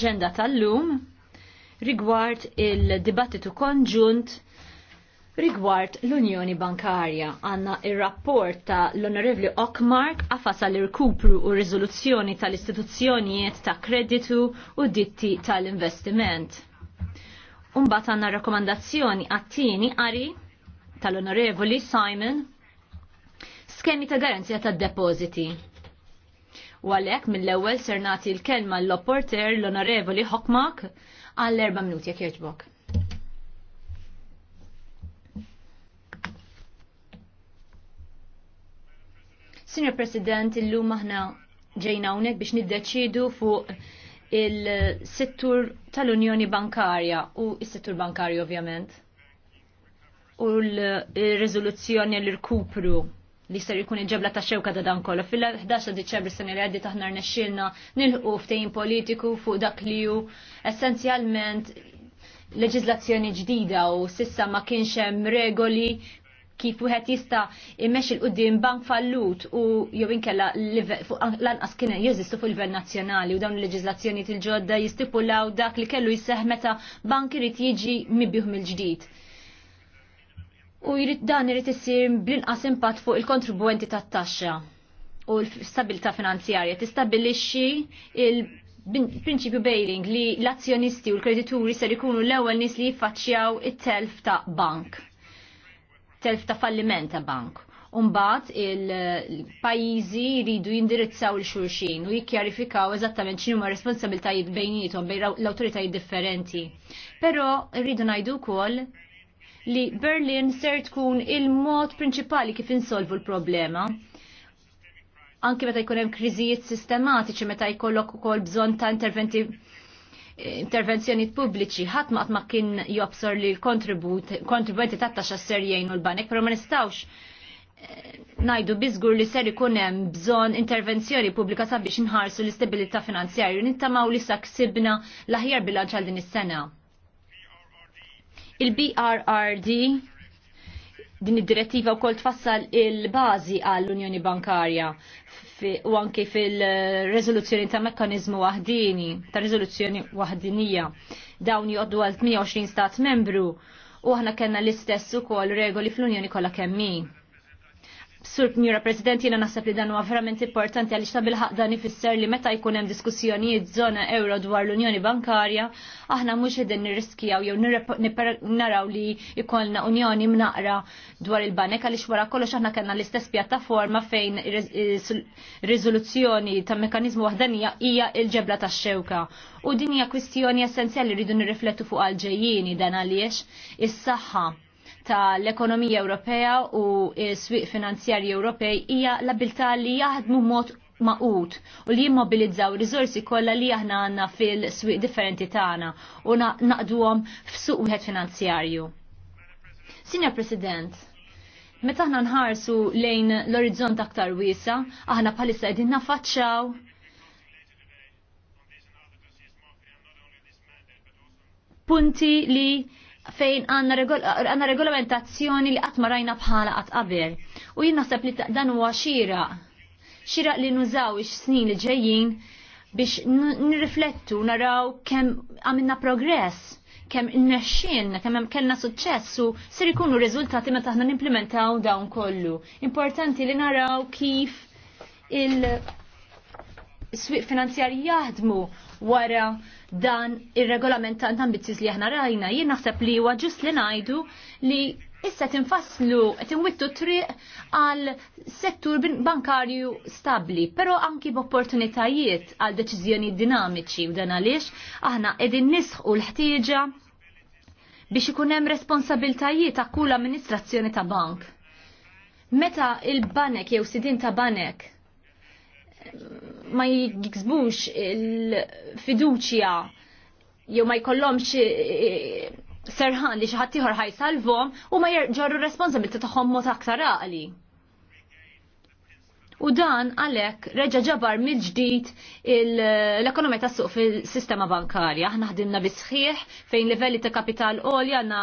ġenda tal-lum rigward il-dibattitu konġunt rigward l-Unjoni Bankarja. Għanna il-rapport ta' l-Onorevli Okmark għafasa l-irkupru u rizoluzzjoni tal-istituzzjonijiet ta' kreditu u ditti tal-investiment. Umbat għanna rakomandazzjoni għattini għari tal-Onorevoli Simon skemi ta' garanzija ta' depoziti. U għalhekk mill-ewwel ser nagħti l-kelma l-opporter l-Onorevoli Hokmak għall erba' minuti jekk jogħġbok. Signor President, illum aħna ġejna hawnhekk biex niddeċidu fuq il-settur tal-Unjoni Bankarja u s-settur bankarju ovvjament. U l-riżoluzzjoni l-rkupru li ser jkun iġebla ta' xewka da dan kollu. Fil-11 s sena li għaddi taħna rnexxilna nilħu ftejn politiku fuq dak li hu essenzjalment leġizlazzjoni ġdida u sissa ma kienx hemm regoli kif wieħed jista' immexxi l qudiem bank fallut u jew inkella lanqas kien jeżistu fuq livell nazzjonali u dawn il leġizlazzjoni til-ġodda jistipulaw dak li kellu jisseħ meta bank irid jiġi mibjuhm mill-ġdid u jrid dan irid issir bl-inqas impatt fuq il-kontribuenti tat-taxxa u l-stabilità finanzjarja tistabbilixxi il-prinċipju bailing li l-azzjonisti u l-kredituri ser ikunu l-ewwel nies li jiffaċċjaw it-telf ta' bank. Telf ta' falliment ta' bank. Umbat il-pajizi jridu jindirizzaw il-xurxin u jikjarifikaw eżattament x'inhuma responsabiltajiet bejnietom bejn l-awtoritajiet differenti. Però rridu ngħidu wkoll li Berlin ser tkun il-mod prinċipali kif insolvu l-problema. Anki meta jkun hemm kriżijiet sistematiċi meta jkollok ukoll bżonn ta' interventi intervenzjoniet pubbliċi ħadd ma qatt ma kien jobsor li l-kontribwenti tat-taxxa ser jgħinu l-banek, però ma nistgħux eh, najdu biżgur li ser ikun hemm bżonn intervenzjoni pubblika sabiex inħarsu l-istabilità finanzjarju nittamaw li sa ksibna l-aħjar bilanċ għal din is-sena. Il-BRRD din id-direttiva wkoll tfassal il-bażi għall-Unjoni Bankarja u anke fil-rezoluzzjoni ta' mekkanizmu waħdini, ta' rezoluzzjoni waħdinija. Dawn joddu għal 28 stat membru u aħna kellna l-istess ukoll regoli fl-Unjoni kollha kemm Sur Njura President, jena nasab li dan huwa verament importanti għaliex ta' bilħaq dan ifisser li meta jkun hemm diskussjonijiet żona euro dwar l-Unjoni Bankarja, aħna mhux qegħdin nirriskjaw jew naraw li jkollna Unjoni mnaqra dwar il-banek għaliex wara kollox aħna kellna l-istess pjattaforma fejn riżoluzzjoni ta' mekanizmu waħdanija hija il-ġebla tax-xewka. U din hija kwistjoni essenzjali rridu nirriflettu fuq għal dan għaliex is-saħħa Ta l ekonomija Ewropea u s-swiq finanzjarji Ewropej hija l-abilità li jaħdmu mod maqut u li jimmobilizzaw riżorsi kollha li aħna għandna fil-swiq differenti tagħna u naqduhom f'suq wieħed finanzjarju. Signor President, meta aħna nħarsu lejn l-orizzont aktar wiesa, aħna bħalissa qegħdin nafaċċaw punti li fejn għanna regol regolamentazzjoni li għatma rajna bħala għat qabel. U jien naħseb li dan huwa xira, xira li nużaw ix-snin li ġejjin biex nirriflettu naraw kemm għamilna progress kem n-nexxin, kem kellna suċċessu, sir ikunu riżultati meta aħna nimplementaw dawn kollu. Importanti li naraw kif il- swieq finanzjari jaħdmu wara dan ir-regolament ta' ambizjuż li aħna rajna. Jien naħseb li huwa ġust li ngħidu li issa tinfasslu qed inwittu triq għal settur bankarju stabli, però anki b'opportunitajiet għal deċiżjoni dinamiċi u dan għaliex aħna qegħdin nisħu l-ħtieġa biex ikun hemm responsabiltajiet ta' kull amministrazzjoni ta' bank. Meta il-banek jew sidin ta' banek ma jikzbux il-fiduċja jew ma jkollhomx eh, eh, serħan li xi ħadd ieħor salvom u ma jġorru responsabilta tagħhom mod aktar raqli. U dan għalhekk reġa' ġabar mil ġdid l-ekonomija tas-suq fil-sistema bankarja. Aħna ħdimna bisħiħ fejn livelli ta' kapital għolja na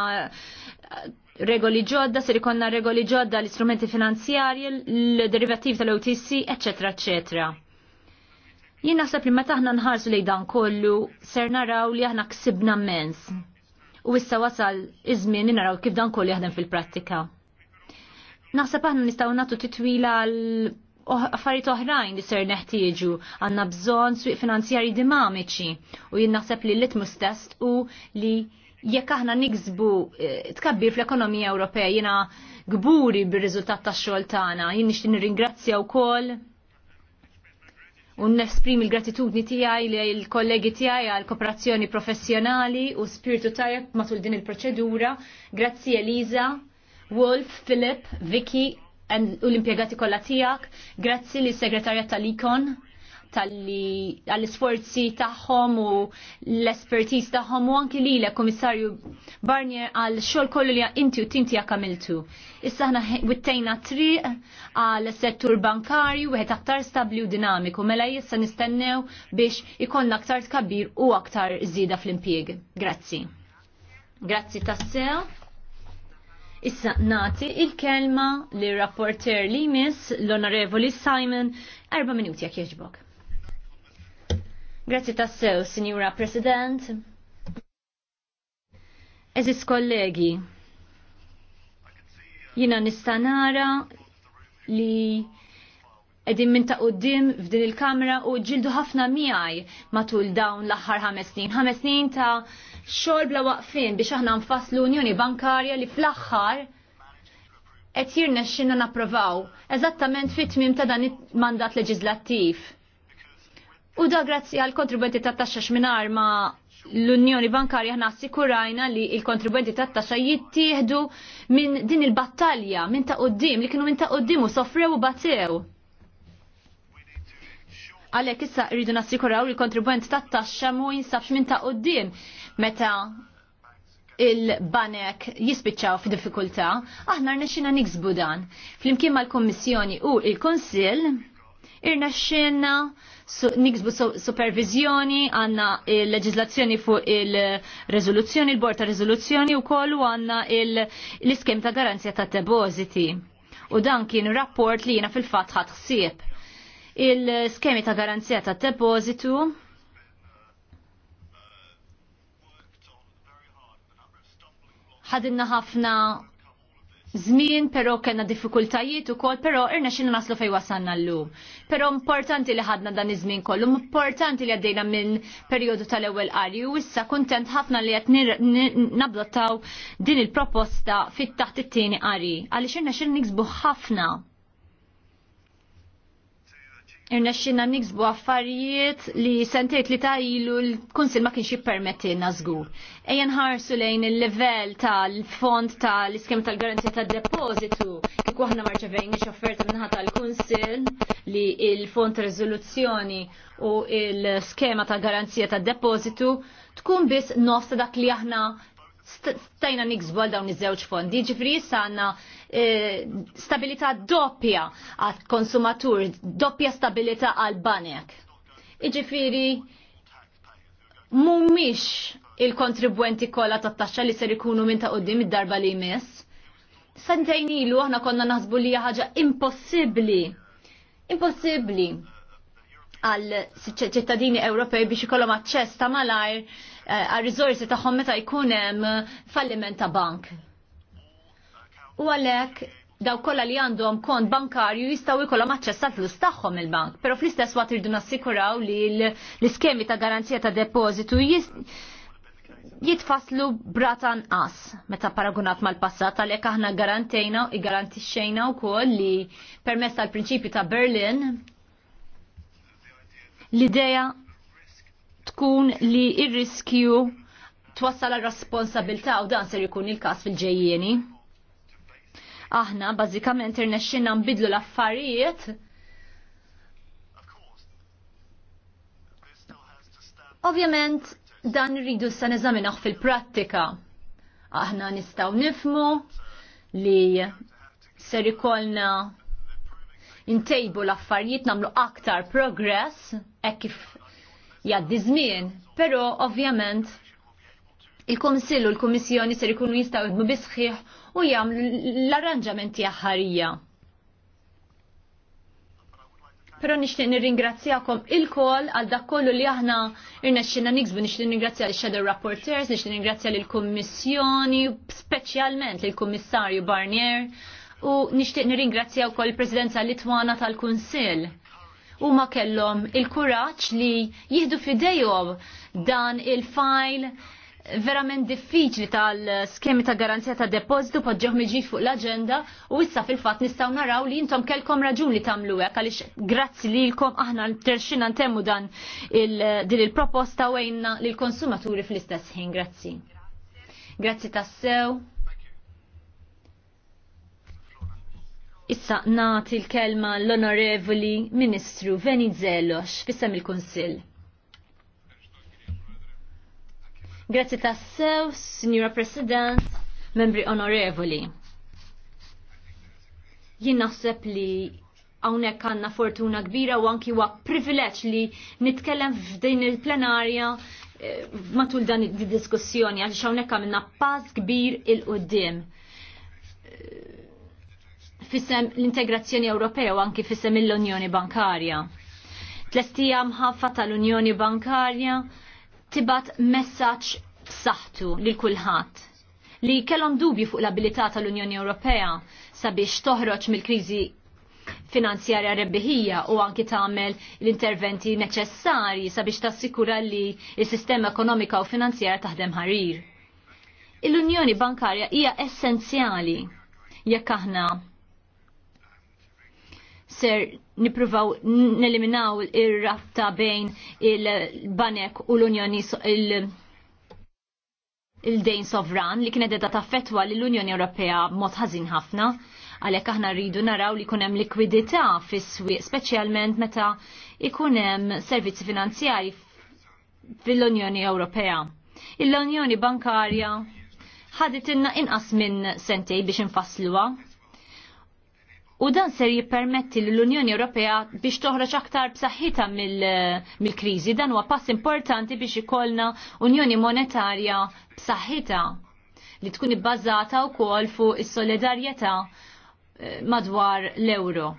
regoli ġodda, se rikonna regoli ġodda l-istrumenti finanzjari, l-derivativ tal-OTC, eccetera, eccetera. Jien naħseb li meta aħna nħarsu lejn dan kollu, ser naraw li aħna ksibna mens. U issa wasal iż-żmien naraw kif dan kollu jaħdem fil-prattika. Naħseb aħna nistgħu nagħtu titwila għal affarijiet oħrajn li ser neħtieġu għandna bżonn swieq finanzjarji dinamiċi u jien naħseb li l-itmus stess u li jekk aħna niksbu eh, tkabbir fl-ekonomija Ewropea jiena gburi bir-riżultat tax-xogħol tagħna, jien nixtieq nirringrazzja wkoll u nesprimi l-gratitudni tiegħi lill kollegi tiegħi għal kooperazzjoni professjonali u spiritu tajjeb matul din il-proċedura. Grazzi Eliza, Wolf, Philip, Vicky u l-impjegati kollha tiegħek. Grazzi lis segretarja tal-Ikon tal-isforzi tagħhom u l espertiz tagħhom u anki lilek komissarju Barnier għal xogħol kollu li inti u tinti għamiltu. Issa ħna wittejna triq għal settur bankarju wieħed aktar stabli u dinamiku mela issa nistennew biex ikollna aktar tkabbir u aktar zida fl-impjieg. Grazzi. Grazzi tassew. Issa nati il-kelma li rapporter li mis l-onorevoli Simon, erba minuti għak jieġbok. Grazzi tassew, Signora President. Eżis kollegi, jina nistanara li edin minn ta' qoddim f'din il-kamra u ġildu ħafna miħaj matul dawn l-aħħar ħames snin. Ħames snin ta' xogħol bla waqfin biex aħna nfasslu Unjoni Bankarja li fl-aħħar qed jirnexxinna napprovaw eżattament fit-tmiem ta' dan il-mandat leġislattiv. U da grazzi għal kontribuenti ta' taxxa minn ma l-Unjoni Bankarja ħna sikurajna li il-kontribuenti ta' taxxa jittieħdu minn din il-battalja, minn ta' qoddim, li kienu minn ta' qoddim u sofrew u batew. Għalek issa rridu nassikuraw li kontribuenti ta' taxxa mu jinsabx minn ta' qoddim meta il-banek jispiċċaw fi diffikulta, aħna rnexxina niksbu dan. Flimkien mal-Kommissjoni u il-Konsil irnexxina niksbu supervizjoni, għanna il-leġizlazzjoni fuq il-rezoluzzjoni, il-bord ta' rezoluzzjoni u kollu għanna l-iskem ta' garanzja ta' depositi. U dan kien rapport li jina fil-fat ħsieb. Il-skemi ta' garanzija ta' depositu ħadinna ħafna żmien, però kellna diffikultajiet ukoll, però irna xinu naslu fej wasanna l-lum. Pero importanti li ħadna dan iż-żmien kollu, importanti li għaddejna minn periodu tal-ewwel qari u issa kuntent ħafna li qed nabdottaw din il-proposta fit taħt it-tieni qari għaliex irna xinu niksbu ħafna irnexxina niksbu affarijiet li sentejt li ta' ilu l-Kunsil ma kienx jippermettilna żgur. Ejjen ħarsu lejn il-livell tal-fond tal-iskem tal-garanzija tad-depożitu kieku aħna marċevejn offerta minnaħa tal-Kunsil li il-fond ta' riżoluzzjoni u l skema ta' garanzija tad depositu tkun biss nofs dak li aħna stajna nikzbu għal dawn iż-żewġ fondi. Ġifri issa għandna e, stabilità doppja għal konsumatur, doppja stabilità għal banek. Iġifiri mumiex il-kontribwenti kollha tat-taxxa li ser ikunu minn ta' qudiem id-darba li jmiss. Sentejn ilu aħna konna naħsbu li ħaġa impossibbli. Impossibbli għal ċittadini Ewropej biex ikollhom aċċess ta' malajr Eh, għal-rizorsi tagħhom meta jkun hemm falliment ta' bank. U għalhekk daw kolla li għandhom kont bankarju jistaw ikollhom aċċessa flus tagħhom il-bank, però fl-istess waqt irdu nassikuraw li l-iskemi ta' garanzija ta' depożitu jitfaslu bratan as meta paragunat mal-passat għalhekk aħna garantejna i garantixxejna wkoll li permezz l prinċipju ta' Berlin l-idea tkun li ir-riskju twassal għal-responsabilta u dan ser ikun il-kas fil-ġejjieni. Aħna bażikament irnexxinna nbidlu l-affarijiet Ovvjament, dan rridu sa neżaminaħ fil-prattika. Aħna nistaw nifmu li ser ikolna intejbu l-affarijiet namlu aktar progress, hekk kif jaddi żmien, però ovvjament il u l-Kummissjoni ser ikunu jistgħu jibnu bisħiħ u jagħmlu l-arranġamenti aħħarija. Pero nixtieq nirringrazzjakom il-kol għal dak kollu li aħna irnexxina niksbu nixtieq nirringrazzja l-Shadow Rapporteurs, nixtieq nirringrazzja lill-Kummissjoni, speċjalment lill-Kummissarju Barnier u nixtieq nirringrazzja wkoll il-Presidenza Litwana tal-Kunsill u ma kellhom il-kuraġġ li jihdu fidejhom dan il-fajl verament diffiċli tal-skemi ta' garanzija ta' depozitu podġoħ miġi fuq l-agenda u issa fil-fat nistaw naraw li jintom kelkom raġun li tamlu għek għalix grazzi li l-kom aħna terxina ntemmu dan din il-proposta u għajna li l-konsumaturi fl-istess ħin. Grazzi. Grazzi tassew. Issa nati l-kelma l-Onorevoli Ministru Venizelos fissem il-Konsil. Grazie tassew, Signora President, membri onorevoli. Jien naħseb li hawnhekk għandna fortuna kbira u anki huwa privileġġ li nitkellem f'din il-plenarja eh, matul dan id-diskussjoni għaliex hawnhekk għamilna pass kbir il-qudiem. il il qudiem fissem l-integrazzjoni Ewropea u anki fissem l-Unjoni Bankarja. Tlestija mħaffa tal-Unjoni Bankarja tibat messaċ saħtu lil kulħadd li kellhom dubju fuq l-abilità tal-Unjoni Ewropea sabiex toħroġ mill-kriżi finanzjarja rebbiħija u anki tagħmel l-interventi neċessarji sabiex tassikura li s-sistema ekonomika u finanzjarja taħdem ħarir. Il-Unjoni Bankarja hija essenzjali jekk aħna ser nipruvaw neliminaw ir rafta bejn il-banek u l-Unjoni il- il-dejn sovran li kienet edha li l unjoni Ewropea mod ħażin ħafna għalhekk aħna rridu naraw li jkun hemm likwidità fis-swieq speċjalment meta jkun hemm servizzi finanzjarji fil-Unjoni Ewropea. Il-Unjoni Bankarja ħadet inna inqas minn sentej biex infasluha U dan ser jippermetti l-Unjoni Ewropea biex toħroġ aktar b'saħħitha mill-kriżi. Dan huwa pass importanti biex ikollna Unjoni Monetarja b'saħħitha li tkun ibbażata wkoll fuq is-solidarjetà eh, madwar l-euro.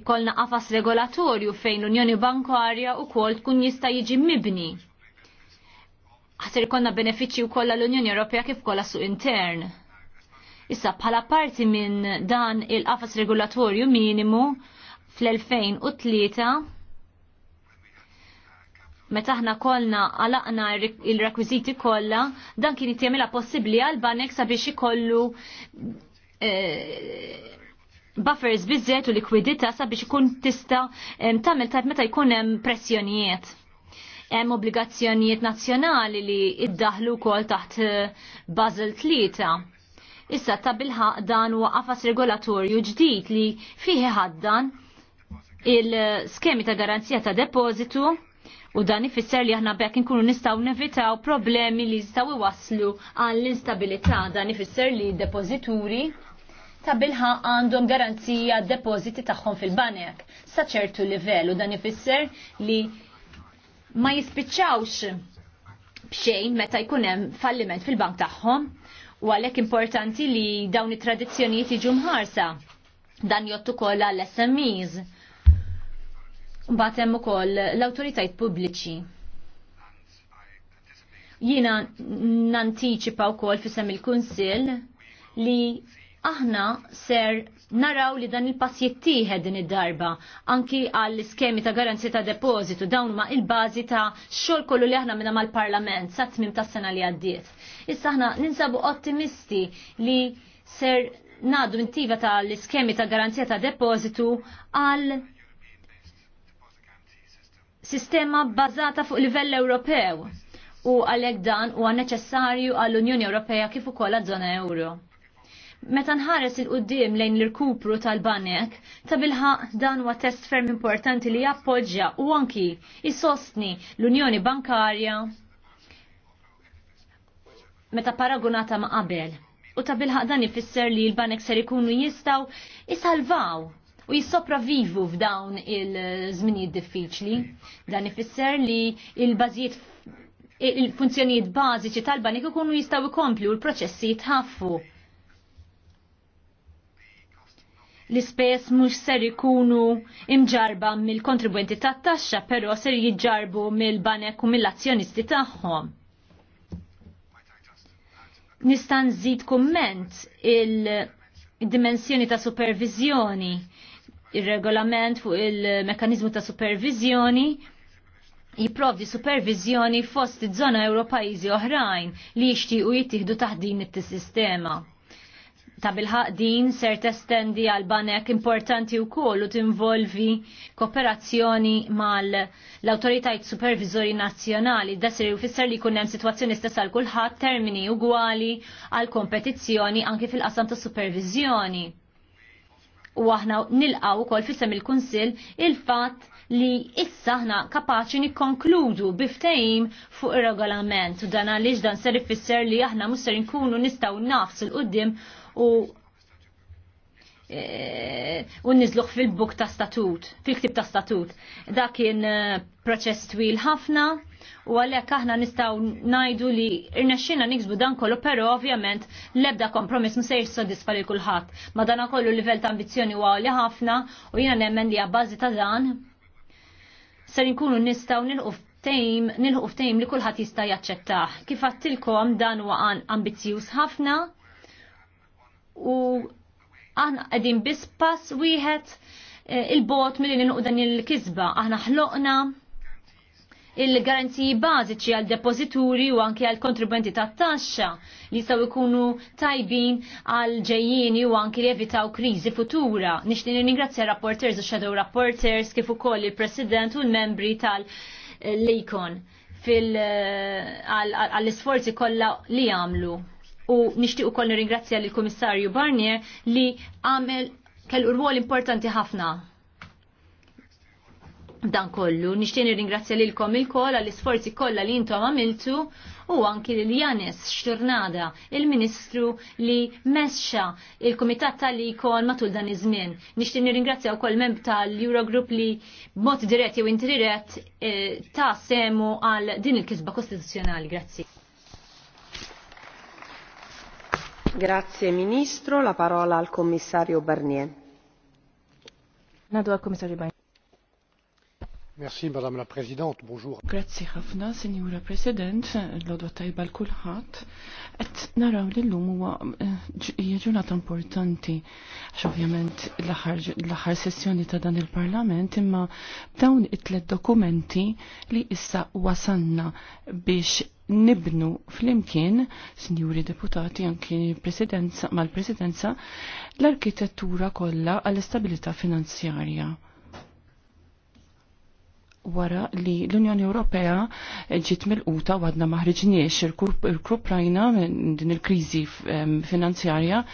Ikollna qafas regolatorju fejn l-Unjoni Bankarja wkoll tkun jista' jiġi mibni. Ħasir ikollna benefiċċji wkoll l-Unjoni Ewropea kif kolla su intern Issa bħala parti minn dan il-qafas regolatorju minimu fl-2003 meta aħna kollna għalaqna il-rekwiziti kollha, dan kien jitjemila possibbli għal banek sabiex ikollu eh, buffers biżżejjed u likwidità sabiex ikun tista' tagħmel tajt meta jkun hemm pressjonijiet. Hemm obbligazzjonijiet nazzjonali li iddaħlu wkoll taħt eh, Basel tlieta Issa ta' bilħaq dan huwa għafas regolatorju ġdid li fih ħaddan il-skemi ta' garanzija ta' depozitu u dan ifisser li aħna bekk inkunu nistgħu nevitaw problemi li jistgħu iwaslu għall instabilità dan ifisser li depozituri ta' bilħa għandhom garanzija depożiti tagħhom fil-banek sa' ċertu livell u dan ifisser li ma jispiċċawx bxejn meta jkun hemm falliment fil-bank tagħhom u għalhekk importanti li dawn it-tradizzjonijiet jiġu mħarsa. Dan jottu koll għall smes Mbagħad hemm ukoll l-awtoritajiet pubbliċi. Jiena nantiċipa wkoll fissam il-Kunsill li aħna ser naraw li dan il-pass jittieħed din id-darba anki għall iskemi ta' garanzi ta' depożitu dawn ma' il-bażi ta' xogħol kollu li aħna minna mal-Parlament sa' tmim tas-sena li għaddiet. Issa aħna ninsabu ottimisti li ser mintiva intiva l iskemi ta' garanzija ta' depozitu għal sistema bazata fuq livell Ewropew u għalhekk dan huwa neċessarju għall-Unjoni Ewropea kif ukoll għaż-żona euro. Meta nħares il-qoddim lejn l-irkupru tal-banek, ta' bilħaq dan huwa test ferm importanti li jappoġġja u anki jisostni l-Unjoni Bankarja meta paragunata ma' qabel. U ta' bilħaq dan ifisser li l-banek ser ikunu jistaw isalvaw u jissopravivu f'dawn il-żminijiet diffiċli. Dan ifisser li il-bażijiet il-funzjonijiet bażiċi tal-banik ikunu jistaw ikomplu l-proċessi jitħaffu. l ispess mhux ser ikunu imġarba mill-kontribwenti tat-taxxa, però ser jiġġarbu mill-banek u mill-azzjonisti tagħhom. Nista' nżid kumment il-dimensjoni ta' supervizjoni, il-regolament fuq il-mekanizmu ta' supervizjoni jiprovdi supervizjoni fost iż-żona Ewro oħrajn li jixtiequ jittieħdu taħdin it-sistema ta' bilħaq din ser testendi għal banek importanti u kol u tinvolvi kooperazzjoni mal l-autoritajt supervizori nazjonali. Desri u fisser li kunem situazzjoni stessa għal kulħadd termini uguali għal kompetizzjoni anki fil-qasam ta' supervizjoni. U aħna nilqaw kol fissem il-Kunsil il-fat li issa ħna kapaċi nikkonkludu biftejim fuq ir-regolament u dan għaliex dan ser ifisser li aħna musser nkunu nistgħu nafs il-qudiem u e, u nizluħ fil-buk ta' statut, fil-ktib ta' statut. Da kien e, proċess twil ħafna u għalek aħna nistaw najdu li irnexxina niksbu dan kollu, pero ovvjament lebda kompromiss s soddisfa li kulħadd. Ma dan kollu livell ta' ambizzjoni u għali ħafna u jiena nemmen li għabbażi ta' dan ser nkunu nistaw nilqu ftejm nilħu ftejm li kulħadd jista' jaċċettah. Kif għattilkom dan huwa ambizzjuż ħafna u aħna qegħdin biss pass wieħed eh, il-bot mill nilqu dan il-kisba. Aħna ħloqna il-garanziji bażiċi għal depozituri u anke għal kontribwenti ta' taxxa li jistgħu jkunu tajbin għal ġejjini u anke li evitaw kriżi futura. Nixtieq ningrazzja rapporters u shadow rapporters kif ukoll il-President u l-membri tal-Lejkon fil eh, għall-isforzi kollha li għamlu u nixtieq ukoll nirringrazzja lill kummissarju Barnier li għamel kellu rwol importanti ħafna dan kollu. Nixtieq nirringrazzja lilkom ilkoll għall isforzi kollha li intom għamiltu u anki lil Janis Xturnada, il-Ministru li mesċa il-Kumitat tal-Ikon matul dan iż-żmien. Nixtieq nirringrazzja wkoll memb tal-Eurogroup li b'mod dirett jew indirett eh, ta' semu għal din il-kisba kostituzzjonali. Grazzi. Grazie Ministro, la parola Barnier. Madame la Présidente, bonjour. Grazie ħafna, Signora President, l tajba l kulħadd Et naraw li llum lum huwa eh, ġurnata importanti, għax ovvjament l-aħħar sessjoni ta' dan il-Parlament, imma dawn it-tlet dokumenti li issa wasanna biex nibnu flimkien, sinjuri deputati anki presidenza mal-presidenza, l-arkitettura kollha għall-istabilità finanzjarja. Wara li l-Unjoni Ewropea ġiet mill-quta għadna maħriġniex il-Kruprajna minn din il-kriżi ehm, finanzjarja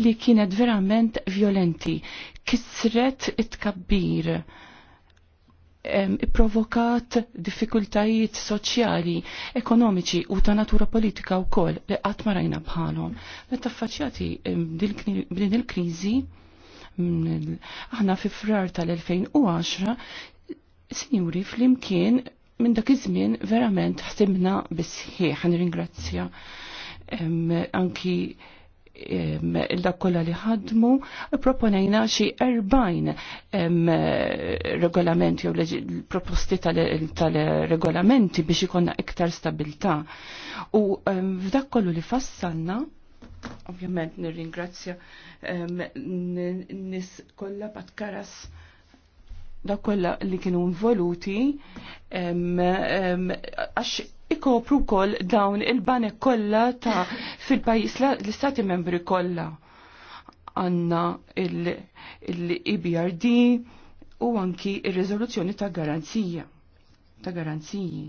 li kienet verament violenti, kisret it-kabbir ipprovokat diffikultajiet soċjali, ekonomiċi u ta' natura politika u koll li qatt ma rajna bħalhom. Meta faċċjati din il-kriżi, aħna fi frar tal-2010, sinjuri fl-imkien minn dak iż-żmien verament ħsimna bisħieħ, nirringrazzja anki il-dak kolla li ħadmu, proponejna xi 40 regolamenti jew proposti tal-regolamenti biex ikonna iktar stabilità. U f'dak kollu li fassalna, ovvjament nirringrazzja nis kollha Pat Karas da kolla li kienu involuti għax ikopru kol dawn il-banek kolla ta' fil-pajis l-istati membri kolla għanna il-EBRD u anki il-rezoluzzjoni ta' garanzija ta' garanziji.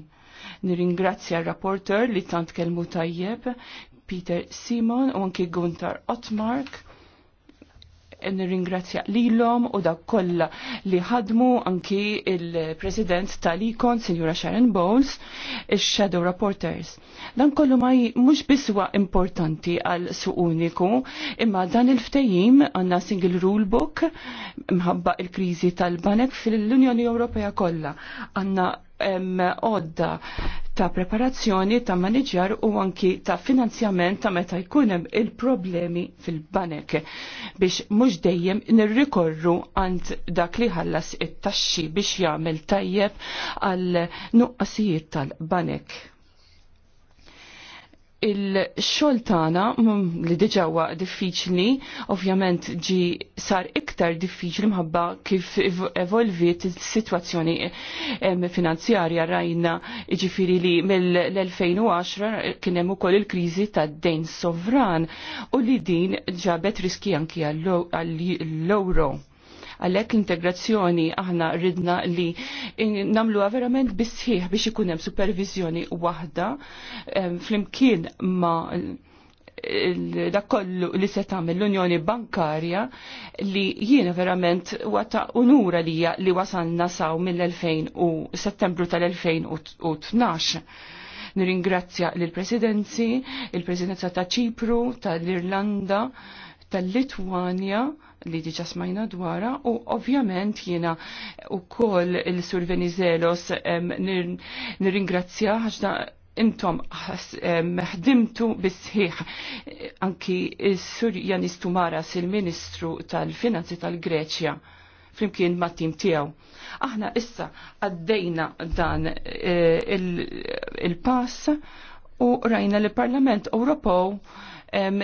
Nirringrazzja r-rapporter li tant kelmu tajjeb Peter Simon u anki Gunther Otmark nirringrazzja lilom u dak kollha li ħadmu anki il-President tal-Ikon, Sinjura Sharon Bowles, ix-Shadow Reporters. Dan kollu ma mhux biswa importanti għal suq uniku, imma dan il-ftejim għandna single rule book mħabba il-kriżi tal-banek fil-Unjoni Ewropea kollha. Għandna għodda ta' preparazzjoni ta' maniġjar u anki ta' finanzjament ta' meta jkunem il-problemi fil-banek biex mhux dejjem nirrikorru għand dak li ħallas it-taxxi biex jagħmel tajjeb għal nuqqasijiet tal-banek il-xoltana mm, li diġawa diffiċli, ovvjament ġi sar iktar diffiċli mħabba kif evolviet il-situazzjoni finanzjarja rajna ġifiri li mill-2010 kienem u koll il-krizi ta' dejn sovran u li din ġabet riski anki għall-euro. Għalhekk l-integrazzjoni aħna ridna li nagħmluha verament bisħiħ biex ikun hemm supervizjoni waħda flimkien ma' da kollu li se tagħmel l-Unjoni Bankarja li jiena verament wata unura li li wasalna saw mill-2000 u Settembru tal-2012. Nirringrazzja l presidenzi il-Presidenza ta' Ċipru, tal-Irlanda, tal-Litwanja, li diġa smajna dwara u ovvjament jiena u kol il-Sur Venizelos nirringrazzja ħaxda intom ħdimtu bisħiħ anki il-Sur Janis Tumaras il-Ministru tal-Finanzi tal-Greċja flimkien ma' tim tiegħu. Aħna issa għaddejna dan e, il-pass u rajna li Parlament Ewropew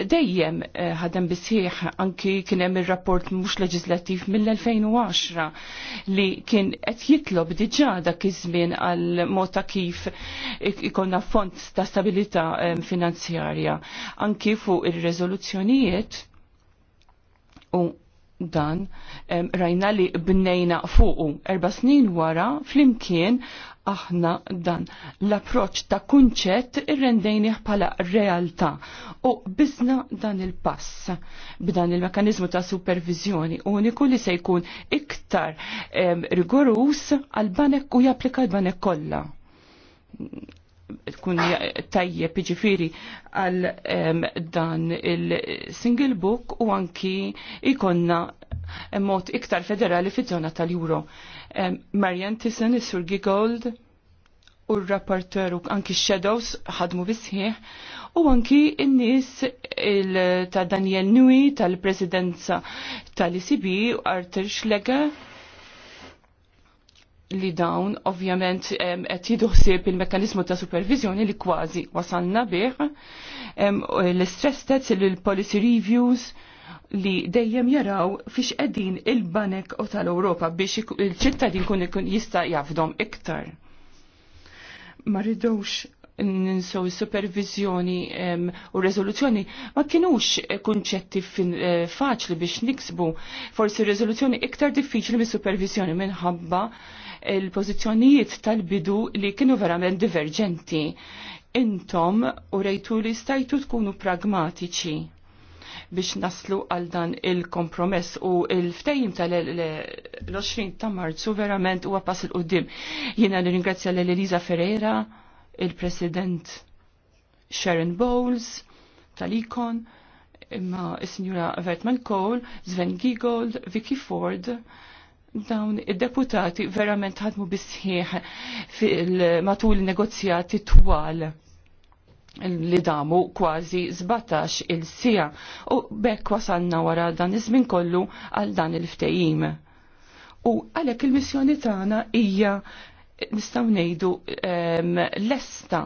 dejjem eh, ħadem bisħieħ anki kien hemm ir-rapport mhux leġislattiv mill-2010 li kien qed jitlob diġà dak iż-żmien għal mota kif ikonna font ta' stabilità finanzjarja anki fuq ir-reżoluzzjonijiet u dan rajna li bnejna fuqu erba snin wara flimkien aħna dan l-approċ ta' kunċett irrendejnih bħala realtà u bizna dan il-pass b'dan il-mekanizmu ta' supervizjoni uniku li se jkun iktar eh, rigorus għal-banek u japplika l-banek kollha tkun tajjeb piġifiri għal dan il-single book u anki ikonna mod iktar federali fi zona tal-Euro. Marian Tissen, Sur Gold, u r-rapporter u anki Shadows ħadmu bisħieħ, u anki n-nis ta' Daniel Nui tal-presidenza tal-ICB u Arthur Schleger li dawn ovvjament qed jiduħsib il-mekkanizmu ta' supervizjoni li kważi wasalna bih l-istress tests, il-policy reviews, li dejjem jaraw fiex qegħdin il-banek u tal-Ewropa biex il-ċittadin kun ikun jista' jafdom iktar. Ma ridux ninsow supervizjoni u rezoluzzjoni ma kienux kunċetti eh, faċli biex niksbu forsi rezoluzzjoni iktar diffiċli mis supervizjoni minħabba il-pozizjonijiet tal-bidu li kienu verament diverġenti. Intom u rejtu li stajtu tkunu pragmatiċi biex naslu għal dan il-kompromess u il-ftejim tal-20 ta' marzu verament huwa għapas il-qoddim. Jiena nirringrazzja l-Eliza Ferreira, il-President Sharon Bowles tal ikon imma il sinjura Vertman Cole, Sven Giegold, Vicky Ford, dawn id-deputati verament ħadmu bisħieħ matul negozjati twal li damu kważi 17 il-sija u bekk wasalna wara dan iż-żmien kollu għal dan il-ftejim. U għalhekk il-missjoni tagħna hija nistgħu ngħidu lesta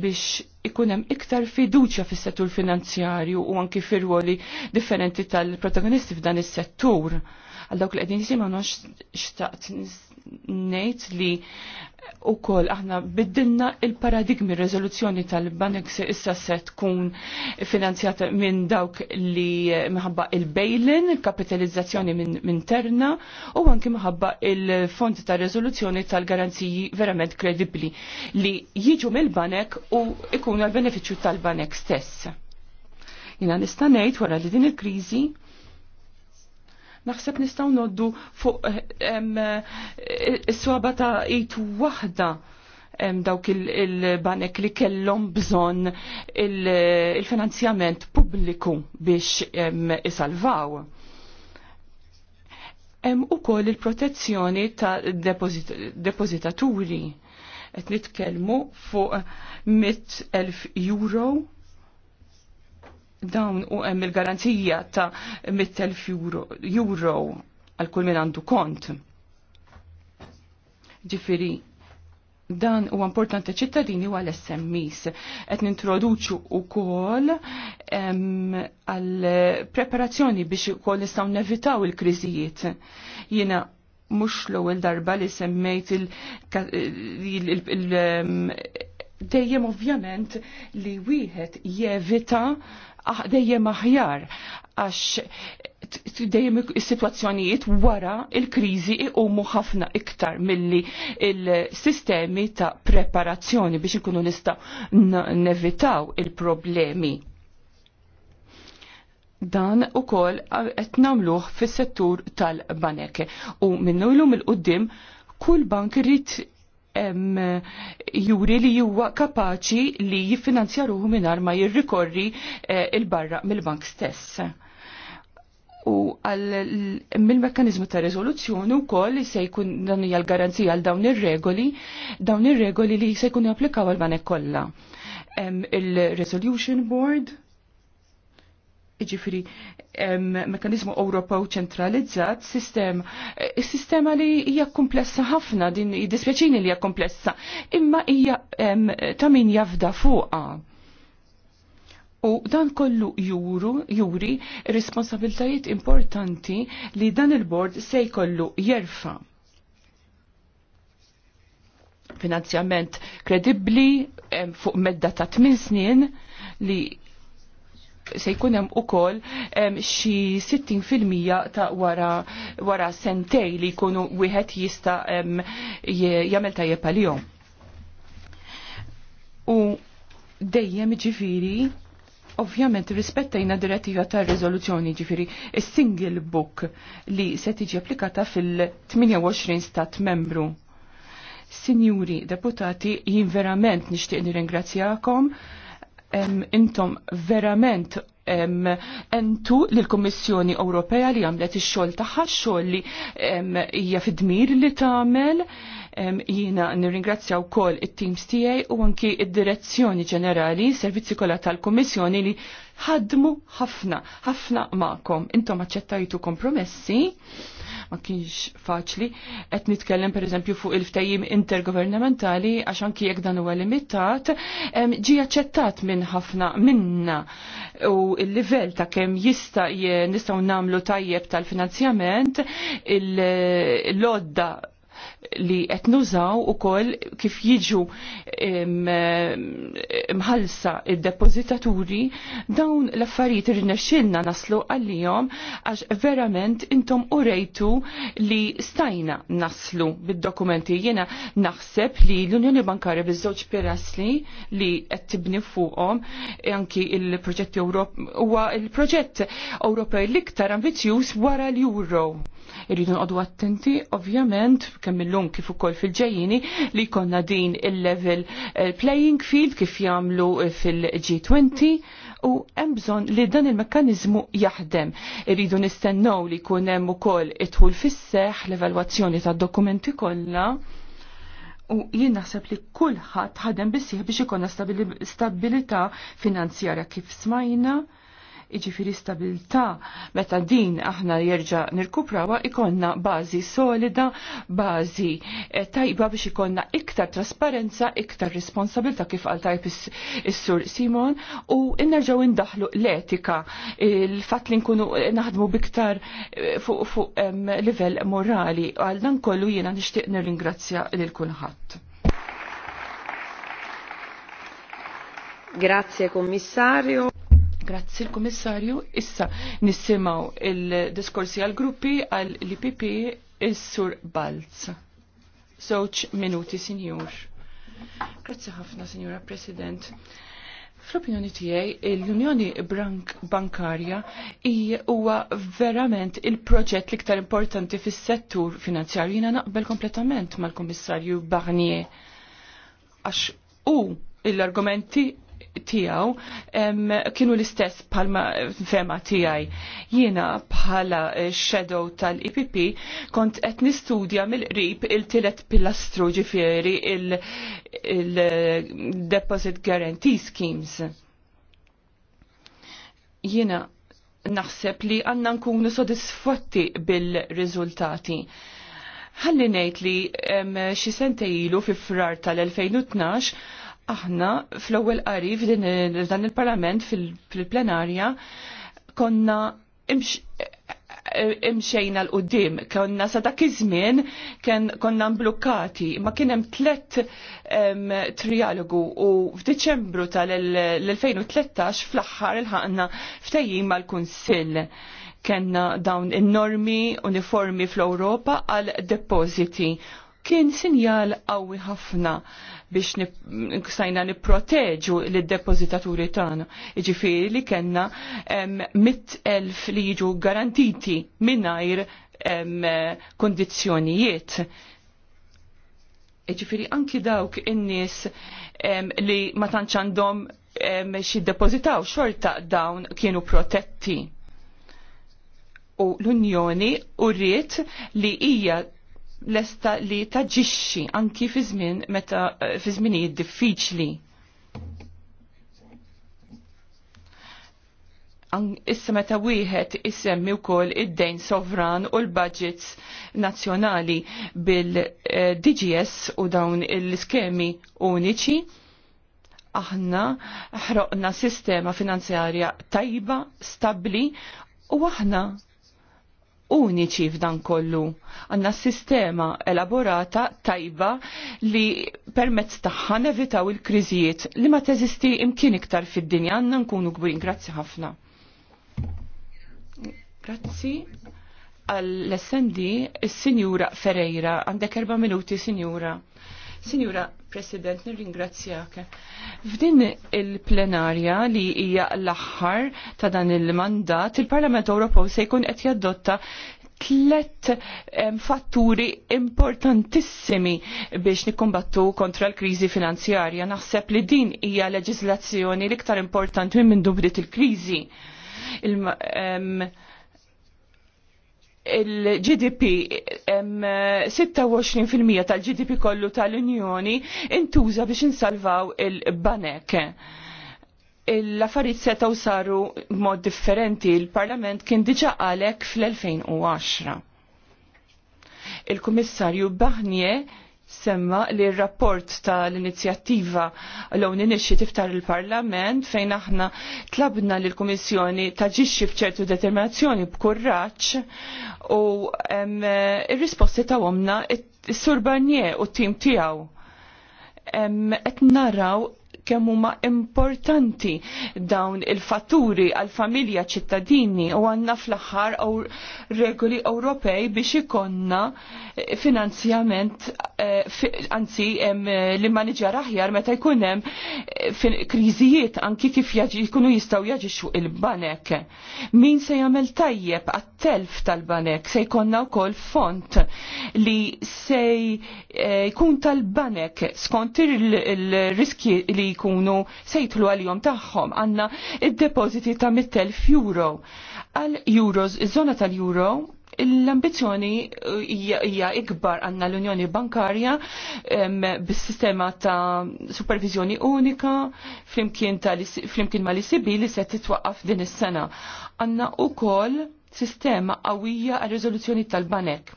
biex ikun hemm iktar fiduċja fis settur finanzjarju u anki fir-ruoli differenti tal-protagonisti f'dan is-settur. Għal dawk li qegħdin jisimgħu xtaqt ngħid li kol aħna biddilna il-paradigmi riżoluzzjoni tal-banek se issa se tkun finanzjata minn dawk li minħabba il-bejlin, kapitalizzazzjoni minn min terna u anki minħabba il-fond ta' riżoluzzjoni tal-garanziji verament kredibli li jiġu mill-banek u ikunu għal benefiċċju tal-banek stess. Jina nistanejt wara li din il-kriżi Naħseb nistaw noddu fuq eh, is-swaba ta' it waħda dawk il-banek li kellhom bżonn il-finanzjament pubbliku biex isalvaw. Hemm ukoll il-protezzjoni ta' depozitaturi qed nitkellmu fuq 100,000 euro dawn u hemm il-garanzija ta' Mittel euro għal kull min għandu kont. Ġifiri, dan u importanti ċittadini u għal SMIs. Et nintroduċu u kol għal preparazzjoni biex kol nistaw nevitaw il-kriżijiet. Jena mux l-ewwel darba li semmejt il-, il, il, il dejjem ovvjament li wieħed jevita ah, dejjem aħjar għax dejjem is-sitwazzjonijiet wara il-kriżi iqumu ħafna iktar milli il-sistemi ta' preparazzjoni biex ikunu nistgħu nevitaw il-problemi. Dan u kol qed nagħmluh fis-settur tal-banek u minnu l-qudiem kull bank rrit juri li huwa kapaċi li jiffinanzja ruħu mingħajr ma jirrikorri eh, il-barra mill-bank stess. U mill-mekkanizmu ta' rezoluzzjoni u koll se jkun dan hija l-garanzija għal dawn ir-regoli, dawn ir-regoli li se jkunu japplikaw għal banek kollha. Il-Resolution Board, iġifiri mekanizmu Ewropew ċentralizzat, sistema, eh, sistema li hija komplessa ħafna, din dispjaċini li hija komplessa, imma hija ta' min jafda fuqa. U dan kollu juru, juri responsabiltajiet importanti li dan il-bord se jkollu jerfa. Finanzjament kredibli fuq medda ta' tmin snin li se jkun hemm ukoll xi 60% ta' wara wara sentej li jkunu wieħed jista' jagħmel tajjeb għalihom. U dejjem ġifiri ovvjament rispettajna direttiva ta' rizoluzzjoni ġifiri single book li se tiġi applikata fil-28 stat membru. Sinjuri deputati, jien verament nixtieq nirringrazzjakom intom verament entu l-Kommissjoni Ewropea li għamlet ix-xogħol tagħha xogħol li hija fid-dmir li tagħmel. Jiena nirringrazzja wkoll it-teams tiegħi u anki id-direzzjoni ġenerali, servizzi kollha tal-Kummissjoni li ħadmu ħafna, ħafna magħkom. Intom aċċettajtu kompromessi ma kienx faċli. Qed nitkellem pereżempju fuq il-ftajim intergovernamentali għax anki jekk dan huwa limitat, ġi aċċettat minn ħafna minna u il-livell ta' kemm jista' nistgħu nagħmlu tajjeb tal-finanzjament il-lodda li qed nużaw ukoll kif jiġu mħalsa id-depozitaturi dawn l-affarijiet irnexxilna naslu għalihom għax verament intom urejtu li stajna naslu bid-dokumenti jiena naħseb li l-Unjoni Bankarja biż-żewġ pirasli li qed fuqom fuqhom e anki il-proġett Europe, huwa il-proġett Ewropej l-iktar ambizjuż wara l-Euro Irridu nqodu attenti, ovvjament, kemm illum kif ukoll fil-ġejjini li konna din il-level eh, playing field kif jagħmlu eh, fil-G20 u hemm bżonn li dan il-mekkaniżmu jaħdem. Irridu nistennew li jkun hemm ukoll idħul fis-seħ l-evalwazzjoni tad-dokumenti kollha u jien naħseb li kulħadd ħadem bissieħ biex ikonna stabilità finanzjarja kif smajna iġifiri stabilta, meta din aħna jerġa nirkuprawa ikonna bazi solida, bazi eh, tajba biex ikonna iktar trasparenza, iktar responsabilta kif għal tajb is-sur Simon u nerġaw indaħlu l-etika, il-fat li nkunu eh, naħdmu biktar eh, fuq fu, livell morali, għal dan kollu jiena nixtieq nirringrazzja lil kulħadd. Grazie commissario. Grazzi l-Komissarju. Issa nissimaw il-diskorsi għal-gruppi għal-IPP il-Sur Balz. Zoċ minuti, Sinjur. Grazzi ħafna, Signora President. Fl-opinjoni tiegħi l-Unjoni Bankarja huwa verament il-proġett l-iktar importanti fis-settur finanzjarju jiena naqbel kompletament mal-Kummissarju Barnier għax u l-argumenti tijaw kienu l-istess palma fema tijaj. Jiena bħala eh, shadow tal-IPP kont qed nistudja mill-qrib il-tilet pilastru ġifieri il-deposit guarantee schemes. Jiena naħseb li għanna nkunu sodisfatti bil-riżultati. Ħalli ngħid li xi sentejlu fi frar tal-2012 aħna fl-ewwel qari f'dan il-Parlament fil-plenarja konna imxejna l-qoddim, konna sa dak iż-żmien konna mblukkati, ma kien hemm tlett trialogu u f'Diċembru tal-2013 fl-aħħar ilħaqna ftejjim mal-Kunsill kenna dawn in-normi uniformi fl-Ewropa għal depositi kien sinjal qawwi ħafna biex stajna niproteġu l-depozitaturi tagħna. Jiġifieri li kellna elf li jiġu garantiti mingħajr kondizzjonijiet. Jiġifieri anki dawk in-nies li ma tantx għandhom xi depozitaw xorta dawn kienu protetti u l-Unjoni u li hija lesta li taġixxi anki fi żmien meta eh, fi żminijiet diffiċli. Issa meta wieħed isemmi wkoll id-dejn sovran u l-budgets nazzjonali bil-DGS eh, u dawn l-iskemi uniċi, aħna ħroqna sistema finanzjarja tajba, stabli u aħna uniċi f'dan kollu. Għanna sistema elaborata tajba li permezz tagħha nevitaw il-kriżijiet li ma teżisti imkien iktar fid-dinja għandna nkunu kburin. Grazzi ħafna. Grazzi għall snd il-Sinjura Ferreira. Għandek erba minuti, Sinjura. Signora President, nirringrazzjak. F'din il-plenarja li hija l-aħħar ta' dan il-mandat, il-Parlament Ewropew se jkun qed jadotta tlet fatturi importantissimi biex nikkombattu kontra l-krizi finanzjarja. Naħseb li din hija leġislazzjoni l-iktar importanti minn dubrit il-krizi. Il il-GDP 26% tal-GDP kollu tal-Unjoni intuża biex insalvaw il-banek l-affarijiet setgħu saru mod differenti il-Parlament kien diġa għalek fl-2010. Il-Kummissarju Baħnie semma li r-rapport ta' l-inizjattiva Loan Initiative tar il-Parlament fejn aħna tlabna li l-Komissjoni taġixxi f'ċertu determinazzjoni b'kurraċ u il risposti ta' għomna s-Sur Barnier u t-tim tiegħu. Qed naraw kemm huma importanti dawn il-fatturi għal familja ċittadini u għanna fl-aħħar regoli Ewropej biex ikonna eh, finanzjament eh, anzi eh, li niġar aħjar meta jkun hemm kriżijiet anki kif jkunu jistgħu jaġixxu il-banek. Min se jagħmel tajjeb għat-telf tal-banek se jkollna wkoll font li se jkun tal-banek skont il-riski li jkunu sejtlu għal-jom taħħom għanna id-depositi ta' mittel f'juro. Għal-euros, zona tal-euro, l-ambizjoni eh, hija ikbar għanna l-Unjoni Bankarja bis-sistema ta' supervizjoni unika flimkien ma' l-ICB li se titwaqqaf din is-sena. Għanna wkoll sistema qawwija għal riżoluzzjoni tal-banek.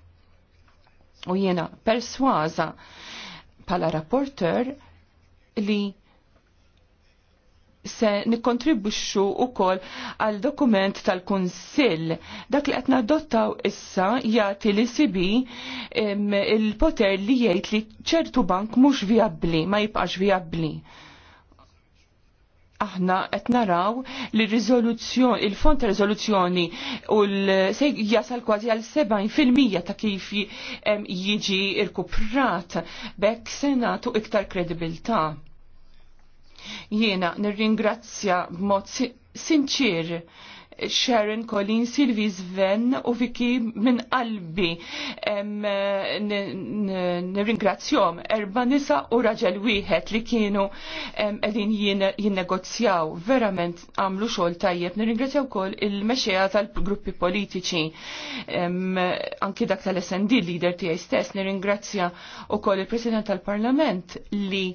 U jiena persważa pala rapporter li se nikkontribwixxu wkoll għal dokument tal-Kunsill. Dak li qed nadottaw issa jagħti li sibi il-poter li jgħid li ċertu bank mhux vijabbli, ma jibqax vijabbli. Aħna qed naraw li riżoluzzjoni, il-fond ta' riżoluzzjoni u se jasal kważi għal 70% ta' kif jiġi rkuprat bekk se nagħtu iktar kredibilta' Jiena nirringrazzja b'mod sinċir Sharon Colin, Sylvie Sven u Viki minn qalbi. Nirringrazzjom erba nisa u raġel wieħed li kienu qegħdin jinnegozjaw. Verament għamlu xogħol tajjeb. Nirringrazzjaw wkoll il-mexxejja tal-gruppi politiċi. Anki dak tal-SND leader tiegħi stess nirringrazzja wkoll il-President tal-Parlament li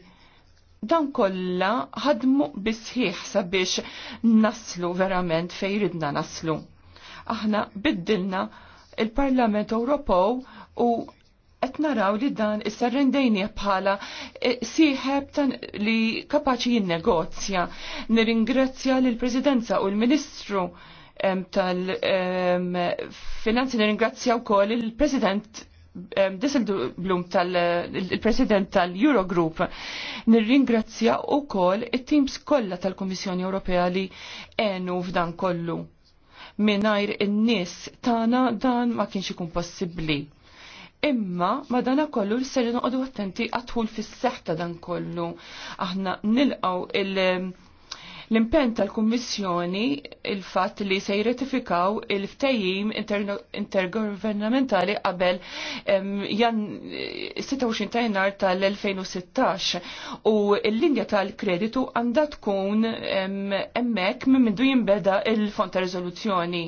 dan kollha ħadmu bisħiħ sabiex naslu verament fejn ridna naslu. Aħna biddilna il-Parlament Ewropew u qed naraw li dan issa rendejni bħala e, sieħeb li kapaċi jinnegozja. Nirringrazzja lill presidenza u l-Ministru tal-Finanzi nirringrazzja wkoll il-President Blum tal-president tal-Eurogroup. Nirringrazzja u koll it-teams kollha tal-Komissjoni Ewropea li enu f'dan kollu. Minajr in-nies tana dan ma kienx ikun possibbli. Imma madana kollu l-seri noqdu attenti għatħul fis-seħta dan kollu. Aħna nilqaw il- L-impenn tal-Kummissjoni il-fatt li se jirratifikaw il-ftejjim intergovernamentali qabel jan 26 ta' jannar tal-2016 u l-linja tal-kreditu għandha tkun emmek minn jimbeda il-fond ta' riżoluzzjoni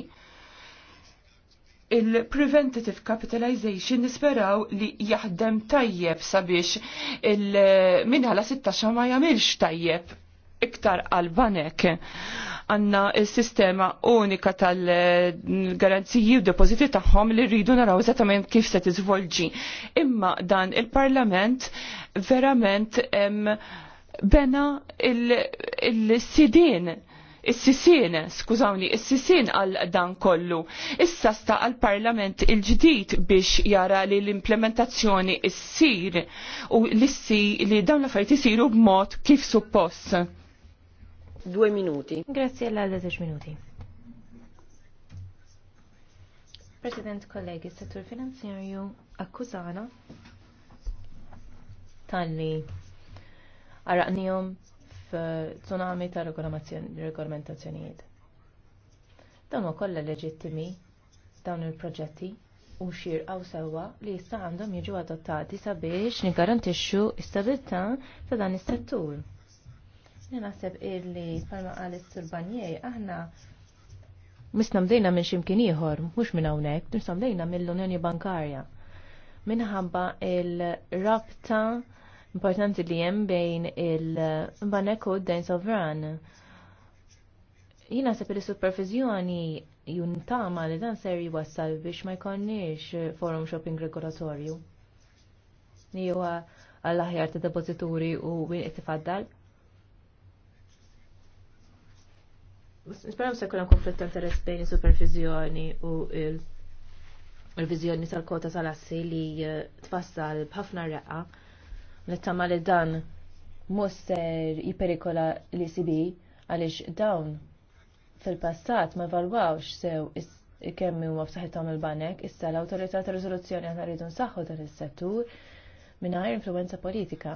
il-preventative capitalization nisperaw li jaħdem tajjeb sabiex il-minħala 16 ma jamilx tajjeb iktar għalbanek għanna il-sistema unika tal-garanziji u depoziti tagħhom li rridu naraw eżattament kif se tiżvolġi. Imma dan il-Parlament verament bena il-sidin il sidin is sisin skużawni, is-sisin għal dan kollu. Issa sta għal parlament il-ġdid biex jara li l-implementazzjoni issir u li dawn l-affarijiet isiru b'mod kif suppost due minuti. Grazie għal żewġ minuti. President kollegi, settur finanzjarju akkużana tal-li għaraqnijom f-tsunami ta' regolamentazzjonijiet. Dawn u kolla leġittimi dawn il-proġetti u xir għaw sewa li jista' għandhom jiġu adottati sabiex nigarantixxu istabilità ta' dan is-settur. Naħseb illi palma għalis sul-banjej, aħna misna mdejna minn ximkien ieħor, mhux minn hawnhekk, misna mdejna mill-Unjoni Bankarja. Minħabba il-rabta importanti li hemm bejn il-banek u d-dejn sovran. Jina sepp il-supervizjoni juntama li dan ser jwassal biex ma jkonniex forum shopping regolatorju. Nijuwa għall-aħjar ta' depozituri u wien it tifaddal. Nisperam se jkun konflitt ta' interess bejn supervizjoni u il-vizjoni tal-kota tal-assi li eh, tfassal b'ħafna reqqa nittama li dan muster jiperikola li sibi għaliex dawn fil-passat ma valwawx sew kemm huwa f'saħħithom il-banek, issa l autorita ta' riżoluzzjoni aħna rridu nsaħħu dan is-settur mingħajr influwenza politika.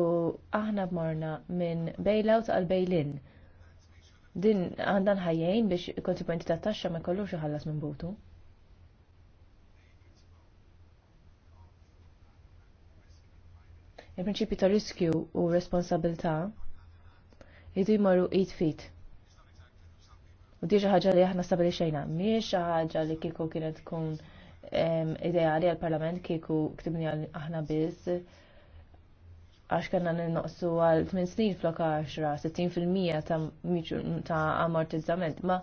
U aħna bmorna minn bailout għal bail-in din għandan ħajjejn biex konsekwenti ta' taxxa ma jkollux iħallas minn butu. Il-prinċipju ta' riskju u responsabilità jidu jmorru id fit. U diġa ħaġa li aħna stabili xejna, miex ħaġa li kieku kienet tkun ideali għal-parlament kieku ktibni għal aħna biss għax kanna n-noqsu għal 8 snin flok 10, 60% ta' ammortizzament, ma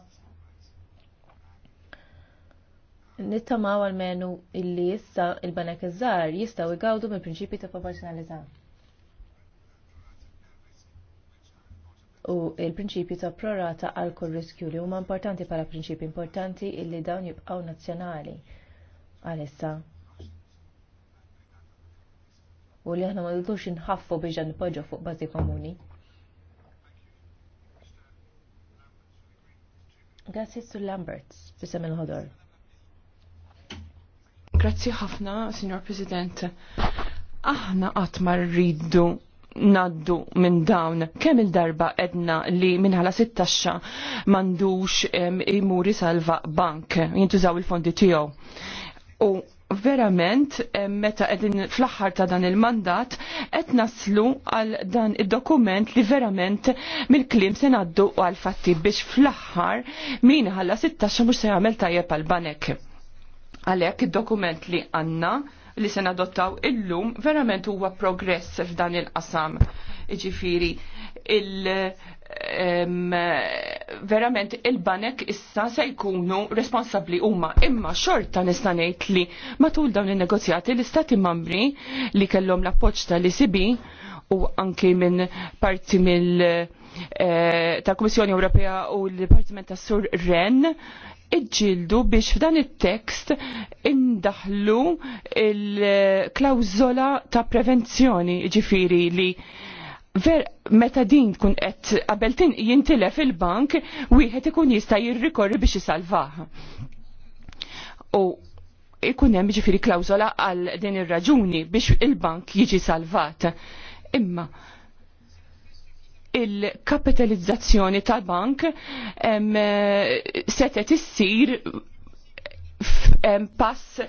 nittamaw għal-menu illi jissa il-banek iż jistaw igawdu mill prinċipi ta' proporzjonalità. U il-prinċipju ta' prorata għal kull riskju li huma importanti bħala prinċipji importanti illi dawn jibqgħu nazzjonali għalissa u li aħna ma nidux inħaffu biex nipoġġu fuq bażi komuni. Grazzi Sur Lamberts, bisem il-ħodor. Grazzi ħafna, Signor President. Aħna qatt ma rridu naddu minn dawn. Kemm il-darba edna li minħala sittaxxa mandux imuri salva bank jintużaw il-fondi tiegħu. U verament eh, meta edin fl-aħħar ta' dan il-mandat qed naslu għal dan id-dokument li verament mill-kliem se ngħaddu għal fatti biex fl-aħħar min ħalla xa mhux se jagħmel tajjeb għal banek. Għalhekk id-dokument li għandna li se nadottaw illum verament huwa progress f'dan il-qasam. Iġifiri, il um, verament il-banek issa se jkunu responsabli huma imma xorta nista' ngħid li matul dawn in-negozjati l-istati membri li kellhom l-appoġġ tal sibi u anki minn parti mill uh, ta' Kummissjoni Ewropea u l-Dipartiment ta' Sur Ren iġġildu biex f'dan it-tekst indaħlu il klawzola ta' prevenzjoni ġifiri li ver meta din tkun qed qabel jintilef il-bank wieħed ikun jista' jirrikorri biex isalvaha. U ikun hemm ġifiri klawzola għal din ir-raġuni biex il-bank jiġi salvat. Imma il-kapitalizzazzjoni tal-bank setet issir pass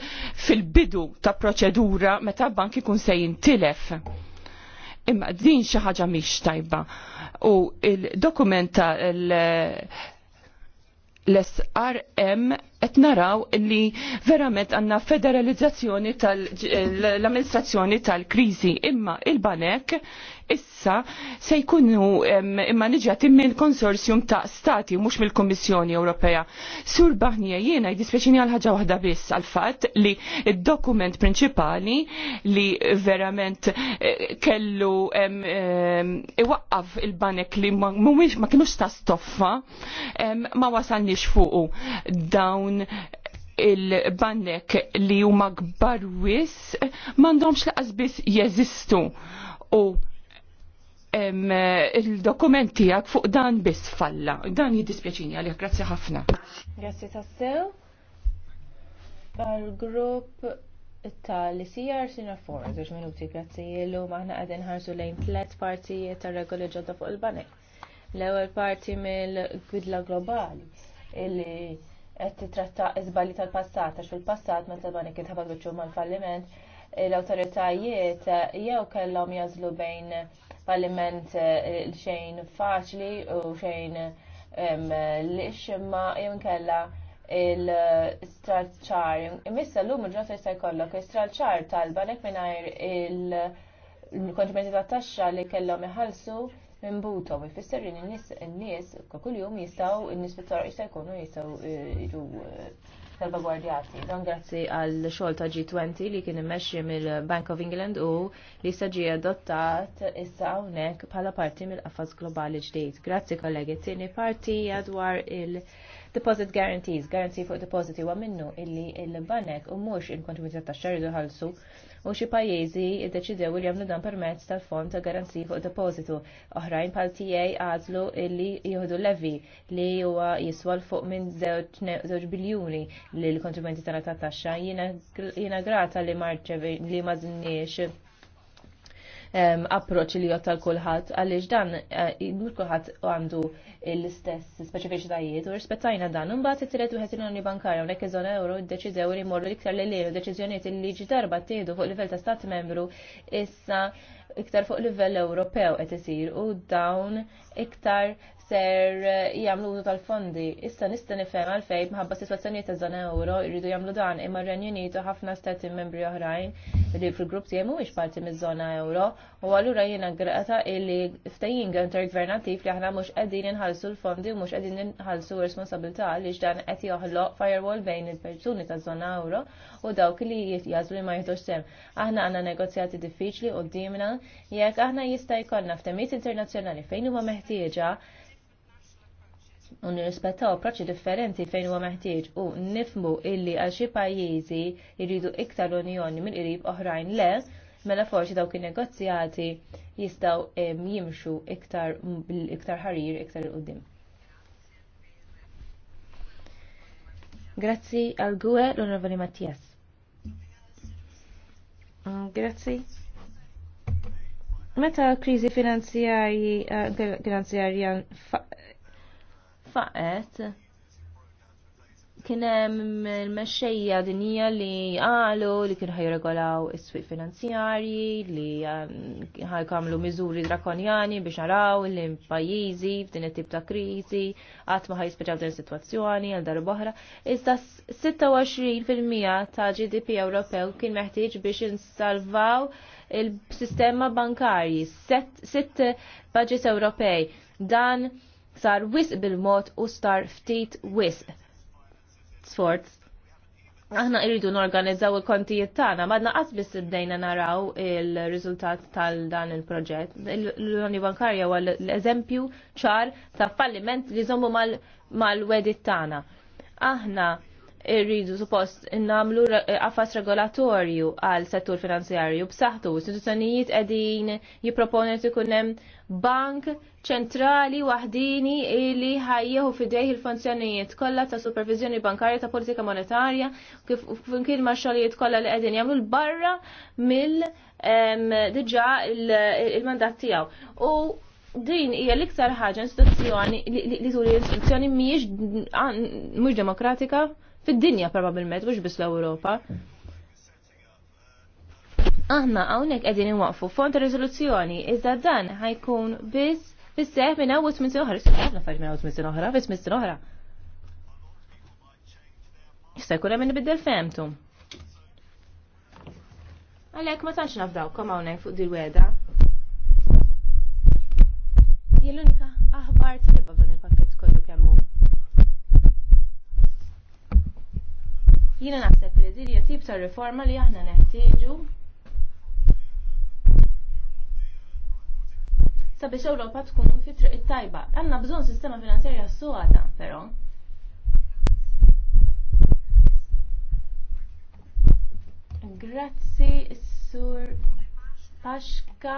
fil-bidu ta' proċedura meta bank ikun se jintilef. Imma din xi ħaġa mhix tajba. U il-dokumenta l-SRM qed naraw li verament għandna federalizzazzjoni tal-amministrazzjoni tal-kriżi imma il-banek issa se jkunu imma niġati mill-konsorzjum ta' stati mhux mill-Kummissjoni Ewropea. Sur Baħnija jiena jdispjaċini għal ħaġa waħda biss għal fatt li il dokument prinċipali li verament eh, kellu iwaqqaf il-banek li ma kienux ta' stoffa ma wasalniex fuqu dawn jkun il-bannek li huma kbar wis m'għandhomx laqas biss jeżistu u il-dokument tiegħek fuq dan biss falla. Dan jiddispjaċini għalih, grazzi ħafna. Grazzi tassew. Għal-grupp ta' li sijar sina for, zoċ minuti grazzi jellu maħna għadin ħarsu lejn tlet partijiet tal regoli ġodda fuq il-banek. L-ewel parti mill-gwidla globali illi qed titratta iżbalji tal-passat għax fil-passat meta banik kitħabak biċċu mal-falliment l-awtoritajiet eh, jew kellhom jażlu bejn falliment eh, xejn faċli u xejn lix imma jew kella il-stralċar. Imissa l-lum il-ġrata jista' jkollok il-stralċar tal-banek mingħajr il-kontribenti tat-taxxa li kellhom iħallsu imbutom. Ifisser li n-nies kuljum jistgħu n-nies fit-toroq jista' jkunu jistgħu eh, jiġu eh, salvagwardjati. Dan grazzi għal xogħol ta' G20 li kien immexxi mill-Bank of England u li se ġie adottat issa hawnhekk bħala parti mill-qafas globali ġdejt. Grazzi kollegi, tieni parti dwar il- Deposit guarantees, guarantee fuq deposit huwa minnu illi il-banek u mhux il-kontribuzzjoni tax-xar jħallsu u xi pajjiżi iddeċidew li jagħmlu dan permezz tal-fond ta' garanzija fuq depożitu. Oħrajn bħal TA għażlu li jieħdu levi li huwa jiswal fuq minn 2 biljuni li l-kontribwenti tagħna ta' taxxa. Jiena grata li marċevi li ma żinniex approċ li jotta l-kulħat, għalix dan jgħidur eh, kulħat għandu l-istess speċifiċitajiet u rispettajna dan. bat it-tielet wieħed il-Unjoni Bankarja hawnhekk iżona euro ddeċidew li jmorru iktar lil lielu deċiżjonijiet li ġi darba tieħdu fuq livell ta' stat membru issa iktar fuq livell Ewropew qed isir u dawn iktar ser eh, jagħmlu użu tal-fondi. Issa nista' nifhem għalfej minħabba sitwazzjonijiet ta' żona euro jridu jagħmlu dan imma r-Renju Unitu ħafna stati membri oħrajn li fil-grupp tiegħi mhuwiex parti miż-żona euro u allura jiena grata illi ftehim intergvernattiv li aħna mhux qegħdin inħallsu l-fondi u mhux qegħdin inħallsu responsabilità li dan qed joħloq firewall bejn il-persuni taż-żona euro u dawk li jitjażlu li ma jieħdux sem. Aħna għandna negozjati diffiċli qudiemna jekk aħna jista' jkollna ftehmiet internazzjonali fejn huma meħ meħtieġa u nirrispettaw approċċi differenti fejn huwa meħtieġ u nifmu illi għal xi pajjiżi jridu iktar unjoni minn qrib oħrajn le, mela forsi dawk in-negozjati jistgħu jimxu iktar iktar ħarir iktar il qudiem Grazzi al GUE, l'onorevole Mattias. Mm, grazzi. Meta krizi finanzjarja eh, faqet, hemm il-mexxejja dinija li qalu li kienu ħajregolaw is-swieq finanzjarji, li eh, ħajkamlu miżuri drakonjani biex naraw li pajjiżi f'din it-tip ta' kriżi qatt ma ħajspiċaw din is-sitwazzjoni għal darba oħra. Iżda 26% ta' GDP Ewropew kien meħtieġ biex insalvaw il-sistema bankarji, sitt budget Ewropej. Dan sar wisq bil-mod u star ftit wisq. Sforz. Aħna irridu norganizzaw il-kontijiet tagħna, madna qatt biss bdejna naraw il-riżultat tal dan il-proġett. L-Unjoni Bankarja huwa l-eżempju ċar ta' falliment li żommu mal-wedit tagħna. Aħna irridu suppost innamlu għaffas regolatorju għal settur finanzjarju b'saħħtu istituzzjonijiet qegħdin jipproponu li ikun hemm bank ċentrali waħdini li ħajjeħu fidejh il-funzjonijiet kollha ta' supervizjoni bankarja ta' politika monetarja kif kien ma' xogħlijiet kollha li qegħdin jagħmlu l-barra mill diġà il-mandat tiegħu. U din hija l-iktar ħaġa istituzzjoni li turi istituzzjoni mhijiex mhux demokratika fid-dinja probabbilment mhux biss l-Ewropa. Aħna hawnhekk qegħdin inwaqfu font riżoluzzjoni iżda dan ħajkun biss fis-seħ minn hawn minn oħra, ħafna fajt minn hawn minn oħra, biss minn oħra. Issa jkun hemm inbiddel femtu. Għalhekk ma tantx kom hawnhekk fuq dil-weda. Hija l-unika aħbar tajba Jiena naħseb li dirja tip ta' riforma li aħna neħtieġu sabiex Ewropa tkun fi triq it-tajba. Għandna bżonn sistema finanzjarja s però. Grazzi sur Paxka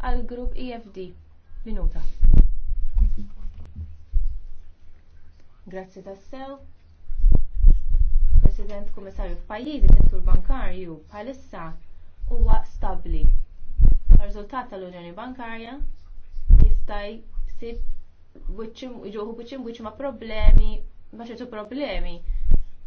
għal grupp EFD. Minuta. Grazzi tassew. President Kummissarju f'pajjiżi settur bankarju bħalissa huwa stabbli. Ir-riżultat tal-Unjoni Bankarja jista' jsib jiġuħu biċċim biċċim ma' problemi ma' xi problemi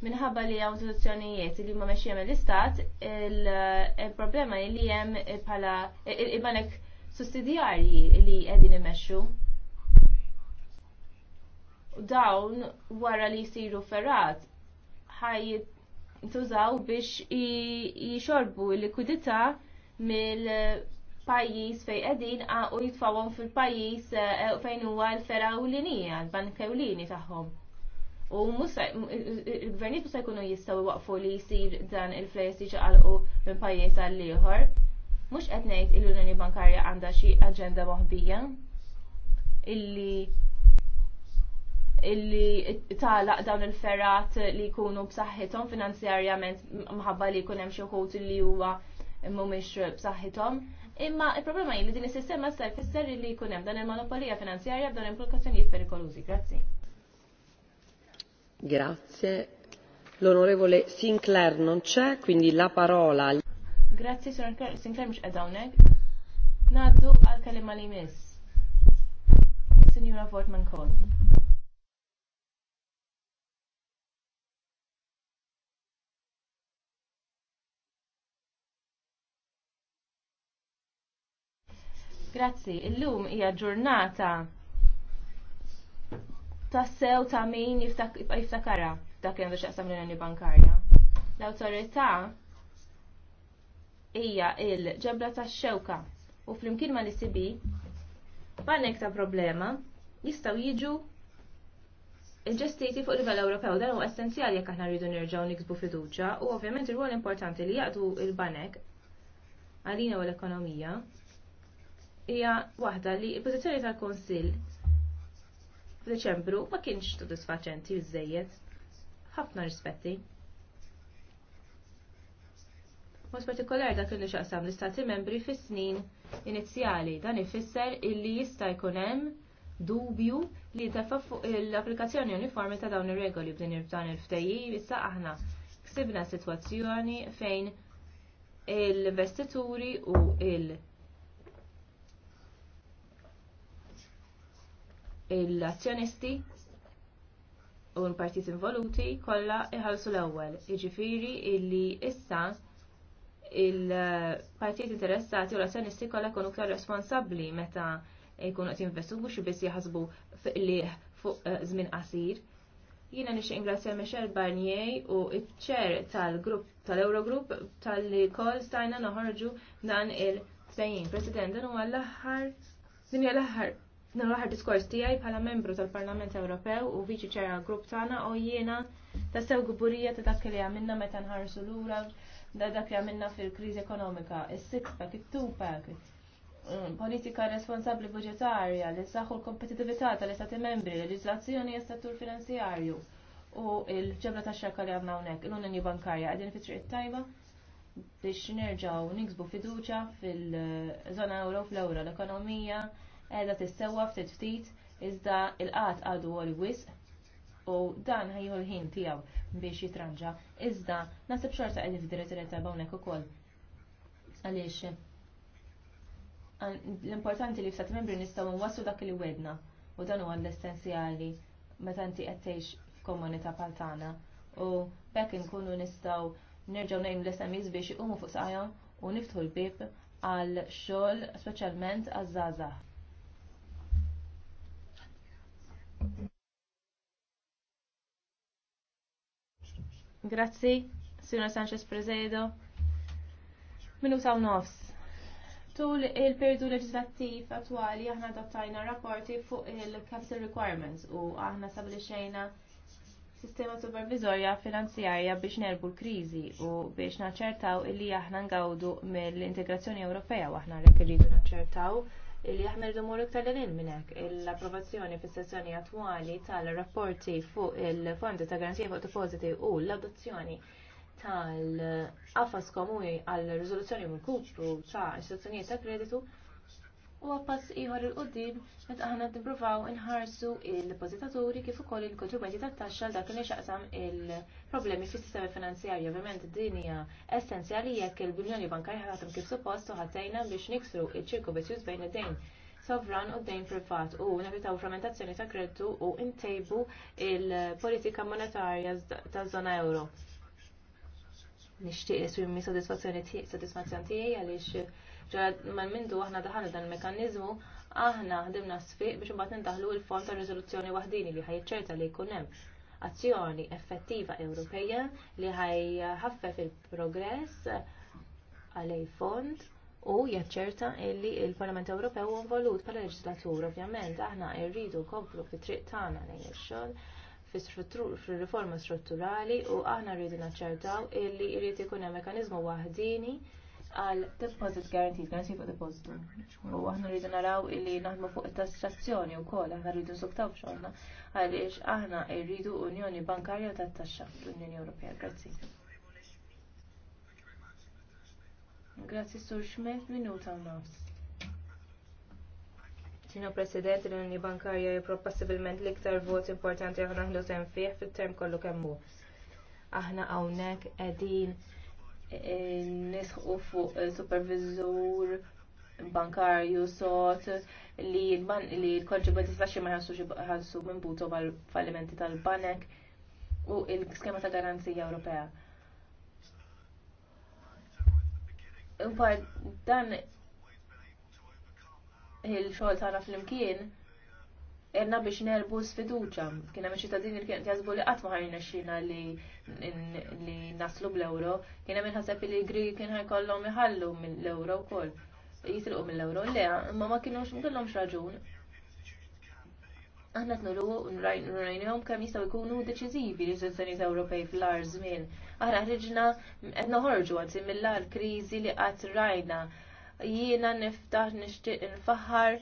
minħabba li hawn sitwazzjonijiet li huma mexxija mill-istat il-problema li hemm bħala il-banek sussidjarji li qegħdin imexxu dawn wara li jsiru ferrat ħaj tużaw biex jixorbu l-likwidità mill-pajjiż fejn qegħdin u jitfawhom fil-pajjiż e, e, fejn huwa l-fera u l-bank ewlieni tagħhom. U il-gvernijiet musa jkunu jistgħu waqfu li jsir dan il-flejs jiġaqalqu minn pajjiż għal ieħor. Mhux qed ngħid il-Unjoni Bankarja għandha xi aġenda moħbija illi illi talaq dawn il-ferrat li jkunu b'saħħithom finanzjarjament mħabba li jkun hemm xi wħud li huwa mhumiex b'saħħithom. Imma il-problema hi li din is-sistema issa jfisser li jkun hemm dan il-monopolija finanzjarja b'dan implikazzjonijiet perikolużi. Grazzi. Grazie. L'onorevole Sinclair non c'è, quindi la parola. Grazie, Sinclair mhux qed hawnhekk. Ngħaddu għal kelima li miss. Signora Fortman Cole. Grazzi, illum hija ġurnata ta' sew ta' min jibqa' jiftakara dak kien xaqsam l-Unjoni Bankarja. L-awtorità hija il-ġebla tax-xewka u flimkien ma' l-ICB banek ta' problema jistgħu jiġu Il-ġestiti fuq livell Ewropew dan huwa essenzjali jekk aħna rridu nerġgħu niksbu fiduċja u ovvjament ir-rwol importanti li jaqdu l-banek għalina u l-ekonomija hija waħda li l-pożizzjoni tal konsil f'Deċembru ma kienx sodisfaċenti żejjed ħafna rispetti. Mos partikolari dak li xaqsam l-istati membri fis-snin inizjali dan ifisser illi jista' jkun hemm dubju li tefa' fuq l-applikazzjoni uniformi ta' dawn ir-regoli b'din irbtan il-ftejji issa aħna ksibna sitwazzjoni fejn l-investituri u l- il azzjonisti u l-partit involuti kollha iħallsu l-ewwel. Jiġifieri illi issa il-partit interessati u l-azzjonisti kollha jkunu aktar responsabbli meta jkunu qed jinvestu mhux biss jaħsbu fiqlieħ fuq eh, żmien qasir. Jiena nixtieq ingrazzja Michel Barnier u iċ tal-grupp tal eurogrupp tal-li kol stajna noħorġu dan il-sejjin. President, dan huwa l-aħħar, din hija l-aħħar F'dan l diskors tiegħi bħala membru tal-Parlament Ewropew u viċi ċera grupp tagħna u jiena tas-sew guburija ta' dak li għamilna meta nħarsu lura da dak li għamilna fil-kriżi ekonomika, is-six pack, it-two pack, um, politika responsabbli budgetarja, li saħu l-kompetitività tal-istati membri, l-eġislazzjoni leġislazzjoni jessatur finanzjarju u l-ġebra ta' xekka li għamna hawnhekk, l-unjoni bankarja qegħdin fitri triq tajba biex nerġgħu niksbu fiduċja fil zona euro fl-euro l-ekonomija edha tissewwa ftit ftit iżda il-qat għadu għal wisq u dan ħajju l-ħin tiegħu biex jitranġa iżda nasib xorta qegħdin f'direzzjoni tajba hawnhekk ukoll. Għaliex l-importanti li f'sat membri nistgħu nwasslu dak li wedna u dan huwa l-essenzjali meta inti qed tgħix f'komunità bħal tagħna u bekk inkunu nistgħu nerġgħu nejn l-SMEs biex iqumu fuq saqajhom u niftħu l-bib għal xogħol speċjalment għaż-żgħażagħ. Grazzi, Signor Sanchez Prezedo. Minuta u nofs. Tul il-periodu leġislattiv attwali aħna adottajna rapporti fuq il-capital requirements u aħna stabilixxejna sistema supervizorja finanzjarja biex nerbu l-kriżi u biex naċċertaw illi aħna ngawdu mill-integrazzjoni Ewropea u aħna rek irridu naċċertaw Illi aħna rridu mmorru iktar lil minn hekk. L-approvazzjoni fis-sessjoni attwali tal-rapporti fuq il-fondi ta' garanzija fuq depositi u l-adozzjoni tal-qafas komuni għal riżoluzzjoni mill-kupru ta' istituzzjonijiet ta' kreditu u għapass iħor il-qoddim meta aħna nippruvaw inħarsu il-depozitaturi kif ukoll il-kontribwenti tat-taxxa dak li xaqsam il-problemi fis-sistema finanzjarju. Ovvjament din hija essenzjali jekk il bunjoni Bankarja ħatam kif suppost u ħatejna biex niksru il-ċirku bizzjuż bejn id-dejn sovran u d-dejn privat u nevitaw frammentazzjoni ta' kreditu u ntejbu il-politika monetarja ta' zona euro nishtiq li swimmi sodisfazzjoni tiegħi għaliex ġara man mindu aħna daħalna dan il-mekanizmu, aħna ħdimna sfiq biex imbagħad nintaħlu l-fond ta' riżoluzzjoni waħdini li ħajċerta li jkun hemm azzjoni effettiva Ewropeja li ħajħaffef il-progress għalej fond u jaċċerta li l parlament Ewropew huwa involut bħala leġislatura ovvjament aħna irridu nkomplu fi triq tagħna lejn ix-xogħol fir-riforma strutturali u aħna rridu naċċertaw illi jrid ikun hemm mekkaniżmu waħdini għal deposit guarantees, guarantee fuq depositu. U aħna rridu naraw illi naħdmu fuq it-tassazzjoni wkoll, aħna rridu nsuktaw bxorna, għaliex aħna rridu Unjoni Bankarja ta' taxxa fl-Unjoni Ewropea. Grazzi. Grazzi Sur Schmidt, minuta u Sino l-Unjoni Bankarja l-iktar vot importanti ħlu term kollu kemmu. Aħna nisħu fuq eh, supervizur bankarju sot li l-kontribwenti s-saxi ma jħassu minn buto mal-fallimenti tal-banek u l-skema ta' garanzija Ewropea. Imbagħad dan il-xogħol tana fl-imkien erna biex nerbu sfiduċa. Kiena me ċittadini li kienet jazbu li għatma ħarina xina li naslu bl-euro, kiena minnħasab li Grigi kien kollom iħallu mill-euro wkoll. Jitilqu mill-euro, le, ma ma kienux mkollhom xraġun. Aħna t-nuru n-rajnijom kam jistaw ikunu deċizivi li s-sensjoniet Ewropej fl-ar zmin. Aħna ħriġna għedna ħorġu għad mill-ar krizi li għat rajna. Jiena niftaħ nishtiq nfaħħar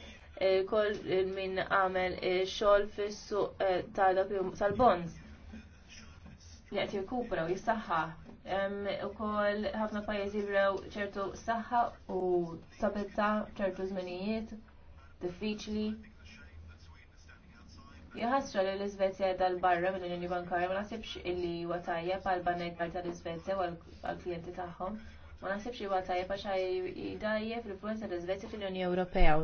kol min għamel xol fis-suq tal-bonds li għet u jissaxħa. U kol ħafna pajizi brew ċertu saħħa u sabetta ċertu zmenijiet, diffiċli. Jħasra li l-Izvezja dal-barra minn l-Unjoni Bankarja ma nasibx illi watajja pal banajt bar tal svezja u għal-klienti tagħhom. Ma nasibx li watajja għax jidajje fil-influenza l svezja fil-Unjoni Ewropea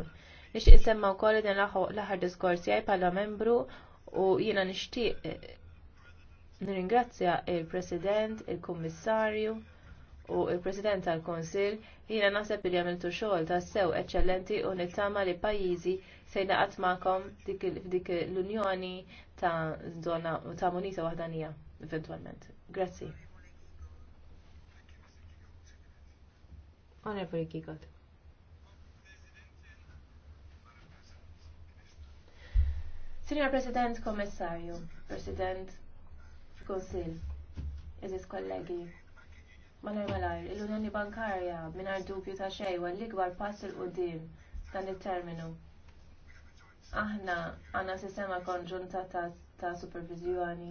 Nixtieq insemma wkoll din l-aħħar diskors tiegħi bħala membru u jiena nixtieq eh, nirringrazzja il-President, il-Kummissarju u il-President tal-Konsil jiena naħseb li għamiltu xogħol ta' sew eċċellenti u nittama li pajjiżi se jnaqat magħkom f'dik l-Unjoni ta' zona ta' munita waħdanija eventwalment. Grazzi. Signor President, Kommissarju, President, Konsil, eżis kollegi, malar malar, il-Unjoni Bankarja minar dubju ta' xej għal l-ikbar pass il-qudiem dan il-terminu. Aħna għanna sistema konġunta ta', ta supervizjoni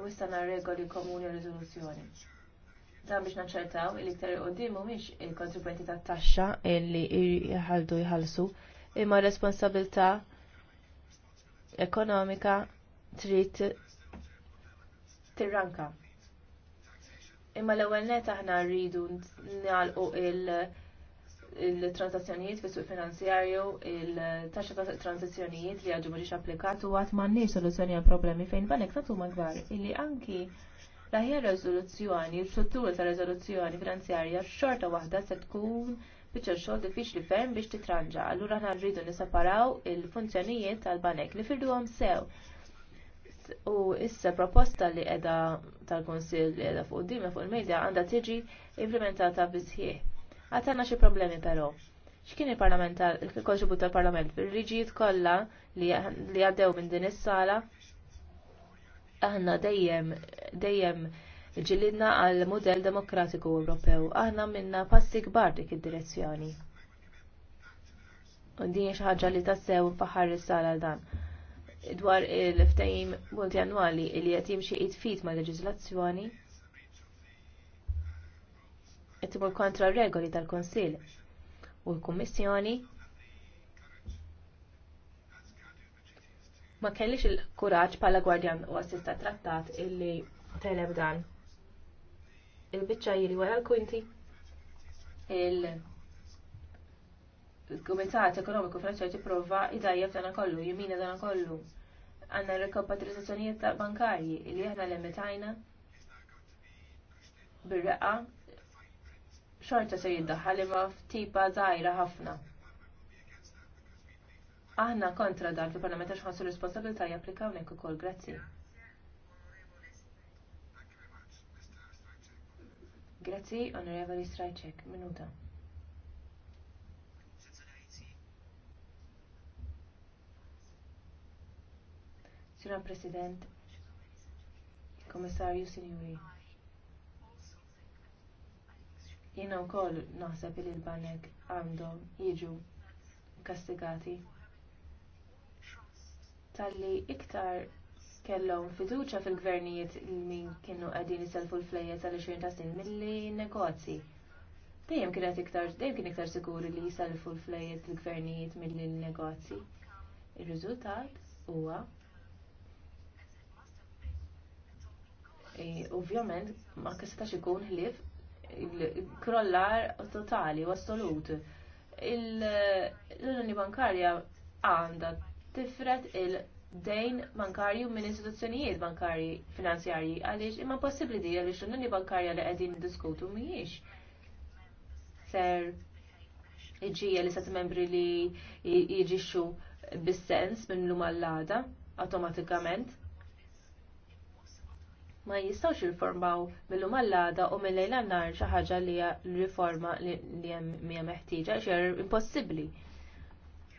u istana regoli komuni u dan biex naċċertaw li iktar il-qoddim mhumiex il-kontribwenti tat-taxxa illi jħaldu jħalsu imma r-responsabilità ekonomika trid tirranka. Imma l-ewwel net aħna rridu nagħlqu il- il-transazzjonijiet fis suq finanzjarju, il-taxxa ta' transazzjonijiet li għadu mhux applikat u għad m'għandniex soluzzjoni għal problemi fejn banek ta' huma kbar illi anki l-aħjar riżoluzzjoni, s struttura ta' riżoluzzjoni finanzjarja xorta waħda se tkun biċċa xogħol diffiċli ferm biex titranġa. Allura aħna rridu nisaparaw il-funzjonijiet tal-banek li firduhom sew. U issa proposta li qiegħda tal-Kunsill li qiegħda fuq dima fuq il-medja għandha tiġi implementata bisħieħ. Għatanna xi problemi però. X'kien il-parlament il-kontribut tal-parlament fil riġijiet kollha li għaddew minn din is-sala aħna dejjem dejjem ġilidna għal mudell demokratiku Ewropew. Aħna minna passi kbar dik id-direzzjoni. U din xi ħaġa li tassew faħar sala dan. Dwar il-ftajim multianwali li qed jimxi id-fit ma' leġiżlazzjoni qed imur kontra regoli tal-Konsil u l-Kummissjoni ma kellix il-kuraġġ bħala gwardjan u assista trattat illi teleb dan il-bicċa jiri wara l-kunti il-Kumitat Ekonomiku Franċajt jipprova idajjef dan kollu, jimina dan kollu. Għanna rekompatrizzazzjonijiet ta' bankarji li aħna limitajna bir-reqqa xorta se jiddaħħal imma f'tipa dajra ħafna. Aħna kontra dan fil-Parlament għax l-responsabilta' japplikaw ukoll, grazzi. Grazzi, Onorevoli Strajcek, minuta. Signor Sina President, Komissarju Sinjuri. Jena wkoll naħseb li l-banek għandhom jiġu kastigati. Talli iktar kellhom fiduċa fil-gvernijiet min kienu qegħdin iselfu l-flejja għal 20 ta' snin milli negozji. Dejjem iktar dejjem kien iktar siguri li jiselfu l-flejjet l-gvernijiet milli negozji. Ir-riżultat huwa e, ovvjament ma kistax ikun ħlief krollar totali u assolut. L-Unjoni Bankarja għandha tifret il- dejn bankarju minn istituzzjonijiet bankarji finanzjarji għaliex imma possibbli di għaliex l bankarja li qegħdin diskutu mhijiex ser iġija li sat membri li jiġixxu bis-sens minn lum għall-għada awtomatikament ma jistawx jirformaw mill-lum għall-għada u mill lejla nar xi ħaġa li riforma li hemm meħtieġa xer impossibbli.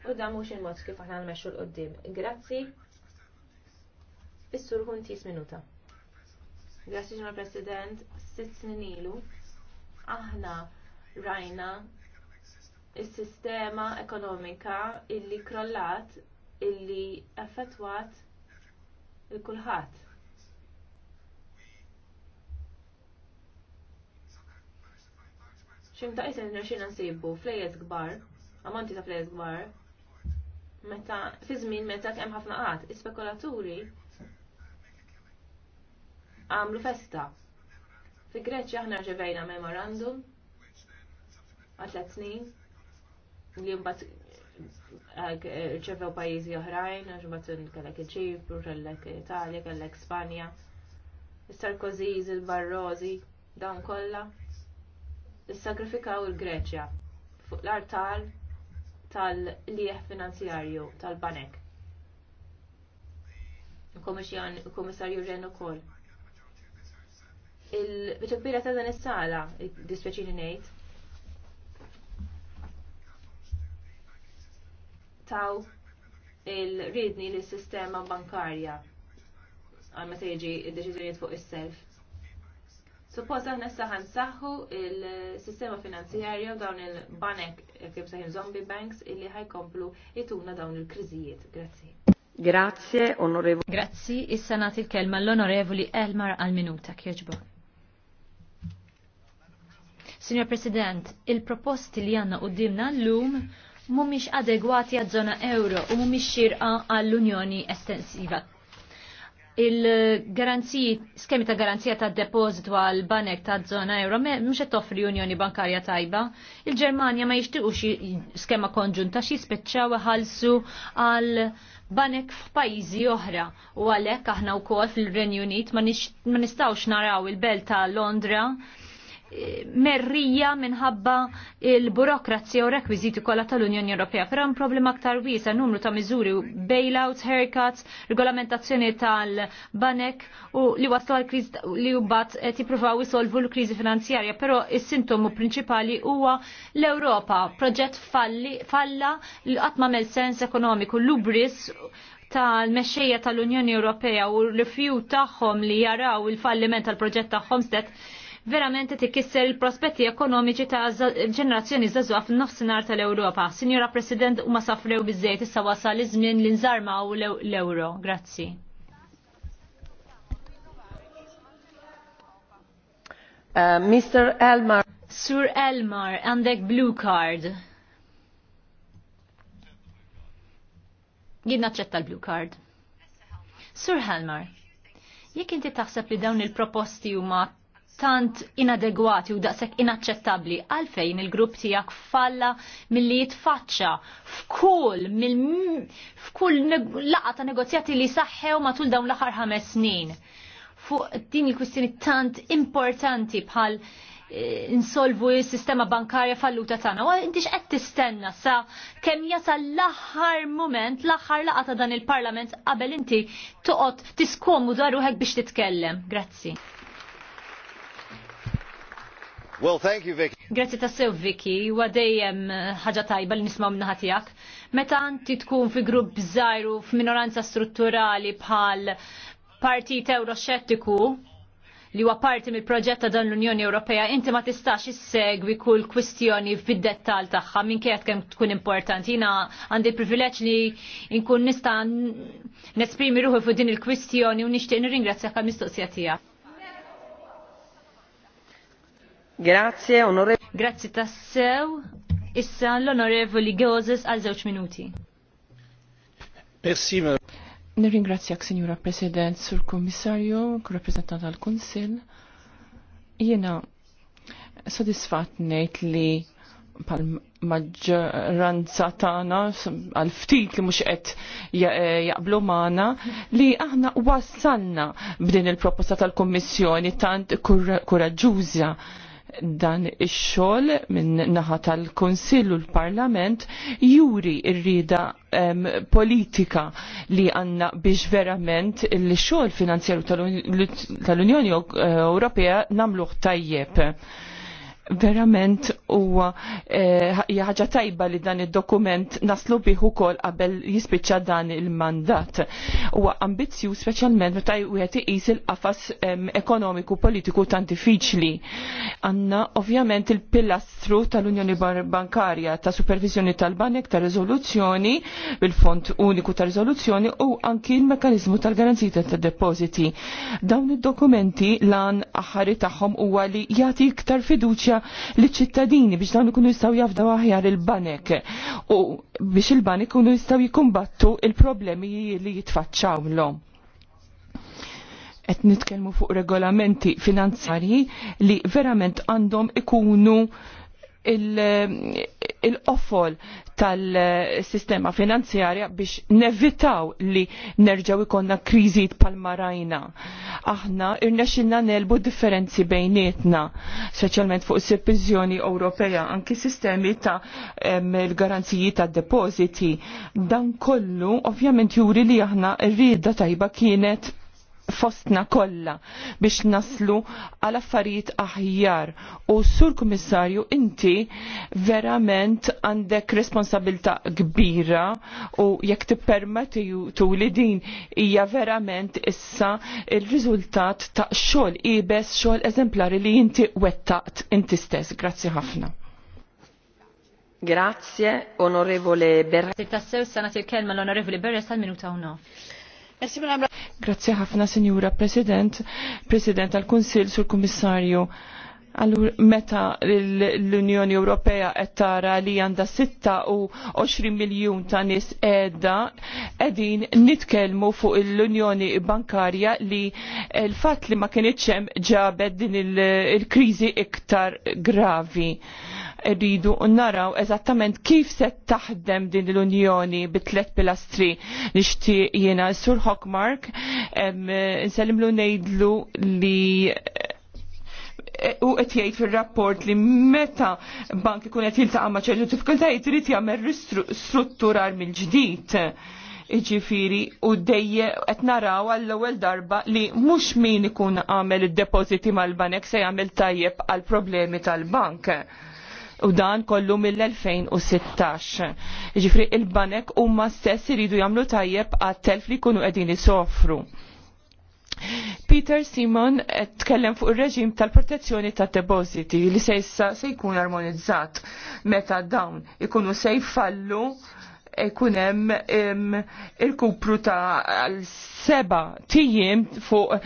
U dan mhux il-mod kif aħna nmexxu l qoddim Grazzi. Is-sur ħuntis minuta. Grazzi ġurnal President, sitt snin ilu, aħna rajna is-sistema ekonomika illi krollat illi affettwat il-kulħadd. ċim ta' jisen nirxina nsibbu flejes kbar, ammonti ta' flejes kbar, meta, fi żmien meta kemm ħafna qatt, ispekulaturi għamlu festa. Fi Greċja aħna ġevejna memorandum għal snin li mbagħad eh, ċevew pajjiżi oħrajn, għax kellek il-Ċipru, kellek Italja, kellek Spanja, is sarkozi il barrozi dawn kollha. Issagrifikaw il-Greċja fuq l-artal tal-lieħ finanzjarju tal-banek. Komissarju ġen ukoll il-bitubbira ta' dan is-sala, dispeċini ngħid. Taw il-ridni li sistema bankarja għal meta jiġi id-deċiżjonijiet fuq is-self. Suppost aħna issa ħansaħħu il-sistema finanzjarja dawn il-banek kif saħin zombie banks illi ħajkomplu jituna dawn il-kriżijiet. Grazzi. Grazie, onorevoli. Grazzi, issa nagħti l-kelma l-onorevoli Elmar għal-minuta kieġbok. Signor President, il-proposti li għanna u dimna l-lum mumiex adegwati għad zona euro u mumiex xirqa għall-Unjoni estensiva. Il-garanziji, skemi ta' garanzija ta' depozitu għal banek ta' zona euro, mux toffri Unjoni Bankarja tajba. Il-Germania ma jishtiqu xi skema konġunta xi speċċaw ħalsu għal banek f'pajjiżi oħra u għalhekk aħna wkoll fil-Renju Unit ma nistgħux naraw il-belt ta' Londra merrija minħabba il-burokrazija u rekwiziti kollha tal-Unjoni Ewropea. Però hemm problema aktar wiesa numru ta' miżuri bailouts, haircuts, regolamentazzjoni tal-banek u li waslu għal kriżi li mbagħad jippruvaw isolvu l-kriżi finanzjarja, però is-sintomu prinċipali huwa l-Ewropa, proġett falli falla li qatt m'għamel sens ekonomiku, l-ubris tal-mexxejja tal-Unjoni Ewropea u l-rifjut tagħhom li jaraw il-falliment tal-proġett tagħhom stet verament tikisser il-prospetti ekonomiċi ta' ġenerazzjoni żagħżugħa f'nofsinhar tal-Ewropa. Sinjura President huma safrew biżejjed issa wasal iż-żmien li nżarmaw l-euro. Grazzi. Uh, Mr. Elmar. Sur Elmar, għandek blue card. Jien naċċetta l-blue card. Sur Elmar, jekk inti taħseb li dawn il-proposti huma tant inadegwati u daqshekk inaċċettabbli għalfejn il-grupp tiegħek falla milli jitfaċċa f'kull f'kull laqgħa ta' negozjati li saħħew matul dawn l-aħħar ħames snin. Fuq din il-kwistjoni tant importanti bħal eh, insolvu il-sistema bankarja falluta tagħna. U intix qed tistenna sa kemm jasal l-aħħar moment, l-aħħar laqgħa ta' dan il-Parlament qabel inti toqgħod tiskomu daruħek biex titkellem. Grazzi. Well, thank you, Vicky. Grazie ta' sew, Vicky. U dejjem eh, ħaġa tajba li nismaw minnaħa tiegħek. Meta għanti tkun fi grupp bżajru f'minoranza strutturali bħal partit euroxettiku li huwa parti mill-proġett ta' dan l-Unjoni Ewropea, inti ma tistax issegwi kull kwistjoni fid-dettal tagħha minn kienet kemm tkun importanti. Jiena għandi privileġġ li nkun nista' nesprimi ruħi fuq din il-kwistjoni u nixtieq nirringrazzjak għall-mistoqsija tiegħek. Grazie, onorevoli. Grazie tassew. Issa l-onorevoli Gozes għal żewġ minuti. Merci, ma. Nirringrazzjak, Signora President, Sur Kommissarju, rappresentant għal kunsil Jena, sodisfat nejt li pal maġġoranza tagħna għal ftit li mhux qed jaqblu magħna li aħna wassalna b'din il-proposta tal-Kummissjoni tant kuraġġuża dan ix-xogħol minn naħa tal-Kunsill u l-Parlament juri rrida politika li għanna biex verament l-xogħol finanzjeru tal-Unjoni tal Ewropea namluħ tajjeb verament u eh, ħaġa tajba li dan il-dokument naslu biħu kol qabel jispiċċa dan il-mandat. U ambizzju specialment meta u iqis il-qafas ekonomiku politiku tan diffiċli. Għanna ovvjament il-pilastru tal-Unjoni Bankarja ta' supervizjoni tal-banek ta' rezoluzzjoni bil-Fond Uniku ta' rezoluzzjoni u anki il-mekanizmu tal garanzita ta' depositi. Dawn id-dokumenti lan aħari tagħhom huwa li jagħti iktar fiduċja li ċittadini biex dawn ikunu jistgħu jafdaw aħjar il-banek u biex il-banek ikunu jistgħu jikumbattu il-problemi li jitfaċċaw l-om qed nitkellmu fuq regolamenti finanzjarji li verament għandhom ikunu il-qoffol tal-sistema finanzjarja biex nevitaw li nerġaw ikonna kriżit pal-marajna. Aħna irnexinna nelbu differenzi bejnietna, specialment fuq supervizjoni Ewropea, anki sistemi ta' il-garanziji ta' depoziti. Dan kollu ovvjament juri li aħna rrida tajba kienet fostna kollha biex naslu għal affarijiet aħjar. U sur kummissarju, inti verament għandek responsabilta kbira u jekk tippermetti tu li din hija verament issa il-riżultat ta' xogħol ibes xogħol eżemplari li inti wettaqt inti stess. Grazzi ħafna. Grazie, onorevole Berres. Tassew sanat il-kelma l-onorevole Berres għal minuta u nof. Grazie ħafna, Sinjura President, President tal-Kunsil sur Kummissarju. Allura, meta l-Unjoni Ewropea qed tara li għandha 26 miljun ta' nies qiegħda qegħdin nitkellmu fuq l-Unjoni Bankarja li l-fatt li ma kienitx hemm ġabed din il-kriżi iktar gravi rridu naraw eżattament kif se taħdem din l-Unjoni bit-tlet pilastri nixtieq jiena Sur Hockmark nsellimlu ngħidlu li u qed jgħid fir-rapport li meta bank ikun qed jiltaqa' ma' ċertu diffikultajiet irid jagħmel ristrutturar mill-ġdid iġifiri u dejje qed naraw għall-ewwel darba li mhux min ikun għamel id-depożiti mal-banek se jagħmel tajjeb għal problemi tal-bank u dan kollu mill-2016. Ġifri il-banek huma stess iridu jagħmlu tajjeb għat-telf li jkunu qegħdin soffru. Peter Simon tkellem fuq ir-reġim tal-protezzjoni ta' depositi li se issa se jkun armonizzat meta dawn ikunu se jfallu ikunem hemm il-kupru ta' seba tijim fuq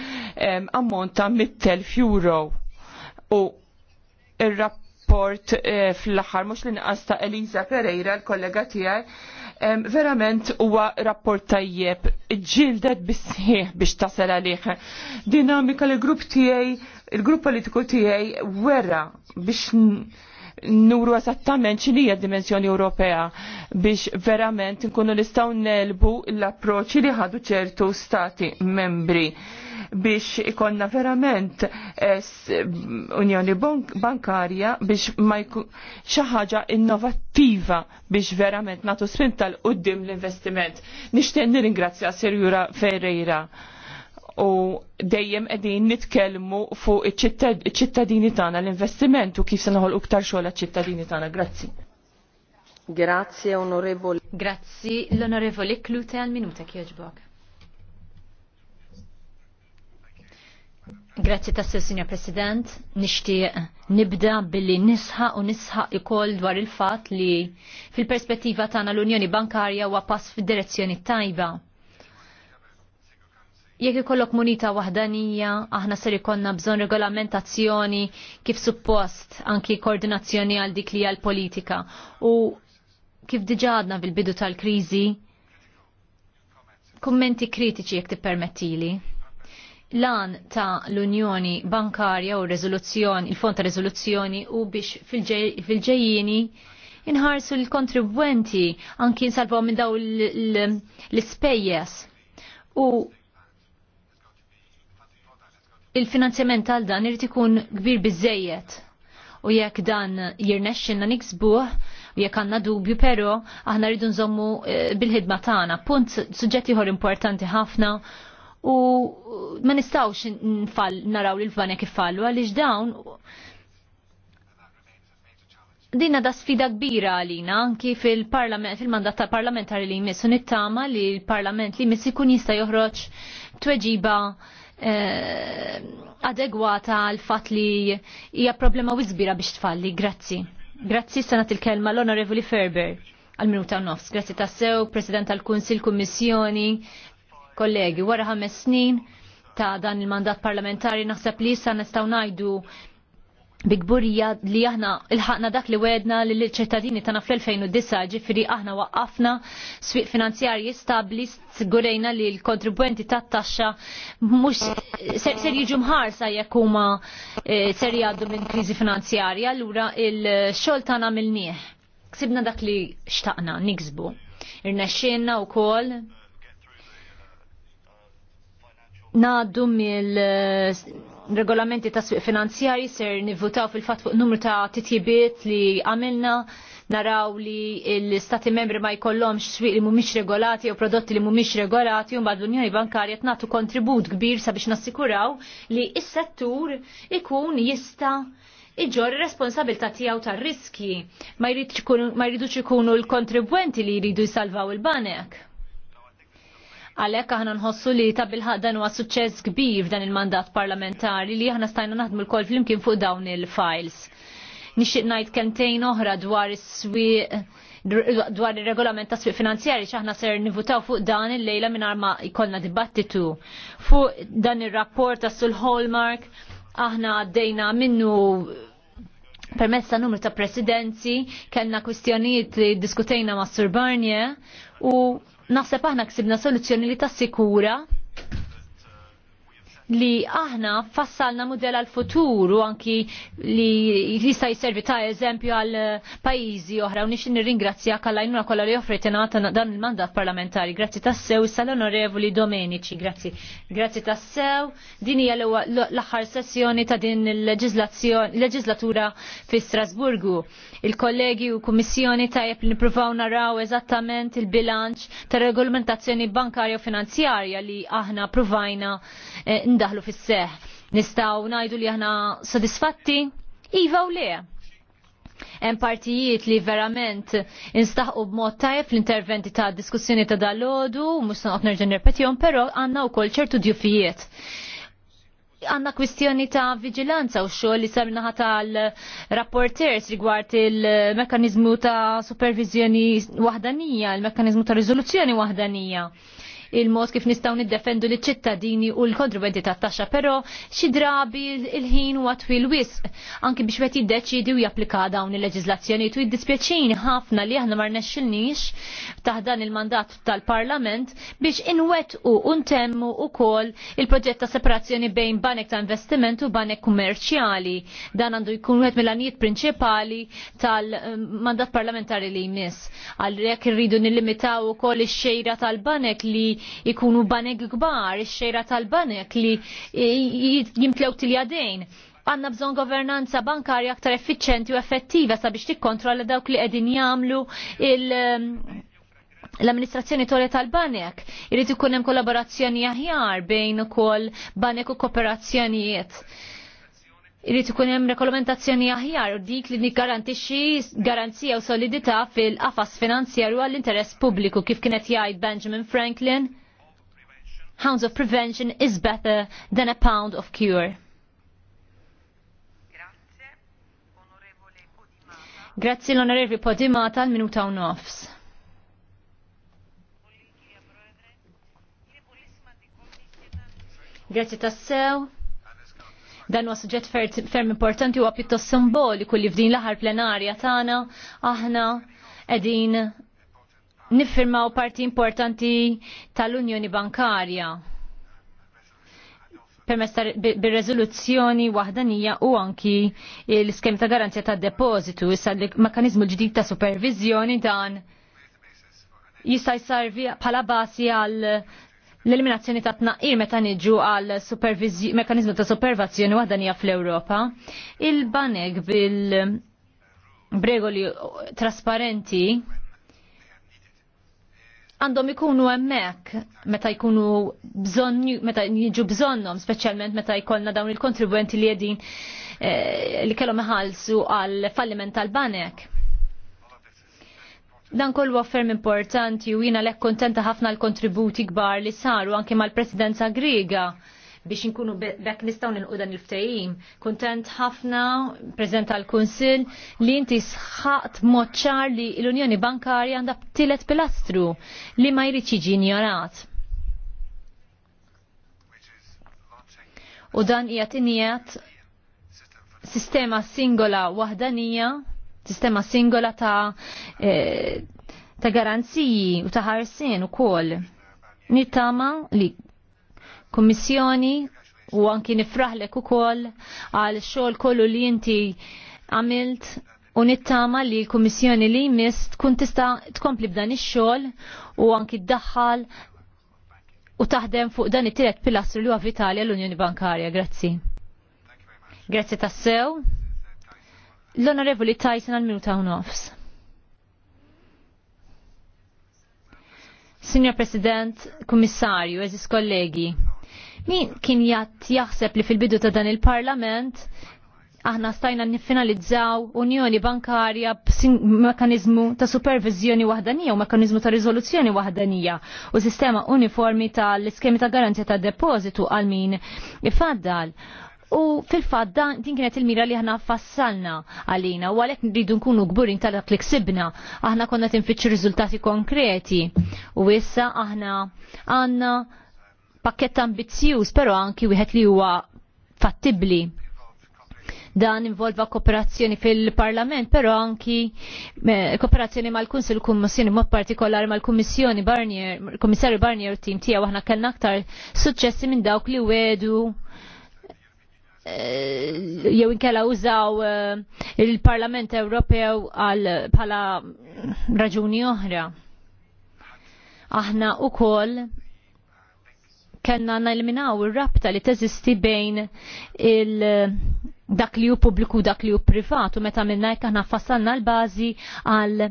ammont ta' mittel euro u il rapp rapport eh, fl-aħħar mux li ta' Eliza Pereira l-kollega tiegħi verament huwa rapport tajjeb ġildet bisħiħ biex tasal għalih. Dinamika li grupp tiegħi, il-grupp politiku tiegħi wera biex nuru esattament x'inhi dimensjoni Ewropea biex verament nkunu nistgħu nelbu l-approċċi li ħadu ċertu stati membri biex ikonna verament eh, unjoni bankarja biex ma xi ħaġa innovattiva biex verament nagħtu spin tal-qudiem l-investiment. Nixtieq nirringrazzja Sirjura Ferreira u dejjem qegħdin nitkellmu fuq iċ-ċittadini tagħna l-investiment u kif se naħolqu iktar xogħol ċittadini tagħna. Grazzi. Grazie onorevoli. Grazzi l-onorevoli Klute għal minuta kieġbok. Grazzi tas Signor President, nixtieq nibda billi nisħa u nisħa ikoll dwar il-fat li fil-perspettiva tagħna l-Unjoni Bankarja huwa pass fid-direzzjoni tajba. Jekk ikollok munita waħdanija, aħna ser ikonna bżonn regolamentazzjoni kif suppost anki koordinazzjoni għal dik li għal politika u kif diġadna għadna fil-bidu tal-kriżi, kummenti kritiċi jekk tippermettili. permettili lan ta' l-Unjoni Bankarja u rezoluzzjoni, il-fond ta' rezoluzzjoni u biex fil-ġejjini inħarsu l-kontribwenti anki nsalvaw minn daw l-spejjes. U il-finanzjament tal dan irid ikun kbir biżejjed. U jekk dan jirnexxinna niksbuh, u jekk għandna dubju però aħna rridu nżommu eh, bil-ħidma tagħna. Punt suġġett ieħor importanti ħafna u ma nistawx nfall naraw li l kif fallu, għaliex dawn Dinna da sfida kbira għalina anki fil-parlament, fil-mandat ta' parlamentari li jmissu nittama li l-parlament li jmiss kun jista' joħroġ tweġiba eh, adegwata għal fat li hija problema wiżbira biex tfalli. Grazzi. Grazzi sanat il-kelma l-Onorevoli Ferber għal-minuta nofs. Grazzi tassew, President tal-Kunsil, Kummissjoni, kollegi, wara ħames snin ta' dan il-mandat parlamentari naħseb li issa nistgħu ngħidu bigburija li aħna ilħaqna dak li wedna li l-ċittadini tagħna fl-2009 ġifieri aħna waqqafna swieq finanzjarji stabbli sigurejna li l-kontribwenti tat-taxxa mhux ser jiġu mħarsa jekk huma e, ser jgħaddu minn kriżi finanzjarja, allura il-xogħol tagħna mill-nieħ. Ksibna dak li xtaqna, niksbu. Irnexxinna wkoll naddu mill eh, regolamenti ta' sfiq finanzjari ser nivvutaw fil-fat fuq numru ta' titjibiet li għamilna naraw li l-stati membri ma jkollhomx swiq li mhumiex regolati u prodotti li mhumiex regolati u bad l-Unjoni Bankarja tnatu kontribut kbir sabiex nassikuraw li s-settur ikun jista' iġor responsabilta tiegħu tar-riski ma jridux ikunu l-kontribwenti li jridu jsalvaw il-banek Għalhekk aħna nħossu li ta' bilħadan u huwa suċċess kbir f'dan il-mandat parlamentari li aħna stajna naħdmu l-kol flimkien fuq dawn il-files. Nixtieq ngħid kentejn oħra dwar is-swieq dwar il-regolament ta' sfiq finanzjari xaħna ser nivutaw fuq dan il-lejla minn arma jkollna dibattitu. Fuq dan il-rapport ta' sul Hallmark aħna għaddejna minnu permessa numru ta' presidenzi, kellna kwistjonijiet li diskutejna ma' Sur Barnier u naħseb aħna ksibna soluzzjoni li tassikura li aħna fassalna mudell għal futur u anki li jista jiservi ta' eżempju għal eh, pajizi oħra u nix nirringrazzja għall-għajnuna kollha li offritina dan il-mandat parlamentari. Grazzi tassew, sal-onorevoli Domenici, grazzi. Grazzi tassew, din hija l-aħħar sessjoni ta' din il-leġislatura fi Strasburgu. Il-kollegi u kummissjoni tajjeb li nippruvaw naraw eżattament il-bilanċ ta' regolamentazzjoni bankarja u finanzjarja li aħna provajna Eh, ndaħlu fis-seħ. Nistaw najdu li aħna sodisfatti? Iva u le. Hemm partijiet li verament instaħqu b'mod tajjeb fl-interventi ta' diskussjoni ta' dalodu, mhux noqgħod nerġa' nirpetihom, però għandna wkoll ċertu djufijiet. Għanna kwistjoni ta' vigilanza u xogħol li sar naħa tal-rapporters rigward il-mekanizmu ta' supervizjoni waħdanija, il-mekanizmu ta' riżoluzzjoni wahdanija il-mod kif nistgħu niddefendu li ċittadini u l-kontribwenti tat-taxxa, però xi drabi il-ħin huwa twil wisq anki biex wieħed jiddeċidi u japplika dawn il-leġiżlazzjoni tu jiddispjaċini ħafna li aħna ma rnexxilniex taħdan il-mandat tal-Parlament biex inwettqu u ntemmu wkoll il-proġett ta' separazzjoni bejn banek ta' investiment u banek kummerċjali. Dan għandu jkun wieħed mill-anijiet prinċipali tal-mandat parlamentari li jmiss. Għalhekk irridu nillimitaw ukoll ix-xejra tal-banek li ikunu banek kbar, xejra tal-banek li jimtlew tiljadejn. Għanna bżon governanza bankarja aktar effiċenti u effettiva sabiex tikkontrolla dawk li qegħdin jagħmlu il- um, l-amministrazzjoni tolja tal-banek irrid ikun hemm kollaborazzjoni aħjar bejn ukoll banek u kooperazzjonijiet irrit ikun hemm regolamentazzjoni aħjar u dik li nikgarantixxi garanzija u solidità fil-qafas finanzjarju għall-interess pubbliku kif kienet jgħid Benjamin Franklin. Hounds of prevention is better than a pound of cure. Grazzi l-onorevi Podimata l-minuta u nofs. Grazzi tassew. Dan huwa suġġett ferm importanti huwa pjuttost simboliku li f'din l-aħħar plenarja tagħna aħna qegħdin niffirmaw parti importanti tal-Unjoni Bankarja permess bir-rezoluzzjoni waħdanija u anki l-iskem ta' garanzja ta' depozitu issa l-mekanizmu ġdid ta' supervizjoni dan jista' jsarvi bħala basi għal l-eliminazzjoni ta' tnaqqir meta niġu għal mekanizmu ta' supervazzjoni waħda fl-Ewropa, il-banek bil bregoli trasparenti għandhom ikunu emmek meta jkunu bżonju, meta jiġu bżonnom, specialment meta jkollna dawn il-kontribuenti li jedin eh, li kellhom iħallsu għal falliment tal-banek Dan kollu affermi importanti u jina lek kontenta ħafna l-kontributi gbar li saru anke mal-presidenza Griega biex inkunu bekk nistaw nilqu dan il ftajim Kontent ħafna, prezenta l-Kunsil, li inti sħaqt moċċar li l-Unjoni Bankarja għandha tielet pilastru li ma jrid jiġi ignorat. U dan hija tinijat sistema singola waħdanija sistema singola ta' eh, ta' garanziji u ta' ħarsien ukoll. Nittama li kummissjoni u anki nifraħlek ukoll għal xogħol kollu li inti għamilt u nittama li l-Kummissjoni li jmiss tkun tista' tkompli b'dan ix-xogħol u anki ddaħħal u taħdem fuq dan it-tielet pilastru li huwa vitali għall-Unjoni Bankarja. Grazzi. Grazzi tassew. L-Onorevoli Tyson għal minuta u nofs. Signor President, Kummissarju, eżis kollegi, min kien jatt jaħseb li fil-bidu ta' dan il-Parlament aħna stajna nifinalizzaw unjoni bankarja b-mekanizmu ta' supervizjoni wahdanija u mekanizmu ta' rizoluzzjoni wahdanija u sistema uniformi tal-iskemi ta' garanzja ta' depozitu għal min ifaddal. U fil fadda din kienet il-mira li ħna fassalna għalina u għalek nridu nkunu gburin tal-dak li ksibna. Aħna konna tinfittxu riżultati konkreti u issa aħna għanna pakket ambizzjuż però anki wieħed li huwa fattibli dan involva kooperazzjoni fil-Parlament, però anki kooperazzjoni mal-Kunsil Kummissjoni, mod partikolari mal-Kummissjoni Barnier, Kummissarju Barnier u tim tiegħu aħna kellna aktar suċċessi minn dawk li wedu Eh, jew inkella użaw eh, il-Parlament Ewropew għal bħala raġuni oħra. Aħna wkoll kellna neliminaw ir-rabta li teżisti bejn il- dak li hu pubbliku dak li hu privat u meta minna jekk aħna fassalna l-bażi għal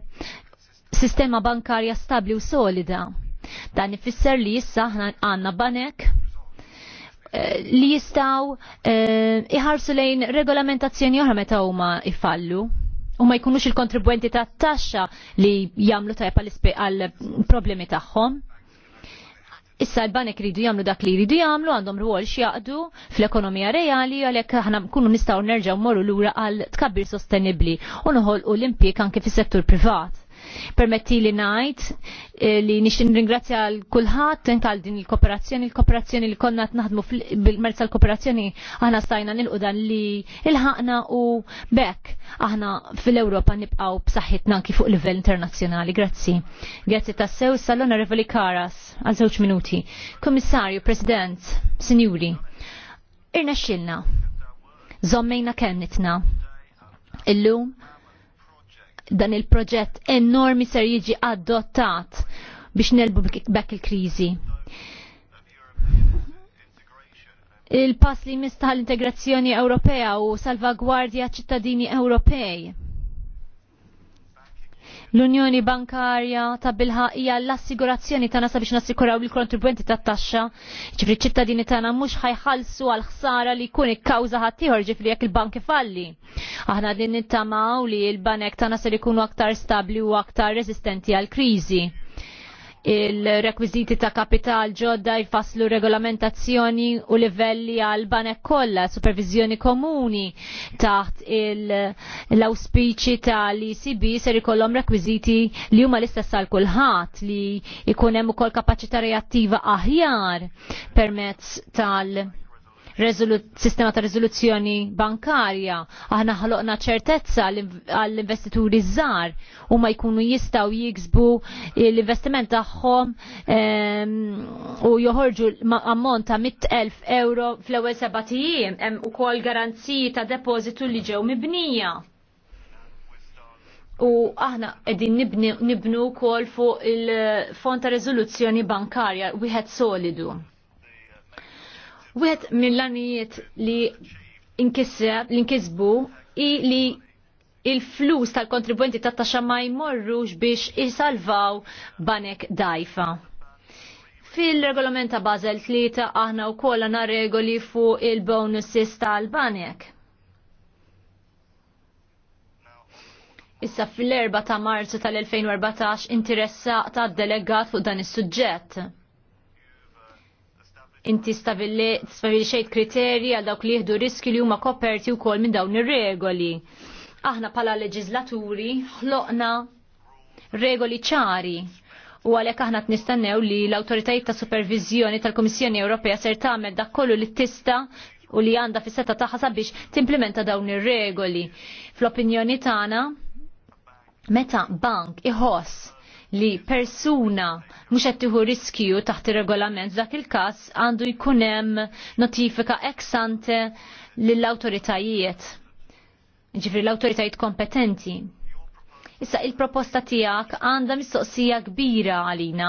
sistema bankarja stabli u solida. Dan ifisser li issa aħna għandna banek Eh, li jistaw eh, iħarsu lejn regolamentazzjoni oħra meta huma jfallu u ma jkunux il-kontribwenti ta' taxxa li jagħmlu tajb għal problemi tagħhom. Issa l-banek ridu jagħmlu dak li jridu jagħmlu għandhom rwol x'jaqdu fl-ekonomija reali għalhekk aħna nkunu nistgħu nerġgħu morru lura għal tkabbir sostenibbli u noħolqu l-impjeg anke fis-settur privat Permetti li najt eh, li nixin ringrazja l-kulħat tal din il-kooperazzjoni, l kooperazzjoni li konna naħdmu bil-merza l-kooperazzjoni aħna stajna nil-qudan li il-ħakna u bekk aħna fil-Europa nibqaw b'saħħitna kif fuq livell internazzjonali. Grazzi. Grazzi tassew sew ona Revoli Karas għal żewġ minuti. Komissarju, President, Sinjuri, irna xilna. Zommejna kelmitna. Illum dan il-proġett enormi ser jiġi adottat biex nelbu bekk il-krizi. Il-pass li mistaħ l-integrazzjoni Ewropea u salvagwardja ċittadini Ewropej L-Unjoni Bankarja ta' bilħa hija l-assigurazzjoni tagħna sabiex nassikuraw il-kontribwenti tat-taxxa, ġifri ċittadini tagħna mhux ħajħallsu għal ħsara li jkun ikkawża ħaddieħor ġifri jekk il banki falli. Aħna din nittamaw li l-banek tagħna se jkunu aktar stabbli u aktar resistenti għal kriżi il-rekwiziti ta' kapital ġodda jfasslu regolamentazzjoni u livelli għal banek kollha, supervizjoni komuni taħt l auspici ta' l-ECB ser ikollhom rekwiziti li huma l-istess għal kulħadd li jkun hemm ukoll kapaċità reattiva aħjar permezz tal- sistema ta' rezoluzzjoni bankarja. Aħna ħloqna ċertezza għall-investituri żgħar u ma jkunu jistgħu jiksbu l-investiment tagħhom ehm, u joħorġu ammont ta' 100,000 euro fl-ewwel seba' tiem hemm ukoll garanziji ta' depożitu li ġew mibnija. U aħna qegħdin nibnu kol fuq il-fond ta' rezoluzzjoni bankarja wieħed solidu. Wieħed mill li inkisser, li nkisbu, i li il-flus tal-kontribwenti ta' Taxa ma jmorrux biex isalvaw banek dajfa. Fil-regolamenta Basel 3 aħna u kolla na regoli fuq il-bonuses tal-banek. Issa fil-4 ta' marzu tal-2014 interessa ta' delegat fuq dan is-suġġett inti stabili xejt kriterji għal dawk li jihdu riski li huma koperti wkoll minn dawn ir-regoli. Aħna pala leġislaturi ħloqna regoli ċari u għalhekk aħna tnistennew nistennew li l awtoritajiet ta' supervizjoni tal kummissjoni Ewropea ser tagħmel dak kollu li tista' u li għandha fis-seta tagħha sabiex timplementa dawn ir-regoli. Fl-opinjoni tagħna meta bank iħoss li persuna mhux qed tieħu riskju taħt ir-regolament dak il-każ għandu jkun hemm notifika ex ante lill-awtoritajiet. Ġifri l-awtoritajiet kompetenti. Issa il-proposta tijak għanda mistoqsija kbira għalina.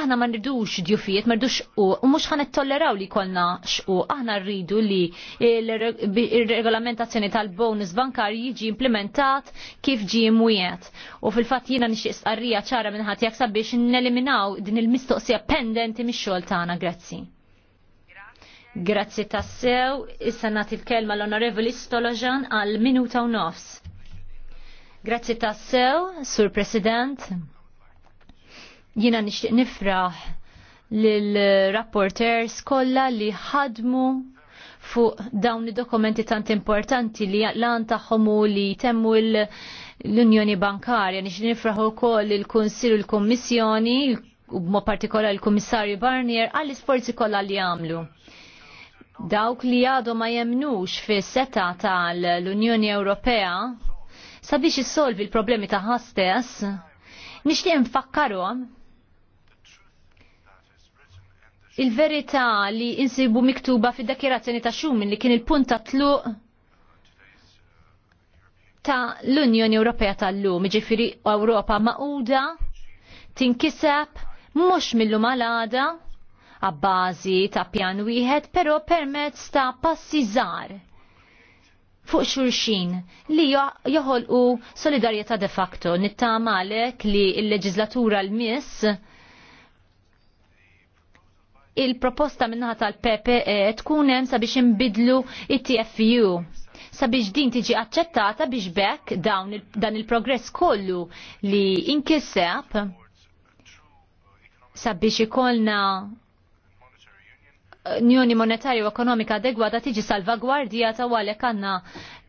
Aħna ma nridux djufijiet, ma nridux u, u mux ħan tolleraw li kolna xqu. Aħna rridu li il-regolamentazzjoni tal-bonus bankar jiġi implementat kif ġi imwiet. U fil-fat jina nixtieq arrija ċara minnħat jak sabiex neliminaw din il-mistoqsija pendenti mix-xogħol tagħna. Grazzi. Grazzi tassew, issa nagħti l-kelma l-Onorevoli Stolojan għal minuta u nofs. Grazzi tassew, Sur President. Jina nixtieq nifraħ lill-rapporters kollha li ħadmu fuq dawn id-dokumenti tant importanti li lan tagħhom u li temmu l-Unjoni Bankarja nix nifraħu wkoll il kunsill u l-Kummissjoni u b'mod partikola l kummissarju Barnier għall isforzi kollha li għamlu. Dawk li għadhom ma jemnux fis seta tal-Unjoni Ewropea sabiex jissolvi l-problemi ta' stess, nixtieq nfakkarhom il-verità li insibu miktuba fid dekirazzjoni ta' Schumann li kien il-punt ta' tluq ta' l-Unjoni Ewropea tal-lum, ġifiri Ewropa ma'uda, tinkiseb mhux millu malada, għal għabbażi ta' pjan wieħed, però permezz ta' passi żgħar fuq xurxin li joħolqu solidarjetà de facto. Nittama għalek li il-leġizlatura l-miss il-proposta minnaħa tal-PPE tkun hemm sabiex inbidlu it-TFU sabiex din tiġi aċċettata biex bekk dan il-progress kollu li inkisseb sabiex ikolna unjoni monetarju ekonomika adegwata tiġi salvagwardija ta' għale kanna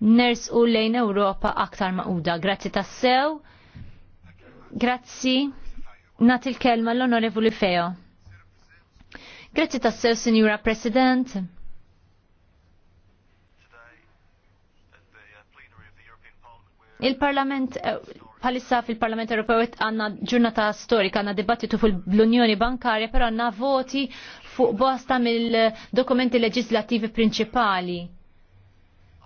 ners u lejn Ewropa aktar maquda. Grazzi tassew. Grazzi. Nat il-kelma l-onorevoli Feo. Grazzi sew, Signora President. Il-Parlament eh, palissa fil-Parlament Ewropew għanna ġurnata storika, għanna dibattitu fil-Unjoni Bankarja, pero għanna voti fuq bosta mill-dokumenti leġislativi prinċipali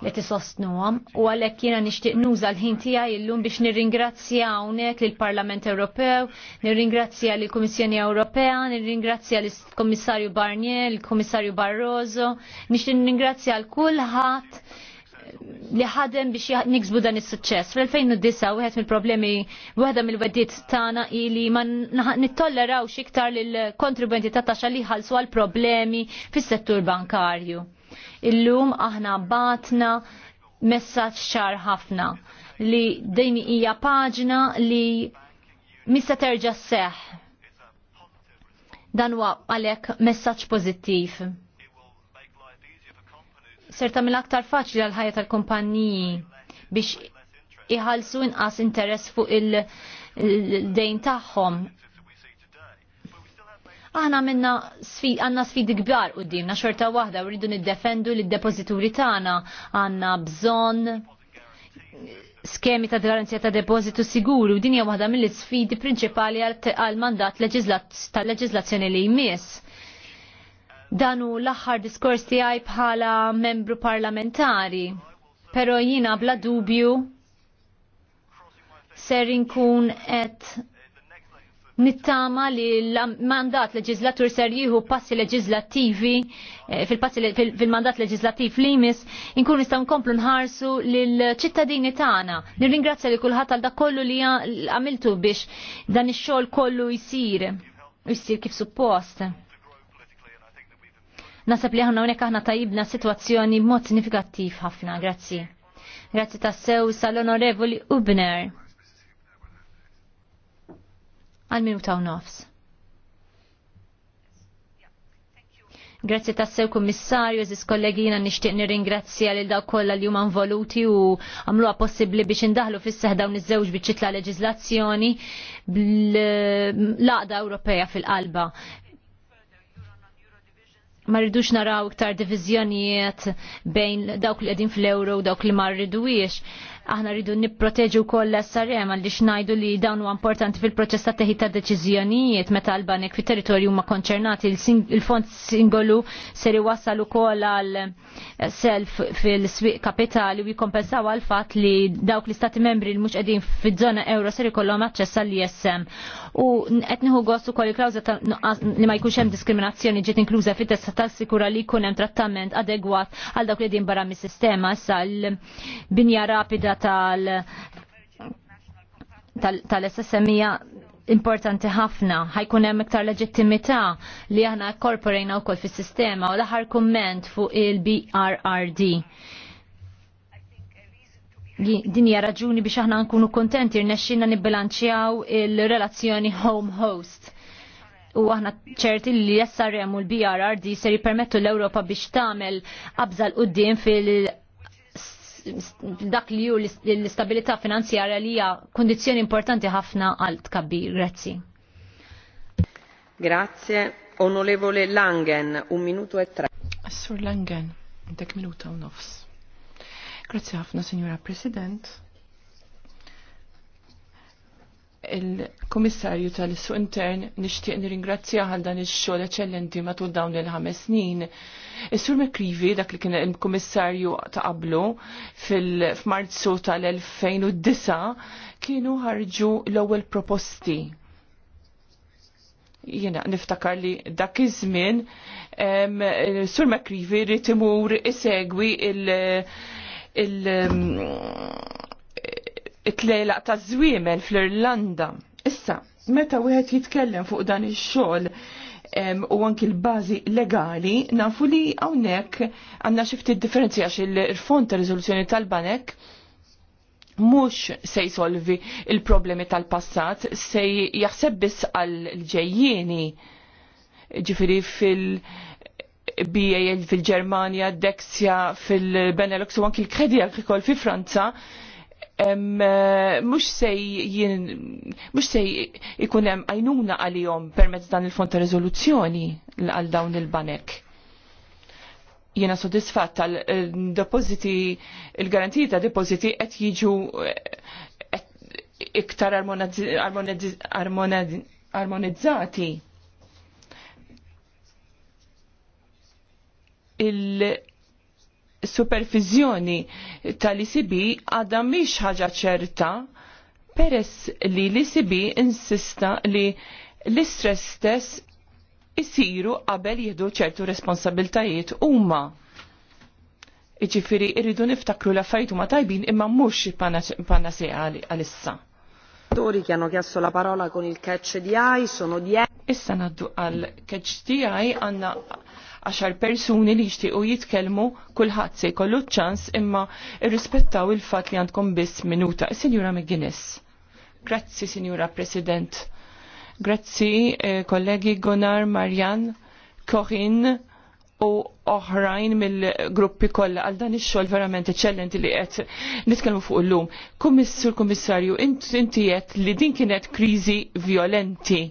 li tisostnuhom u għalhekk jiena nixtieq nuża l-ħin tiegħi llum biex nirringrazzja hawnhekk l parlament Ewropew, nirringrazzja lill-Kummissjoni Ewropea, nirringrazzja lill-Kummissarju Barnier, il-Kummissarju Barroso, nixtieq nirringrazzja l kulħadd li ħadem biex niksbu dan is-suċċess. Fl-2009 wieħed mill-problemi waħda mill-weddiet tagħna ili ma nittollerawx iktar l kontribuenti ta' taxa li ħalsu għal problemi fis-settur bankarju. Illum aħna batna messaġġ ċar ħafna li din hija paġna li missa terġa' seħ. Dan huwa għalhekk messaġġ pożittiv ser tagħmel aktar faċli għal ħajja tal-kumpanniji biex iħallsu inqas interess fuq il-dejn tagħhom. Aħna minna sfid, għanna sfidi kbar qudiemna xorta waħda u rridu niddefendu li depozituri tagħna għandna bżonn skemi ta' garanzija ta' depozitu siguru din hija waħda mill-isfidi prinċipali għal mandat tal-leġiżlazzjoni li jmiss danu l-aħħar diskors tiegħi bħala membru parlamentari. Pero jina bla dubju ser inkun qed nittama li l-mandat leġizlatur ser jieħu passi leġizlativi eh, fil-mandat leġizlativ li limis inkun nistaw nkomplu nħarsu lill-ċittadini tagħna. Nirringrazzja li kulħadd għal dak kollu li għamiltu biex dan ix-xogħol kollu jsir. Jsir kif suppost. Nasab li ħna unek aħna tajibna situazzjoni mod signifikattiv ħafna, grazzi. Grazzi tassew sal-onorevoli Ubner. Għal-minuta u nofs. Grazzi tassew kummissarju, eżis kollegina nishtiq nirringrazzja lil daw kollha li huma voluti u għamluha possibbli biex indaħlu fis-seħ dawn iż-żewġ biċċitla leġiżlazzjoni bl-laqda Ewropea fil-qalba ma rridux naraw iktar diviżjonijiet bejn dawk li qegħdin fl-euro u dawk li ma rridux Aħna rridu nipproteġu koll s-sarem għalli xnajdu li dawn u importanti fil-proċess ta' teħita deċizjonijiet meta l-banek fit territorju ma konċernati il-fond singolu seri wasal u koll għal self fil-swiq kapitali u jikompensaw għal fat li dawk l-istati membri li mux edin fil-zona euro seri kollom għacċessa l-ISM. U etniħu għossu koll klawza li ma jkunx hemm diskriminazzjoni ġiet inkluża fit-testa tal-sikura li jkun hemm trattament adegwat għal dawk li din barra mis-sistema sa' l-binja rapida il-ħolqina tal tal-SSMija importanti ħafna, ħajkun hemm iktar leġittimità li aħna korporejna wkoll fis-sistema u l-aħħar kumment fuq il-BRRD. Din hija raġuni biex aħna nkunu kontenti rnexxinna nibbilanċjaw il-relazzjoni home host. U aħna ċerti li l-SRM u l-BRRD ser jippermettu l-Ewropa biex tagħmel abżal l-qudiem fil- dak li ju l-istabilità finanzjarja li hija kondizjoni importanti ħafna għal tkabbir. Grazzi. Grazie. Onorevole Langen, un minuto e tre. Sur Langen, dek minuta u nofs. Grazie ħafna, Signora President il-Komissarju tal-Issu Intern nixtieq nirringrazzja għal dan ix-xogħol eċellenti matul dawn il-ħames snin. Is-Sur Mekrivi dak li kien il-Komissarju ta' qablu f'Marzu tal-2009 kienu ħarġu l-ewwel proposti. Jiena niftakar li dak iż-żmien Sur Mekrivi rid imur isegwi il- it-tlejlaq ta' żwiemel fl-Irlanda. Issa, meta wieħed jitkellem fuq dan ix-xogħol u anki l-bażi legali, nafu li hawnhekk għandna xi ftit differenzi għax il-fond ta' riżoluzzjoni tal-banek mux se jisolvi il-problemi tal-passat, se jaħseb biss għal-ġejjieni. Ġifiri fil-BAL fil-Germania, Dexia fil-Benelux u anki l-Kredi Agrikol fi Franza, mux eh, sej ikun hemm għajnuna għalihom permezz dan il-fond ta' riżoluzzjoni għal dawn il-banek. Jiena sodisfatta, tal eh, depositi il-garantiji ta' depositi qed jiġu eh, iktar armonizzati il supervizjoni tal-ICB għadha mhix ħaġa ċerta peress li l-ICB e insista li l-istress stess isiru qabel jieħdu ċertu responsabiltajiet huma. Iġifiri, irridu niftakru l-affarijiet huma tajbin imma mhux panasea għalissa. Dori che hanno chiesto la parola con il catch di AI sono 10. Issa naddu għal catch di AI għanna għaxar persuni li jixtiequ jitkellmu kulħadd se jkollu ċans imma irrispettaw il-fatt li għandkom biss minuta. Sinjura McGuinness. Grazzi, Sinjura President. Grazzi, eh, kollegi Gonar, Marjan, Corinne, u oħrajn mill-gruppi kollha għal dan ix-xogħol verament eċċellenti li qed nitkellmu fuq illum. Kummissur Kummissarju, inti qed li din kienet kriżi violenti.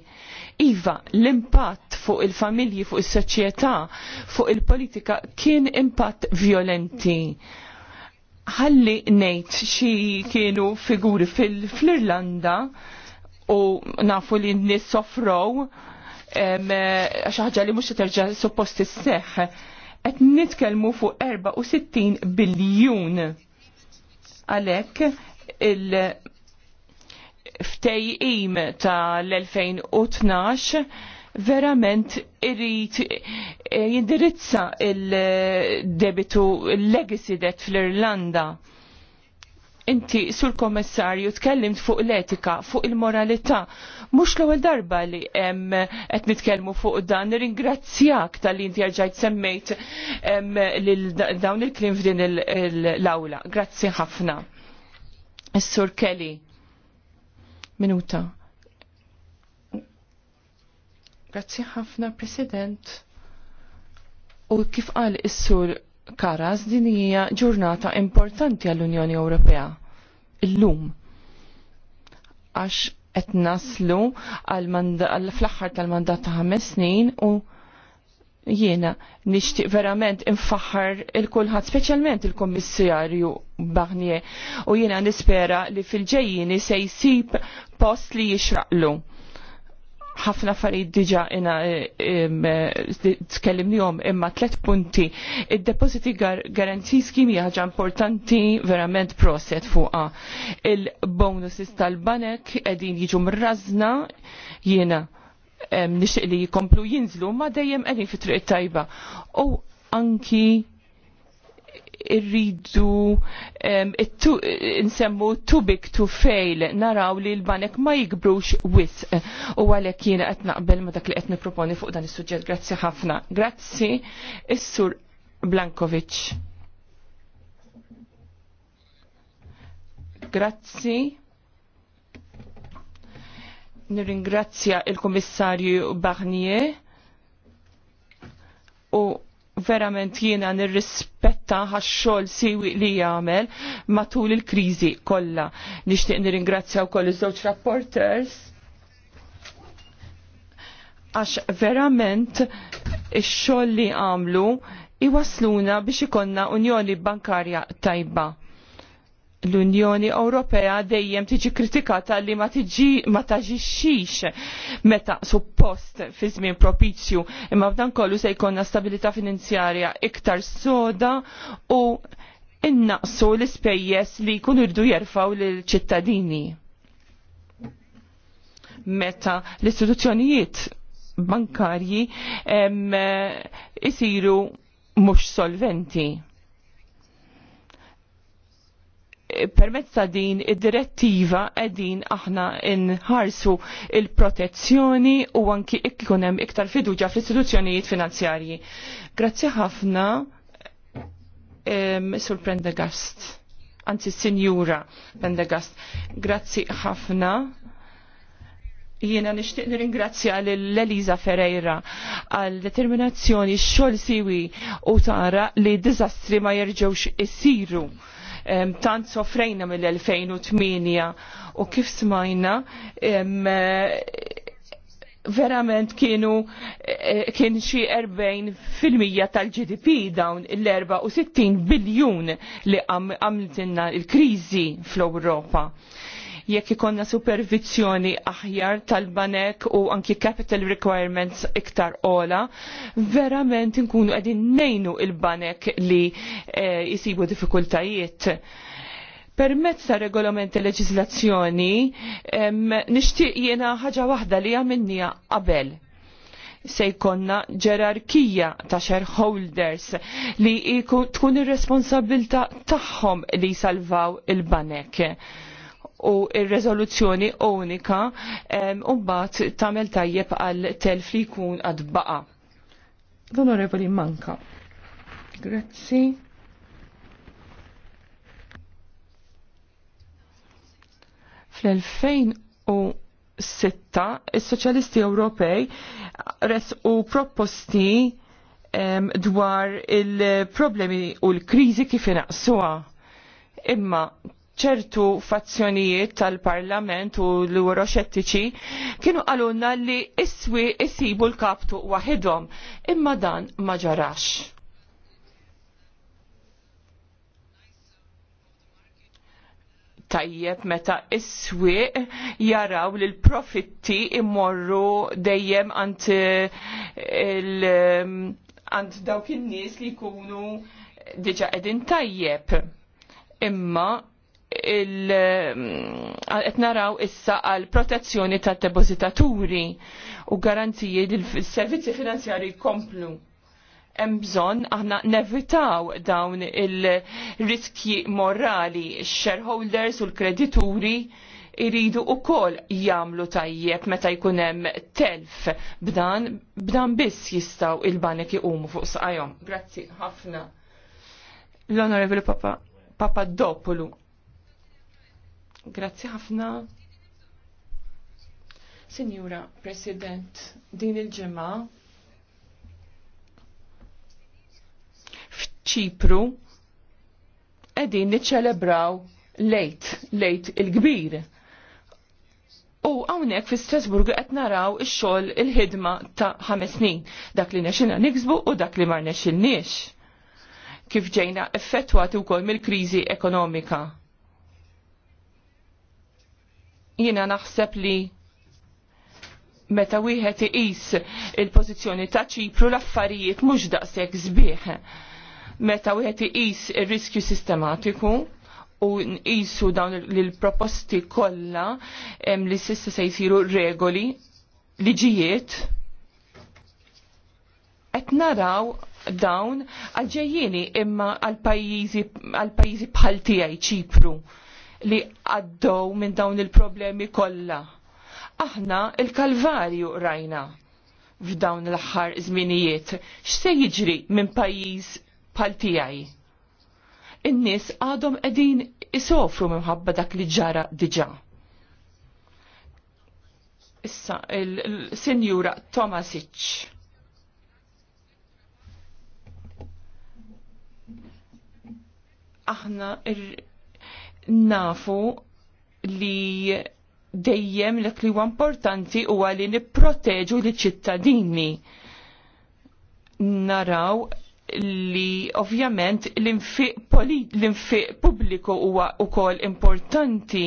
Iva, l-impatt fuq il-familji, fuq is-soċjetà, fuq il-politika kien impatt violenti ħalli nejt xi kienu figuri fil-Irlanda u nafu li n-nis sofrow xaħġa li mux terġa suppost s-seħ għet nitkelmu fuq 64 biljun għalek il ftejqim tal-2012 verament irrit eh, jindirizza il-debitu il-legacy debt fl-Irlanda. Inti sur kommissarju tkellimt fuq l-etika, fuq il-moralità. Mux l-ewwel darba li em, qed nitkellmu fuq dan, ringrazzjak tal-li inti rġajt semmejt dawn il-klim f'din l-awla. Grazzi ħafna. Is-Sur Kelly. Minuta. Grazzi ħafna, President. U kif qal is-sur Karas din hija ġurnata importanti għall-Unjoni Ewropea. Illum. Għax qed naslu fl-aħħar tal-mandat ta' ħames snin u jiena nixtieq verament infaħħar il-kulħadd speċjalment il kummissarju Barnier u jiena nispera li fil-ġejjini se jsib post li jixraqlu ħafna farid diġa ina eh, eh, tkellimni jom imma tlet punti il depositi garanti skimi ħaġa importanti verament proset fuqa il-bonuses tal-banek edin jiġu mrazna jiena nixtieq li jikomplu jinżlu ma dejjem qegħdin fitriq triq tajba. U anki irridu insemmu too big to fail naraw li l-banek ma jikbrux wis u għalek jina qed naqbel ma dak li qed niproponi fuq dan is-suġġett. Grazzi ħafna. Grazzi is-Sur Blankovic. Grazzi. Nirringrazzja il kommissarju Barnier u verament jiena nirrispetta għax-xogħol siwi li jagħmel matul il-kriżi kollha. Nixtieq nirringrazzja wkoll iż-żewġ rapporters għax verament ix-xogħol li għamlu iwasluna biex ikonna Unjoni Bankarja tajba l-Unjoni Ewropea dejjem tiġi kritikata li ma tiġi ma taġixxix meta suppost fi żmien propizju imma f'dan kollu se jkollna stabilità finanzjarja iktar soda u innaqsu l-ispejjeż li jkunu jridu jerfaw lill ċittadini. Meta l-istituzzjonijiet bankarji isiru mhux solventi permezz ta' din id-direttiva qegħdin aħna nħarsu il-protezzjoni u anki ikkunem hemm iktar fiduġa fl-istituzzjonijiet finanzjarji. Grazzi ħafna eh, sur Prendegast. Anzi, Sinjura Prendegast. Grazzi ħafna jiena nixtieq nirringrazzja l-Eliza Ferreira għal determinazzjoni x-xogħol siwi u tara li d-diżastri ma jerġgħux isiru tant sofrejna mill-2008 u kif smajna verament kienu e, kien xi 40 fil-mija tal-GDP dawn l-64 biljun li għamiltinna il-kriżi fl-Ewropa jekk ikonna supervizjoni aħjar tal-banek u anki capital requirements iktar ola, verament nkunu qegħdin nejnu il-banek li eh, jisibu difikultajiet. diffikultajiet permezz ta' regolamenti e leġizlazzjoni, nixtieq jiena ħaġa waħda li għamilnija qabel se jkonna ġerarkija ta' shareholders li tkun ir-responsabilta tagħhom li jsalvaw il-banek u il-rezoluzzjoni unika u mbagħad tagħmel tajjeb għal telf li jkun għadbaqa. Donorevoli Manka. Grazzi. Fl-2006 is-Soċjalisti Ewropej u proposti dwar il-problemi u l-kriżi kif inaqsuha. Imma ċertu fazzjonijiet tal-parlament u l-euroxettiċi kienu għalunna li iswi isibu l-kaptu wahidhom imma dan ma ġarax. tajjeb meta iswi jaraw li l-profitti immorru dejjem għand għand eh, dawk in-nies li jkunu diġa qegħdin tajjeb. Imma Eh, qed naraw issa għal protezzjoni tad depożitaturi u garanziji li s servizzi finanzjarji jkomplu. Hemm bżonn aħna nevitaw dawn il-riskji morali x-shareholders u l-kredituri iridu u kol jamlu tajjeb meta hemm telf b'dan, b'dan biss jistaw il-banek jqumu fuq saqajhom. Grazzi ħafna. L-Onorevoli Papa Papadopoulou Grazzi ħafna. Signora President, din il-ġemma f'ċipru qegħdin niċċelebraw lejt, lejt il-kbir. U hawnhekk fi Strasburg qed naraw ix-xogħol il-ħidma ta' ħames snin, dak li nexxilna niksbu u dak li ma rnexxilniex. Kif ġejna effettwati wkoll mill-kriżi ekonomika Jiena naħseb li meta wieħed iqis il-pożizzjoni ta' ċipru l-affarijiet mhux daqshekk sbieħ. Meta wieħed iqis ir-riskju sistematiku u nqisu dawn l-proposti kollha li sissa se jsiru regoli liġijiet qed naraw dawn għal ġejjieni imma għal pajjiżi bħal tiegħi ċipru li għaddew minn dawn il-problemi kollha. Aħna il-Kalvarju rajna f'dawn l-aħħar żminijiet x'se jiġri minn pajjiż bħal tiegħi. In-nies għadhom qegħdin isofru minħabba dak li ġara diġà. Issa il-Sinjura Tomasic. Aħna nafu li dejjem li huwa importanti huwa li nipproteġu li ċittadini. Naraw li ovvjament l-infiq pubbliku huwa wkoll importanti.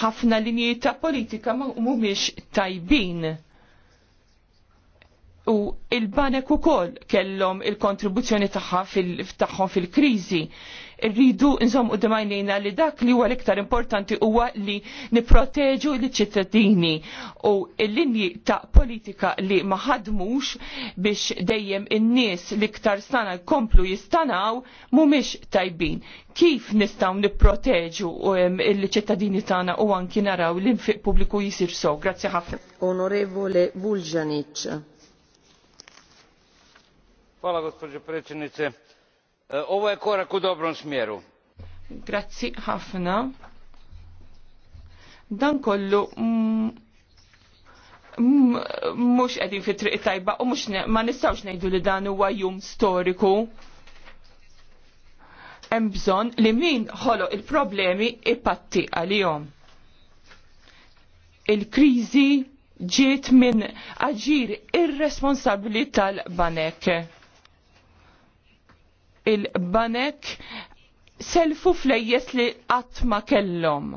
Ħafna linji ta' politika mhumiex tajbin u il-banek u kol kellom il-kontribuzzjoni taħħom fil-krizi. Fil rridu nżom u d-dimajnina li dak li huwa l-iktar importanti huwa li niproteġu l-ċittadini u l-linji ta' politika li maħadmux biex dejjem in-nies l-iktar stana jkomplu jistanaw mumiex tajbin. Kif nistaw niproteġu um, l-ċittadini tagħna u anki naraw l-infiq pubbliku jisir so. Grazie ħafna. Onorevole Vulġanic. Hvala gospođo predsjednice U e, je korak u Grazzi ħafna. Dan kollu mux edin fi triq tajba u mux ma nistawx nejdu li dan huwa jum storiku. Hemm bżonn li min ħolo il-problemi ipatti għalihom. Il-kriżi ġiet minn aġir irresponsabbli tal-banek il-banek selfu flejjes li għatma kellom.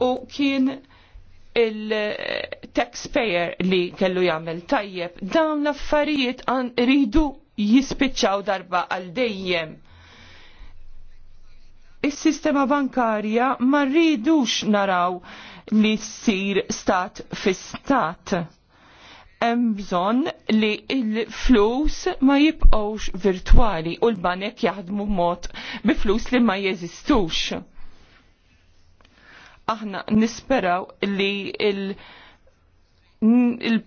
U kien il-taxpayer li kellu jagħmel tajjeb, dawn l-affarijiet rridu jispiċċaw darba għal dejjem. Is-sistema bankarja ma rridux naraw li ssir stat fi stat hemm bżonn li l-flus ma jibqgħux virtwali u l-banek jaħdmu mod bi flus li ma jeżistux. Aħna nisperaw li il-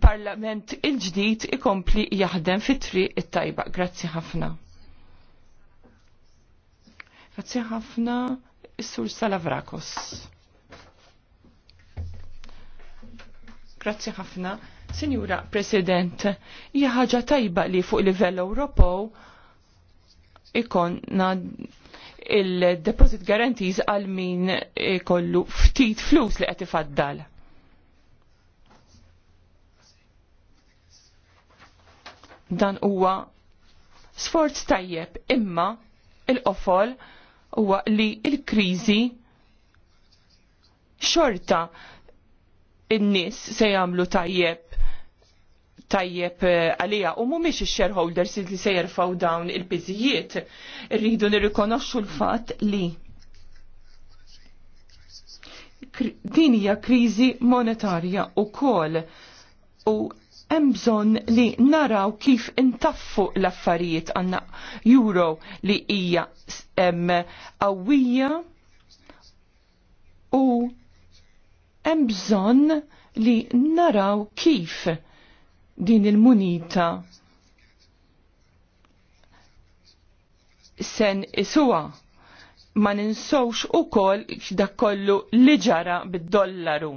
parlament il-ġdid ikompli jaħdem fitri triq it-tajba. Grazzi ħafna. Grazzi ħafna, Is-Sur Salavrakos. Grazzi ħafna. Signora President, hija ħaġa tajba li fuq livell Ewropew ikonna il-deposit guarantees għal min ikollu ftit flus li qed ifaddal. Dan huwa sforz tajjeb imma il-qofol huwa li il-kriżi xorta in-nies se jagħmlu tajjeb tajjeb eh, għalija u mumiex il-shareholders li se jirfaw dawn il-biżijiet. Rridu nirrikonoxxu l-fatt li din hija kriżi monetarja wkoll u hemm bżonn li naraw kif intaffu l-affarijiet għandna euro li hija qawwija u hemm bżonn li naraw kif din il-munita sen isuwa ma ninsowx u kol dak kollu li ġara bid-dollaru.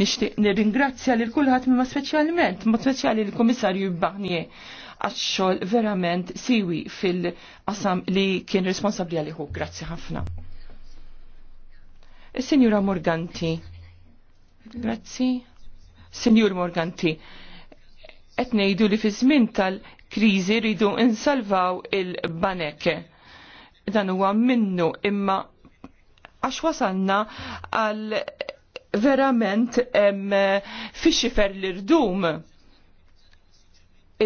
Nishtiq nirringrazzja lil kulħadd ma speċjalment, ma speċjali l-Komissarju Barnier għax-xogħol verament siwi fil-qasam li kien responsabbli għalihu. Grazzi ħafna. Is-Sinjura Morganti. Grazzi. Sinjur Morganti qed ngħidu li fi żmien tal-kriżi rridu insalvaw il-banek. Dan huwa minnu imma għax wasalna għal verament fi xifer l-irdum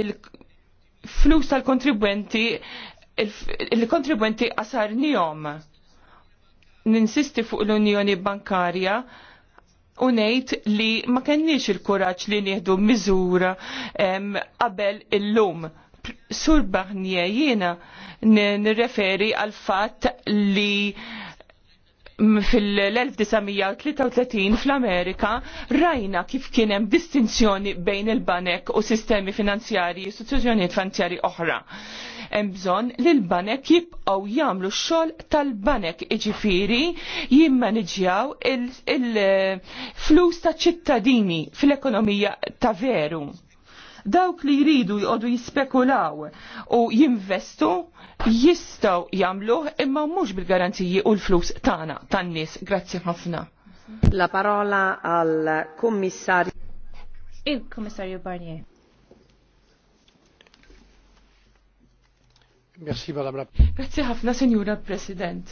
il-flus tal-kontribwenti il-kontribwenti il ninsisti fuq l-Unjoni Bankarja unajt li ma kenniex il-kuraċ li nieħdu miżura qabel illum. Sur Barnier jiena nirreferi għal fatt li fil-1933 fl-Amerika rajna kif kienem distinzjoni bejn il-banek u sistemi finanzjari, istituzzjonijiet finanzjari oħra. Hemm bżonn li l-banek jibqgħu jagħmlu x-xogħol tal-banek iġifiri jimmanġjaw il-flus il, il flus ta' ċittadini fil-ekonomija ta' veru Dawk li jridu jqodu jispekulaw u jinvestu jistaw jamlu imma mhux bil-garanziji u l-flus tagħna tan-nies. Grazzi ħafna. La parola al kummissarju. il commissario Barnier. Merci, Madame la Grazie ħafna, Signora President.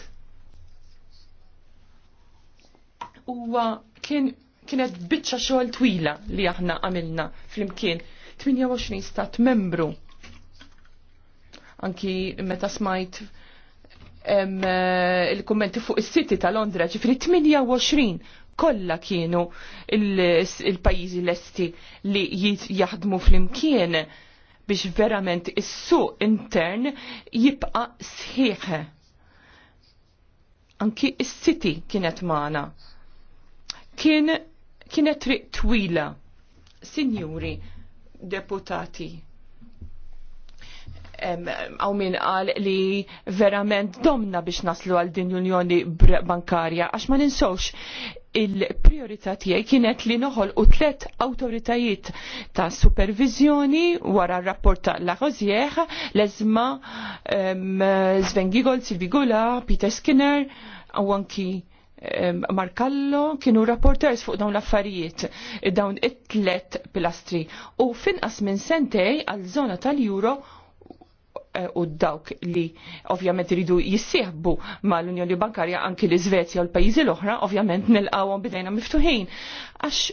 Uwa kien kienet bitċa xogħol twila li aħna għamilna fl-imkien 28 stat membru. Anki meta smajt eh, il-kommenti fuq is-siti ta' Londra, ġifri 28 kollha kienu il-pajjiżi lesti li jaħdmu fl-imkien biex verament is-suq intern jibqa' sħiħ. Anki is-siti kienet magħna. Kien kienet triq twila. Sinjuri, deputati għaw min għal li verament domna biex naslu għal din l-Unjoni Bankarja, għax ma ninsawx il-priorità tiegħi kienet li noħol u tlet autoritajiet ta' supervizjoni wara r-rapport ta' La Rosière, l'Ezma Sven Gigol, Silvi Gola, Peter Skinner, u anki Markallo kienu rapporters fuq dawn l-affarijiet, dawn it-tlet pilastri. U finqas minn sentej għal żona tal-Euro eh, u dawk li ovvjament ridu jissieħbu mal-Unjoni Bankarja anki l iżvezja u l-pajjiżi l-oħra, ovvjament nilqawhom bidejna miftuħin. Għax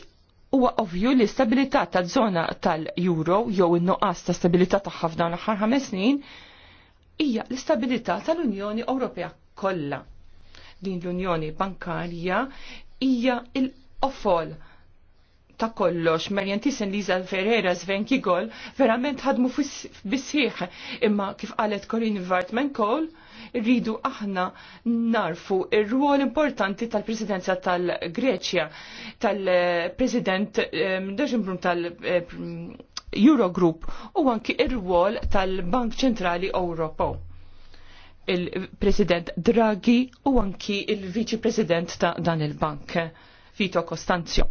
huwa ovvju li stabilità ta' żona tal-Euro jew in-nuqqas ta' stabilità tagħha ħafna l-aħħar ħames snin hija l-istabilità tal-Unjoni Ewropea kollha din l-Unjoni Bankarja hija il-qofol ta' kollox, Marjan Tisen Liza Ferreira Sven Kigol, verament ħadmu bisħiħ, imma kif qalet Corinne Vartman Cole, rridu aħna narfu il ruol importanti tal-presidenza tal-Greċja, tal-president ehm, Deġimbrun tal-Eurogroup ehm, u anki il-ruol tal-Bank Ċentrali Ewropew il-President Draghi u anki il-Viċi President ta' dan il-Bank, Vito Costanzio.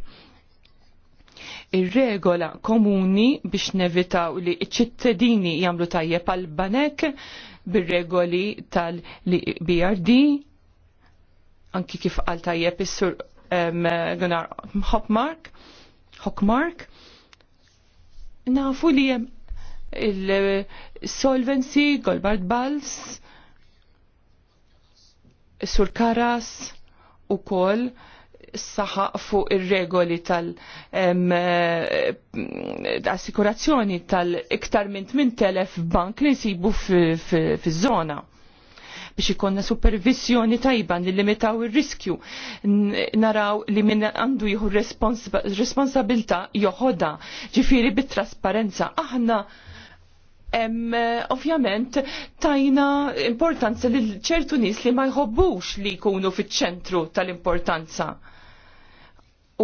Ir-regola komuni biex nevitaw li ċittadini jagħmlu tajjeb għal banek bir-regoli tal-BRD, anki kif għal tajjeb is-sur um, Gunnar Hopmark, Hockmark, nafu li il-Solvency, Goldbard bals. Sur Karas u kol saħa fuq ir-regoli tal-assikurazzjoni eh, tal-iktar minn 8000 bank li nsibu fiż-żona biex ikonna tajban li limitaw ir-riskju naraw li min għandu jieħu responsabilta joħoda ġifiri bit-trasparenza aħna ovvjament tajna importanza li ċertu nis li ma jħobbux li jkunu fiċ-ċentru tal-importanza.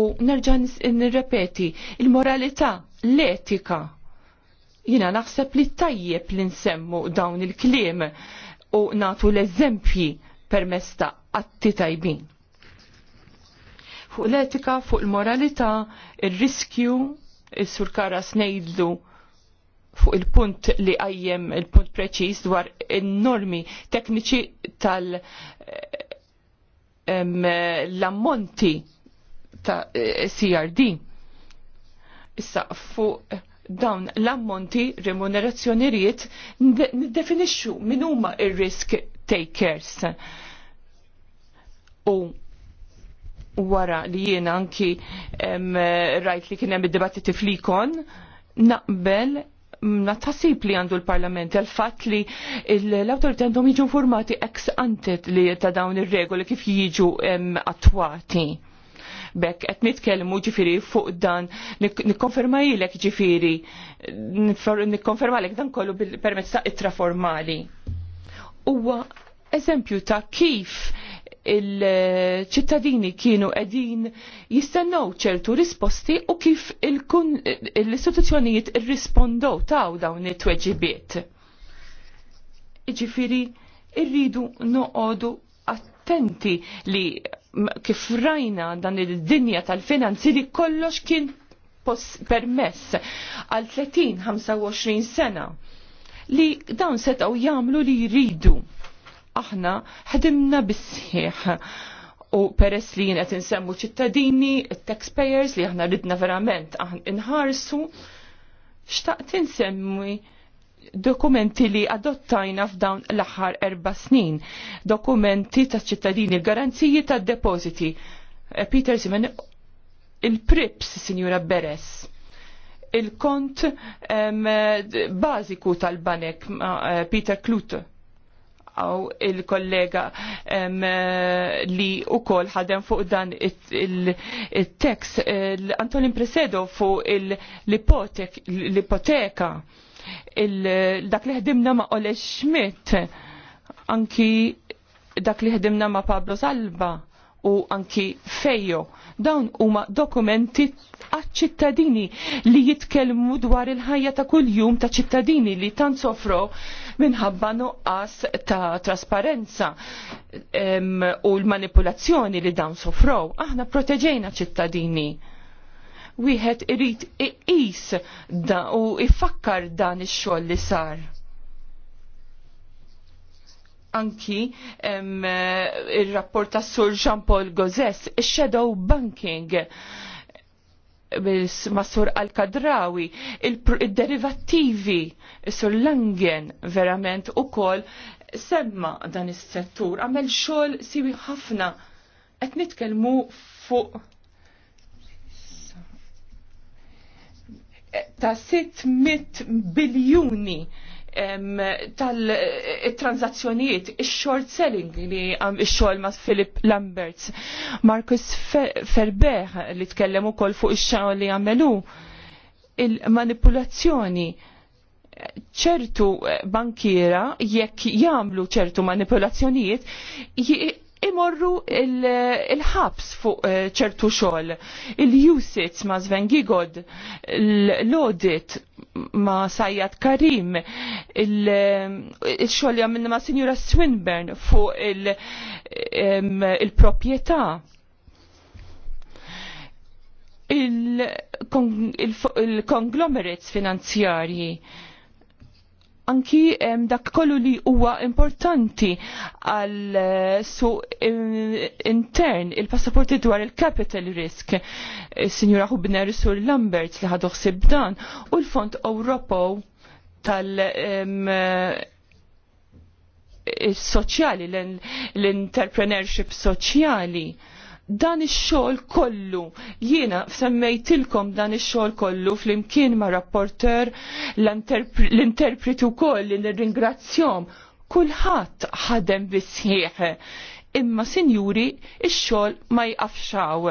U nerġa' nirrepeti, il-moralità, l-etika. Jina naħseb li tajjeb li nsemmu dawn il-kliem u natu l-eżempji per ta' atti tajbin. Fuq l-etika, fuq il-moralità, il-riskju, il-sur snejdlu, nejdlu fuq il-punt li għajjem il-punt preċis dwar normi tekniċi tal eh, ammonti ta' eh, CRD. Issa fuq dawn l-ammonti remunerazzjoniriet niddefinixxu min huma ir-risk takers. U wara li jiena anki rajt li kien hemm id-dibattiti flikon naqbel natasib li għandu l-Parlament għal-fat li l-autorità għandhom jiġu informati ex antet li ta' dawn ir-regoli kif jiġu attwati. Bekk, qed nitkellmu ġifiri fuq dan, nikkonferma jilek ġifiri, nikkonferma lek dan kollu permezz ta' ittra formali. Uwa eżempju ta' kif il-ċittadini kienu edin jistennow ċertu risposti u kif l-istituzzjonijiet rispondow taw dawn it-tweġibiet. Iġifiri, irridu noqodu attenti li kif rajna dan il-dinja tal-finanzi li kollox kien permess għal 30-25 sena li dawn setaw jamlu li jridu aħna ħdimna bisħieħ u peress li jienet insemmu ċittadini, taxpayers li aħna ridna verament aħna inħarsu, xtaqt insemmi dokumenti li adottajna f'dawn l-aħħar erba' snin, dokumenti ta' ċittadini, garanziji ta' depositi. Eh, Peter Simen, il-prips, Signora Beres, il-kont eh, bażiku tal-banek, eh, Peter Klute, nilqaw il-kollega li u kol ħadem fuq dan il-tekst Antonin Presedo fuq l-ipoteka dak li ħdimna ma' Ole Schmidt anki dak li ħdimna ma' Pablo Salba u anki Fejo, Dawn huma dokumenti għaċ-ċittadini li jitkellmu dwar il-ħajja ta' kuljum ta' ċittadini li tant sofro minħabba nuqqas ta' trasparenza u l-manipulazzjoni li dawn sofrow. Aħna proteġejna ċittadini wieħed irid iqis u ifakkar dan ix-xogħol li sar anki il-rapport ta' Sur Jean-Paul Gozes, shadow banking mas-sur Al-Kadrawi, il-derivattivi, sur Langen verament u kol semma dan is-settur, għamel xogħol siwi ħafna qed nitkellmu fuq ta' 600 biljuni tal-transazzjonijiet, eh, il-short selling li għam il-xol ma' Philip Lamberts, Marcus Ferber li tkellem kol fuq il-xol li għamelu, il-manipulazzjoni ċertu eh, bankiera jekk jamlu ċertu manipulazzjonijiet imorru il-ħabs fuq ċertu xogħol. Il-usits ma' Zven Gigod, l-audit ma' sajjat Karim, il-xogħol minn ma' Sinjura Swinburne fuq il-proprjetà. il konglomerates finanzjarji anki dak kollu li huwa importanti għal eh, su intern il-passaporti dwar il-capital risk. Eh, Signora Hubner Sur Lambert li ħadu dan u l-Fond Ewropew tal- eh, soċjali l-entrepreneurship soċjali dan ix-xogħol kollu. Jiena semmejtilkom dan ix-xogħol kollu flimkien ma' rapporter l-interpretu wkoll li nirringrazzjahom. Kulħadd ħadem bisħieħ. Imma sinjuri ix-xogħol ma jqafxaw.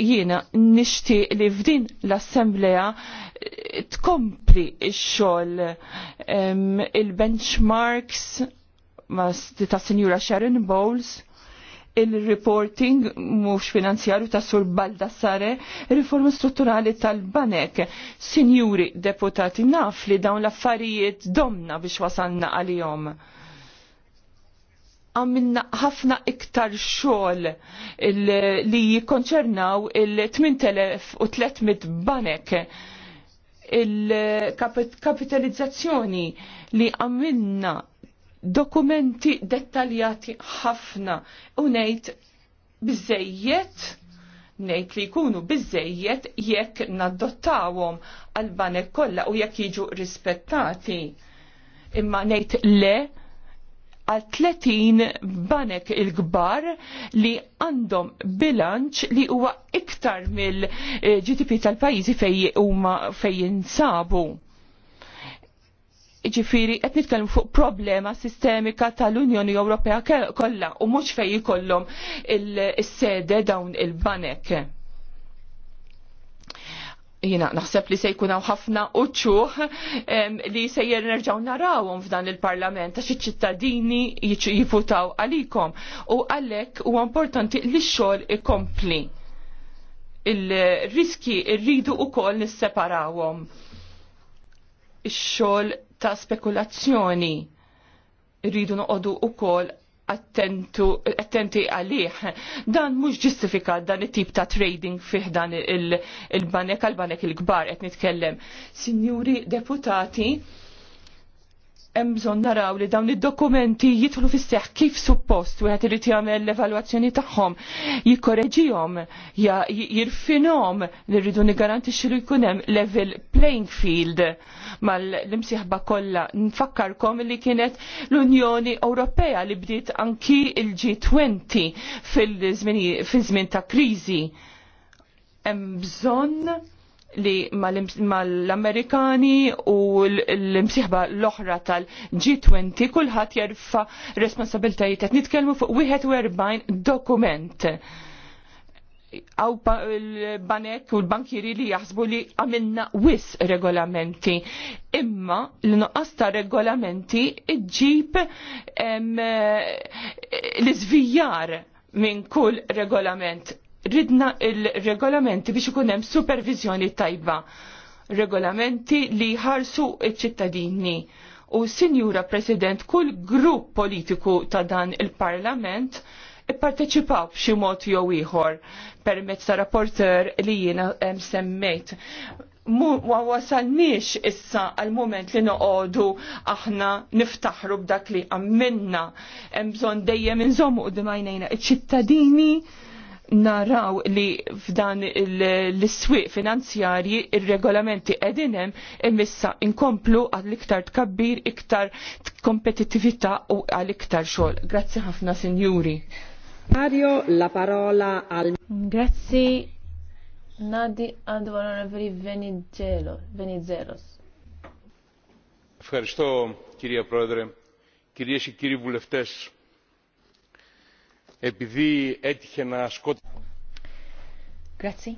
Jiena nixtieq li f'din l-assembleja eh, tkompli ix-xogħol il-benchmarks ta' Sinjura Sharon Bowles il-reporting mhux finanzjarju ta' Sur Baldassare, riforma strutturali tal-Banek. Sinjuri deputati naf li dawn l-affarijiet domna biex wasalna għalihom għamilna ħafna iktar xogħol li jikkonċernaw il-8300 banek il-kapitalizzazzjoni li għamilna dokumenti dettaljati ħafna u ngħid biżejjed ngħid li jkunu bizzejiet jekk naddottawom għal banek kollha u jekk jiġu rispettati. Imma ngħid le għal 30 banek il-kbar li għandhom bilanċ li huwa iktar mill-GDP tal-pajjiżi fej huma fejn jinsabu ġifiri qed nitkellem fuq problema sistemika tal-Unjoni Ewropea kollha u mhux fejn jkollhom is-sede dawn il-banek. Jina naħseb li se jkun hawn ħafna uċċuħ li se nerġgħu narawhom f'dan il-Parlament għax ċittadini jifutaw għalikom u għalhekk huwa importanti li x-xogħol ikompli. Il-riski rridu wkoll nisseparawhom. Ix-xogħol ta' spekulazzjoni rridu noqodu u kol attenti għalih. Dan mux ġistifika dan it-tip ta' trading fih dan il-banek għal-banek il-gbar, il qed nitkellem. Signuri deputati, hemm bżonn naraw li dawn id-dokumenti jidħlu fis-seħħ kif suppost wieħed irid jagħmel l-evalwazzjoni tagħhom, jikkoreġihom, jirfinhom li rridu nigarantixxi li jkun hemm level playing field mal-imsieħba kollha. Nfakkarkom li kienet l-Unjoni Ewropea li bdiet anki il-G20 fil-żmien ta' kriżi. Hemm bżonn li mal-Amerikani u l-imsiħba l-oħra tal-G20 kulħadd jerfa responsabiltajiet qed nitkellmu fuq 41 dokument. Aw l-banek u l-bankiri li jaħsbu li għamilna wis regolamenti. Imma l-nuqqas ta' regolamenti iġib l-izvijar minn kull regolament ridna il-regolamenti biex ikun hemm supervizjoni tajba. Regolamenti li ħarsu iċ-ċittadini. U Sinjura President, kull grupp politiku ta' dan il-Parlament ipparteċipaw b'xi mod jew ieħor permezz ta' rapporter li jiena semmejt. Ma wasalniex issa għal moment li noqogħdu aħna niftaħru b'dak li għamminna hemm bżonn dejjem inżommu d għajnejna iċ-ċittadini naraw li f'dan l-iswiq finanzjarji il regolamenti edinem imissa inkomplu għal-iktar tkabbir, iktar kompetitività u għal-iktar xogħol. Grazzi ħafna, signori. Mario, la parola al... Grazzi. Nadi għandu għal-onorevoli Venizelos. Fħarġto, kirja prodre, kirja xie kirja vuleftes επειδή έτυχε να Grazie.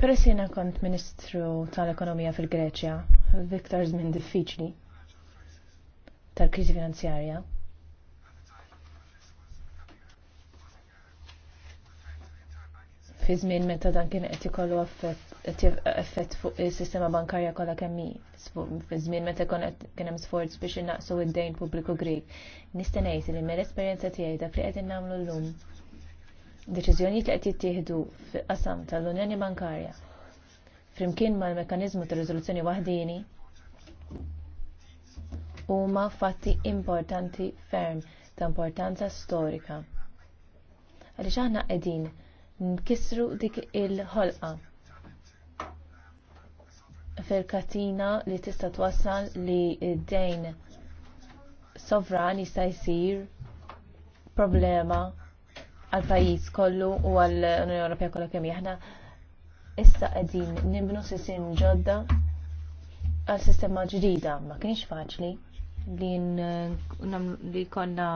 Peress kont Ministru tal-Ekonomija fil-Greċja, Viktor żmien diffiċli tal-kriżi finanzjarja. Fi żmien meta dan kien qed ikollu affett effett fuq is-sistema bankarja kollha kemm hi żmien meta kien hemm sforz biex innaqsu id-dejn pubbliku Grek. Nista' ngħid li mill-esperjenza tiegħi dak li innamlu nagħmlu llum deċiżjonijiet li qed jittieħdu fil-qasam tal-Unjoni Bankarja flimkien mal-mekkaniżmu ta' riżoluzzjoni waħdini huma fatti importanti ferm ta' importanza storika. Għaliex aħna qegħdin nkissru dik il-ħolqa fil-katina li tista' twassal li d-dejn sovran jista' jsir problema għal pajjiż kollu u għal Unjoni Ewropea kollha kemm aħna issa qegħdin nibnu sistem ġodda għal sistema ġdida ma kienx faċli li li konna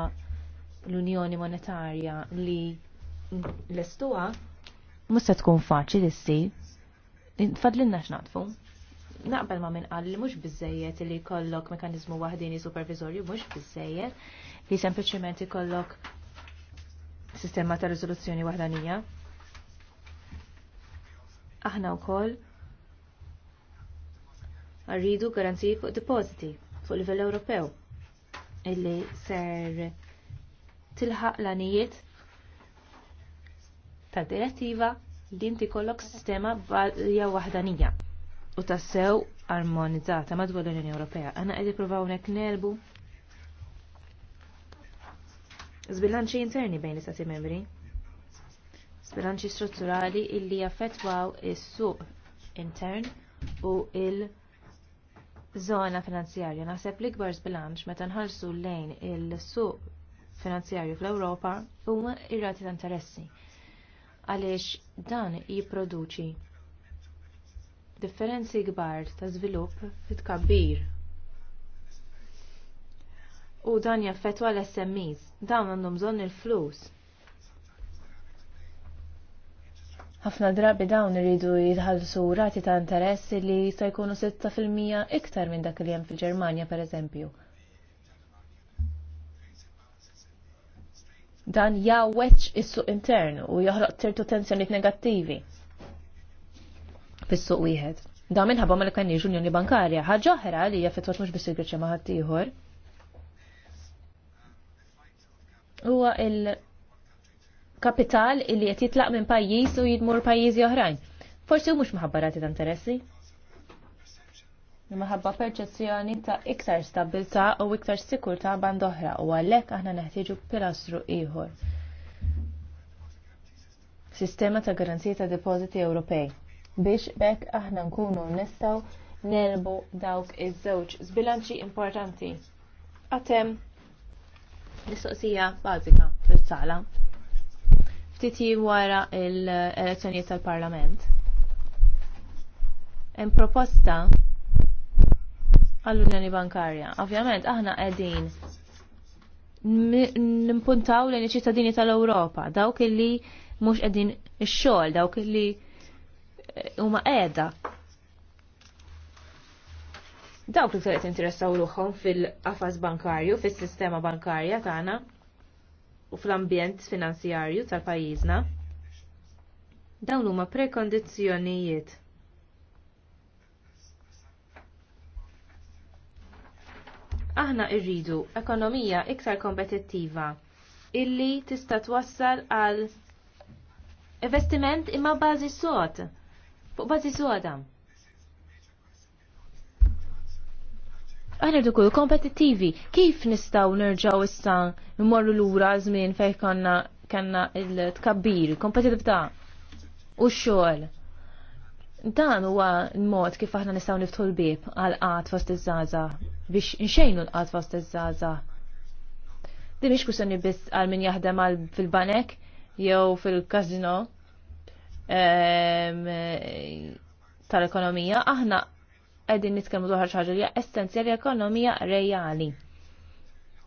l-Unjoni Monetarja li l-estuwa se tkun faċli issir. Fadlinna x'naqfu naqbel ma minn qal li mhux biżejjed li jkollok mekanizmu waħdini supervizorju mhux biżejjed li sempliċement ikollok sistema ta' riżoluzzjoni waħdanija. Aħna wkoll rridu garanziji fuq depositi fuq livell Ewropew illi ser tilħaq l-anijiet ta' direttiva li inti kollok sistema valja waħdanija u tassew armonizzata madwar l-Unjoni Ewropea. Għana qed provaw nek nelbu. Zbilanċi interni bejn l-istati membri. Zbilanċi strutturali illi jaffetwaw is-suq intern u il- Zona finanzjarja naħseb l-ikbar zbilanċ meta nħarsu lejn il-suq finanzjarju fl-Ewropa huma ir-rati ta' interessi għaliex dan jipproduċi differenzi kbar ta' żvilupp fit-kabbir. U dan jaffettwa l-SMEs, dawn għandhom bżonn il-flus. ħafna drabi dawn iridu jħallsu rati ta' interess li jista' jkunu 6% iktar minn dak li hemm fil-Ġermanja pereżempju. Dan jawweċ is-suq intern u joħloq ċertu tensjonijiet negattivi fis-suq wieħed. Da minħabba ma li l unjoni bankarja, ħaġa oħra li hija fitwat mhux biss il-Greċja ma' ħadd ieħor. Huwa il-kapital li qed jitlaq minn pajjiż u jidmur pajjiżi oħrajn. Forsi mhux maħabbarati ta' interessi. Maħabba perċezzjoni ta' iktar stabilta u iktar sikurta band oħra u għalhekk aħna neħtieġu pilastru ieħor. Sistema ta' Garanzija ta' Depożiti Ewropej biex bekk aħna nkunu nistgħu nerbu dawk iż-żewġ zbilanċi importanti. Għatem l-istoqsija bażika fil sala Ftiti wara l-elezzjonijiet tal-Parlament. Hemm proposta għall-Unjoni Bankarja. Ovvjament aħna qegħdin nimpuntaw lejn iċ-ċittadini tal-Ewropa, dawk illi mhux qegħdin ix-xogħol, dawk illi huma qiegħda. Dawk li qed interessaw ruħhom fil-qafas bankarju, fis-sistema bankarja tagħna u fl-ambjent finanzjarju tal-pajjiżna. Dawn huma prekondizzjonijiet. Aħna rridu ekonomija iktar kompetittiva illi tista' twassal għal investiment imma bażi sod fuq bazi soda. Aħna dukul kompetittivi, kif nistaw nerġaw issa l lura żmien fejn konna kanna il-tkabbir, ta' u xoħl. xogħol Dan huwa mod kif aħna nistgħu niftħu l-bib għal qat fost iż-żgħażagħ biex nxejnu l-qatt fost iż-żgħażagħ. Din mhix biss għal min jaħdem għal fil-banek jew fil-kazino tal-ekonomija, aħna qegħdin nitkellmu dwar ħaġa li essenzjali ekonomija reali.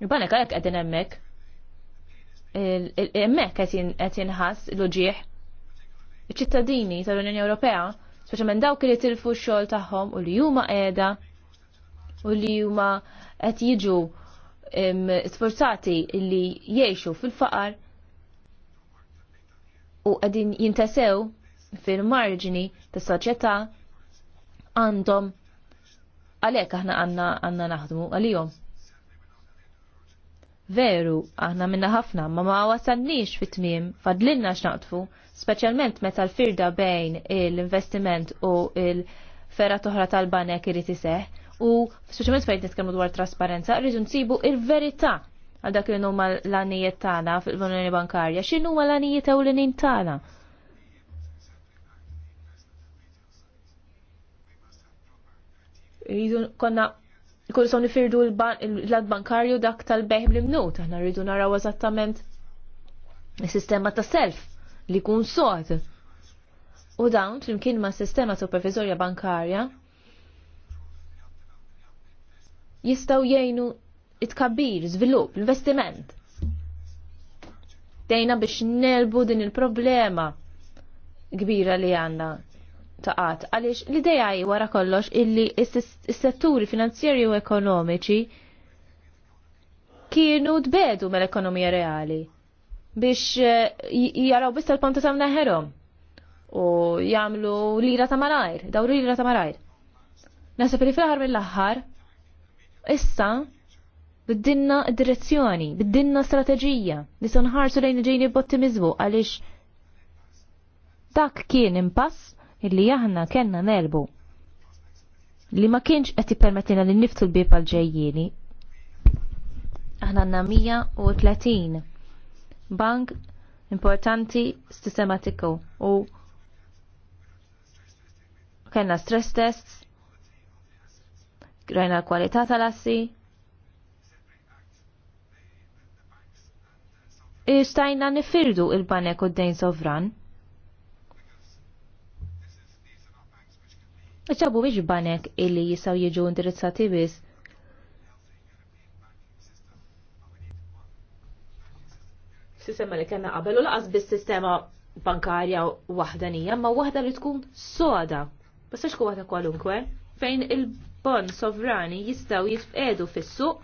Banek għalhekk qegħdin hemmhekk. Hemmhekk qed jinħass l-uġieħ. ċittadini tal-Unjoni Ewropea, speċjalment dawk li tilfu x-xogħol tagħhom u li huma qiegħda u li huma qed jiġu sforzati li jgħixu fil-faqar u għadin jintesew fil-marġini ta' soċjetà għandhom għalek aħna għanna għanna naħdmu għalijom. Veru, aħna minna ħafna, ma ma wasannix fit-tmim, fadlinna xnaqtfu, specialment meta l-firda bejn l-investiment u l-ferra toħra tal-banek irrit iseħ, u specialment fejt nitkellmu dwar trasparenza, rridu nsibu il-verità għal dak li huma l-għanijiet tagħna fil-Unjoni Bankarja, x'inhu huma l-għanijiet ewlenin tagħna? Rridu konna kull son nifirdu l-lad bankarju dak tal-beħ bl-imnut, aħna rridu naraw eżattament is-sistema ta' self li kun sod. U dawn flimkien ma' sistema supervizorja bankarja jistaw jajnu it zvilup, żvilupp, investiment. Dejna biex nelbu din il-problema kbira li għanna taqat. Għaliex l-ideja wara kollox illi s-setturi finanzjeri u ekonomiċi kienu tbedu mill-ekonomija reali biex eh, jaraw bista l-ponta ta' mnaħerom u jamlu lira ta' marajr, dawru lira ta' marajr. Nasa li fl-ħar mill-ħar, issa biddinna direzzjoni, biddinna strateġija, nisan ħarsu lejn ġejni b'ottimizmu għaliex dak kien impass illi aħna kellna nelbu. li ma kienx qed jippermettilna li niftu l-bib għal ġejjieni. Aħna għandna 130 bank importanti sistematiku u kellna stress tests, rajna l-kwalità tal-assi, E stajna nifirdu il-banek u d-dejn sovran. Iċabu biex banek illi jisaw jiġu indirizzati biz. Sistema li kena qabel u laqas bis sistema bankarja wahdanija, ma wahda li tkun soda. Basta xku wahda kwalunkwe, fejn il-bon sovrani jistaw jitfqedu fis-suq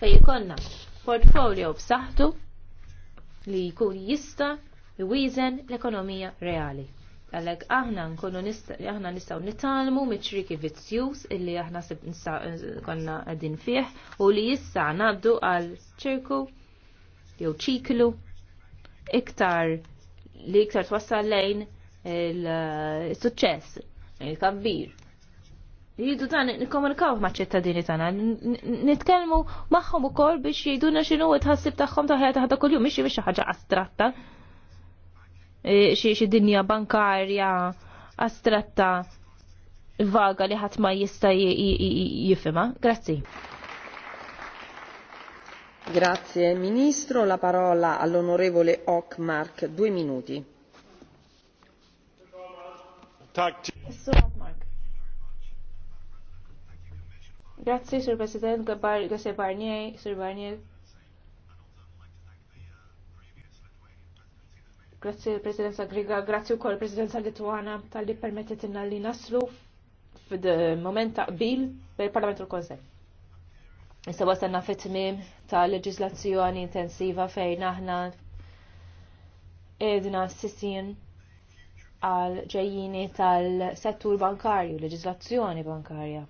fej ikonna portfolio b'saħħtu li jkun jista jwizen l-ekonomija reali. Għalhekk aħna nkunu aħna nistaw nitalmu miċriki vizzjus illi aħna konna għedin fih u li jissa nabdu għal ċirku jew ċiklu iktar li iktar twassal lejn il-suċċess, il-kabbir. Jidu dan nikkomunikaw ma' ċittadini tagħna, nitkellmu magħhom ukoll biex xinu u tħassib tagħhom ta' ħajja kol kuljum miexi ħaġa astratta. E, Xie dinja bankarja astratta vaga li ħadd ma jista' jifima. Grazzi. Grazie Ministro, la parola all'onorevole Ockmark, due minuti. Tack. Grazzi, Sir President, Gabriel Barnier, Sir Barnier. Grazzi presidenza Griga, grazie ukoll presidenza Lituana tal-li permettet inna li naslu f'd-moment ta' qbil per parlament u l-Konsel. Issa wasanna fit-tmim ta' leġislazzjoni intensiva fejn aħna edna s-sissin għal ġejjini tal-settur bankarju, leġislazzjoni bankarja.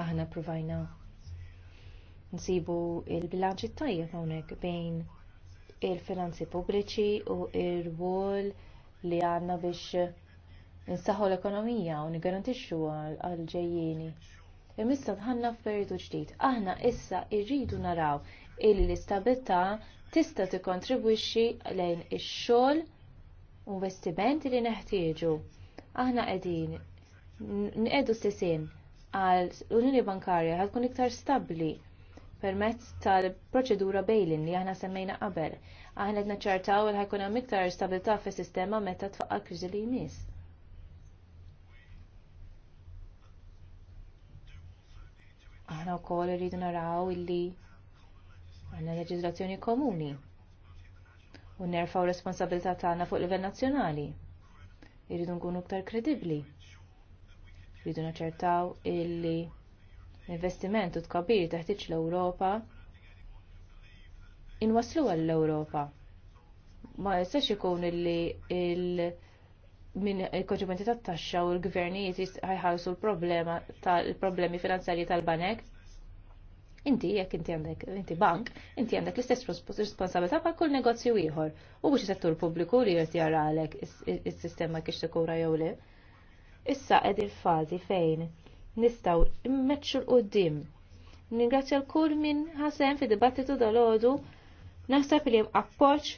aħna provajna nsibu il-bilanċi tajjeb hawnhekk bejn il-finanzi pubbliċi u il wol li għandna biex insaħħu l-ekonomija u nigarantixxu għal ġejjieni. Imissa tħanna f'periodu ġdid. Aħna issa irridu naraw il l-istabilità tista' tikkontribwixxi lejn ix-xogħol u investimenti li neħtieġu. Aħna qegħdin nqedu sisin għal l-Unjoni Bankarja ħadkun iktar stabbli permezz tal-proċedura bail-in li aħna semmejna qabel. Aħna qed naċċartaw li ħajkun hemm iktar stabilità fis-sistema meta tfaqqa kriżi li jmiss. Aħna wkoll irridu naraw illi għandna leġiżlazzjoni komuni u nerfaw responsabilità tagħna fuq livell nazzjonali. Irridu nkunu iktar kredibbli. Rridu naċertaw illi investiment u tkabir teħtieġ l-Ewropa inwaslu għall-Ewropa. Ma jistax ikun illi il minn il-konġumenti tat taxxa u l-gvernijiet ħajħarsu l-problema tal-problemi finanzjarji tal-banek. Inti jekk inti għandek inti bank, inti għandek l-istess responsabilità bħal kull negozju ieħor u mhux settur pubbliku li jrid jara għalek is-sistema kiex kura jew le issa qed il-fażi fejn nistgħu immeċċu l qudiem Ningrazzja l-kull min ħasem fi dibattitu dal ħodu naħseb li hemm appoġġ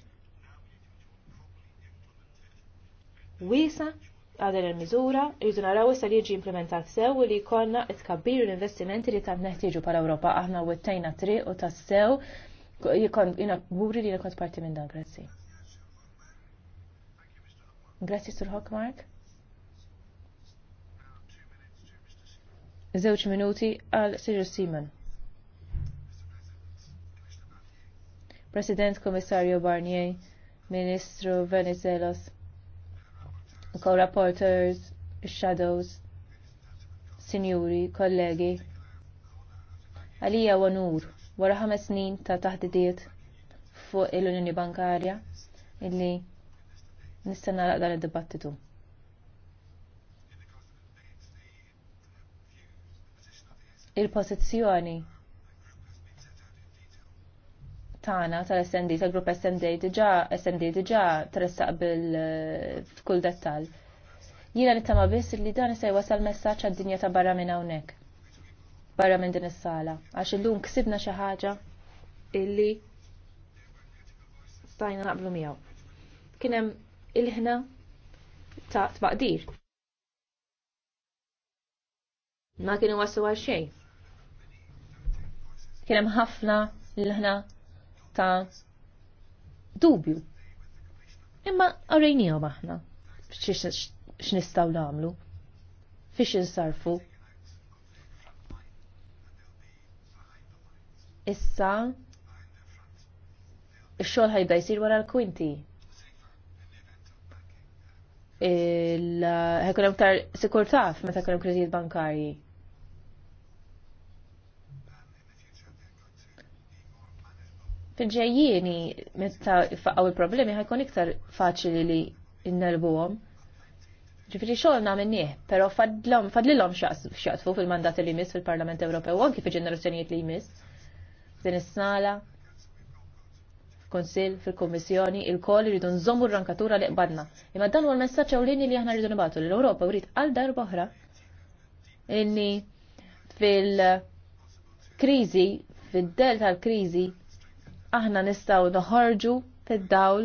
wiesa għal il-miżura jridu naraw issa li jiġi implementat sew u li jkollna tkabbir l-investimenti li ta' neħtieġu bħala Ewropa aħna wettejna triq u tassew jikon jina buri li jina kont parti minn dan, grazzi. Grazzi Sur Hockmark. Żewġ minuti għal Sir Simon. President Komissarju Barnier, Ministru Venizelos, co-rapporters, shadows, Signori, kollegi. Għalija wanur, wara ħames snin ta' taħdidiet fuq il-Unjoni Bankarja, illi nistenna naraq dan id-dibattitu. il-pożizzjoni tagħna tal-SND tal-grupp SND diġà SND diġà tressaq bil f'kull dettall. Jiena nittama biss li dan se wasal messaġġ għad-dinja ta' barra minn hawnhekk. Barra minn din is-sala għax illum ksibna xi ħaġa illi stajna naqblu miegħu. Kien hemm il-ħna ta' tbaqdir. Ma kienu wasu għal xejn kienem ħafna l-ħna ta' dubju. Imma għarajnijom aħna x'nistgħu nagħmlu, fiex insarfu. Issa xol ħajda jisir wara l-kwinti. il ħekunem tar sikurtaf meta kunem kredit bankari. fil-ġejjieni meta faqgħu il-problemi ħajkun iktar faċli li innelbuhom. Ġifiri xoħl namenniħ, però fadlilom xaqsfu fil-mandat li jmiss fil-Parlament Ewropew u anki fil-ġenerazzjonijiet li jmiss din is sala konsil fil komissjoni il-koll rridu nżommu r-rankatura li qbadna. Imma dan huwa l-messaġġ ewlieni li aħna rridu nibatu l europa wrid għal darba oħra inni fil-kriżi, fid-del tal-kriżi aħna nistaw noħorġu fid-dawl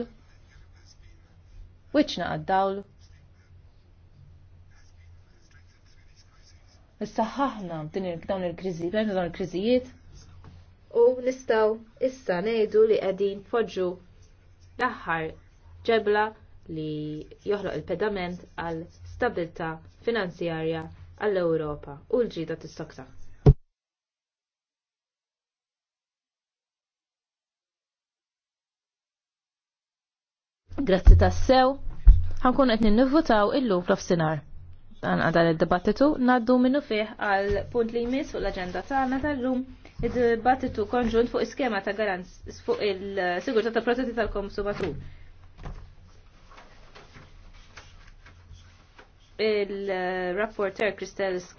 wiċna għad-dawl Nissaħħaħna din dawn il-kriżi, bħajna dawn il-kriżijiet. U nistaw issa nejdu li qegħdin foġġu l-aħħar ġebla li joħloq il-pedament għal stabilta finanzjarja għall-Ewropa u l-ġida tistoksa. Grazzi tassew. Ħankun qed ninnivvutaw illum fl Dan Għadar id-dibattitu naddu minnu fih għal punt li jmiss fuq l-aġenda tagħna tal-lum id-dibattitu konġunt fuq iskema ta' garanz fuq il-sigurtà ta' protetti tal-konsumatur. Il-rapporter Kristel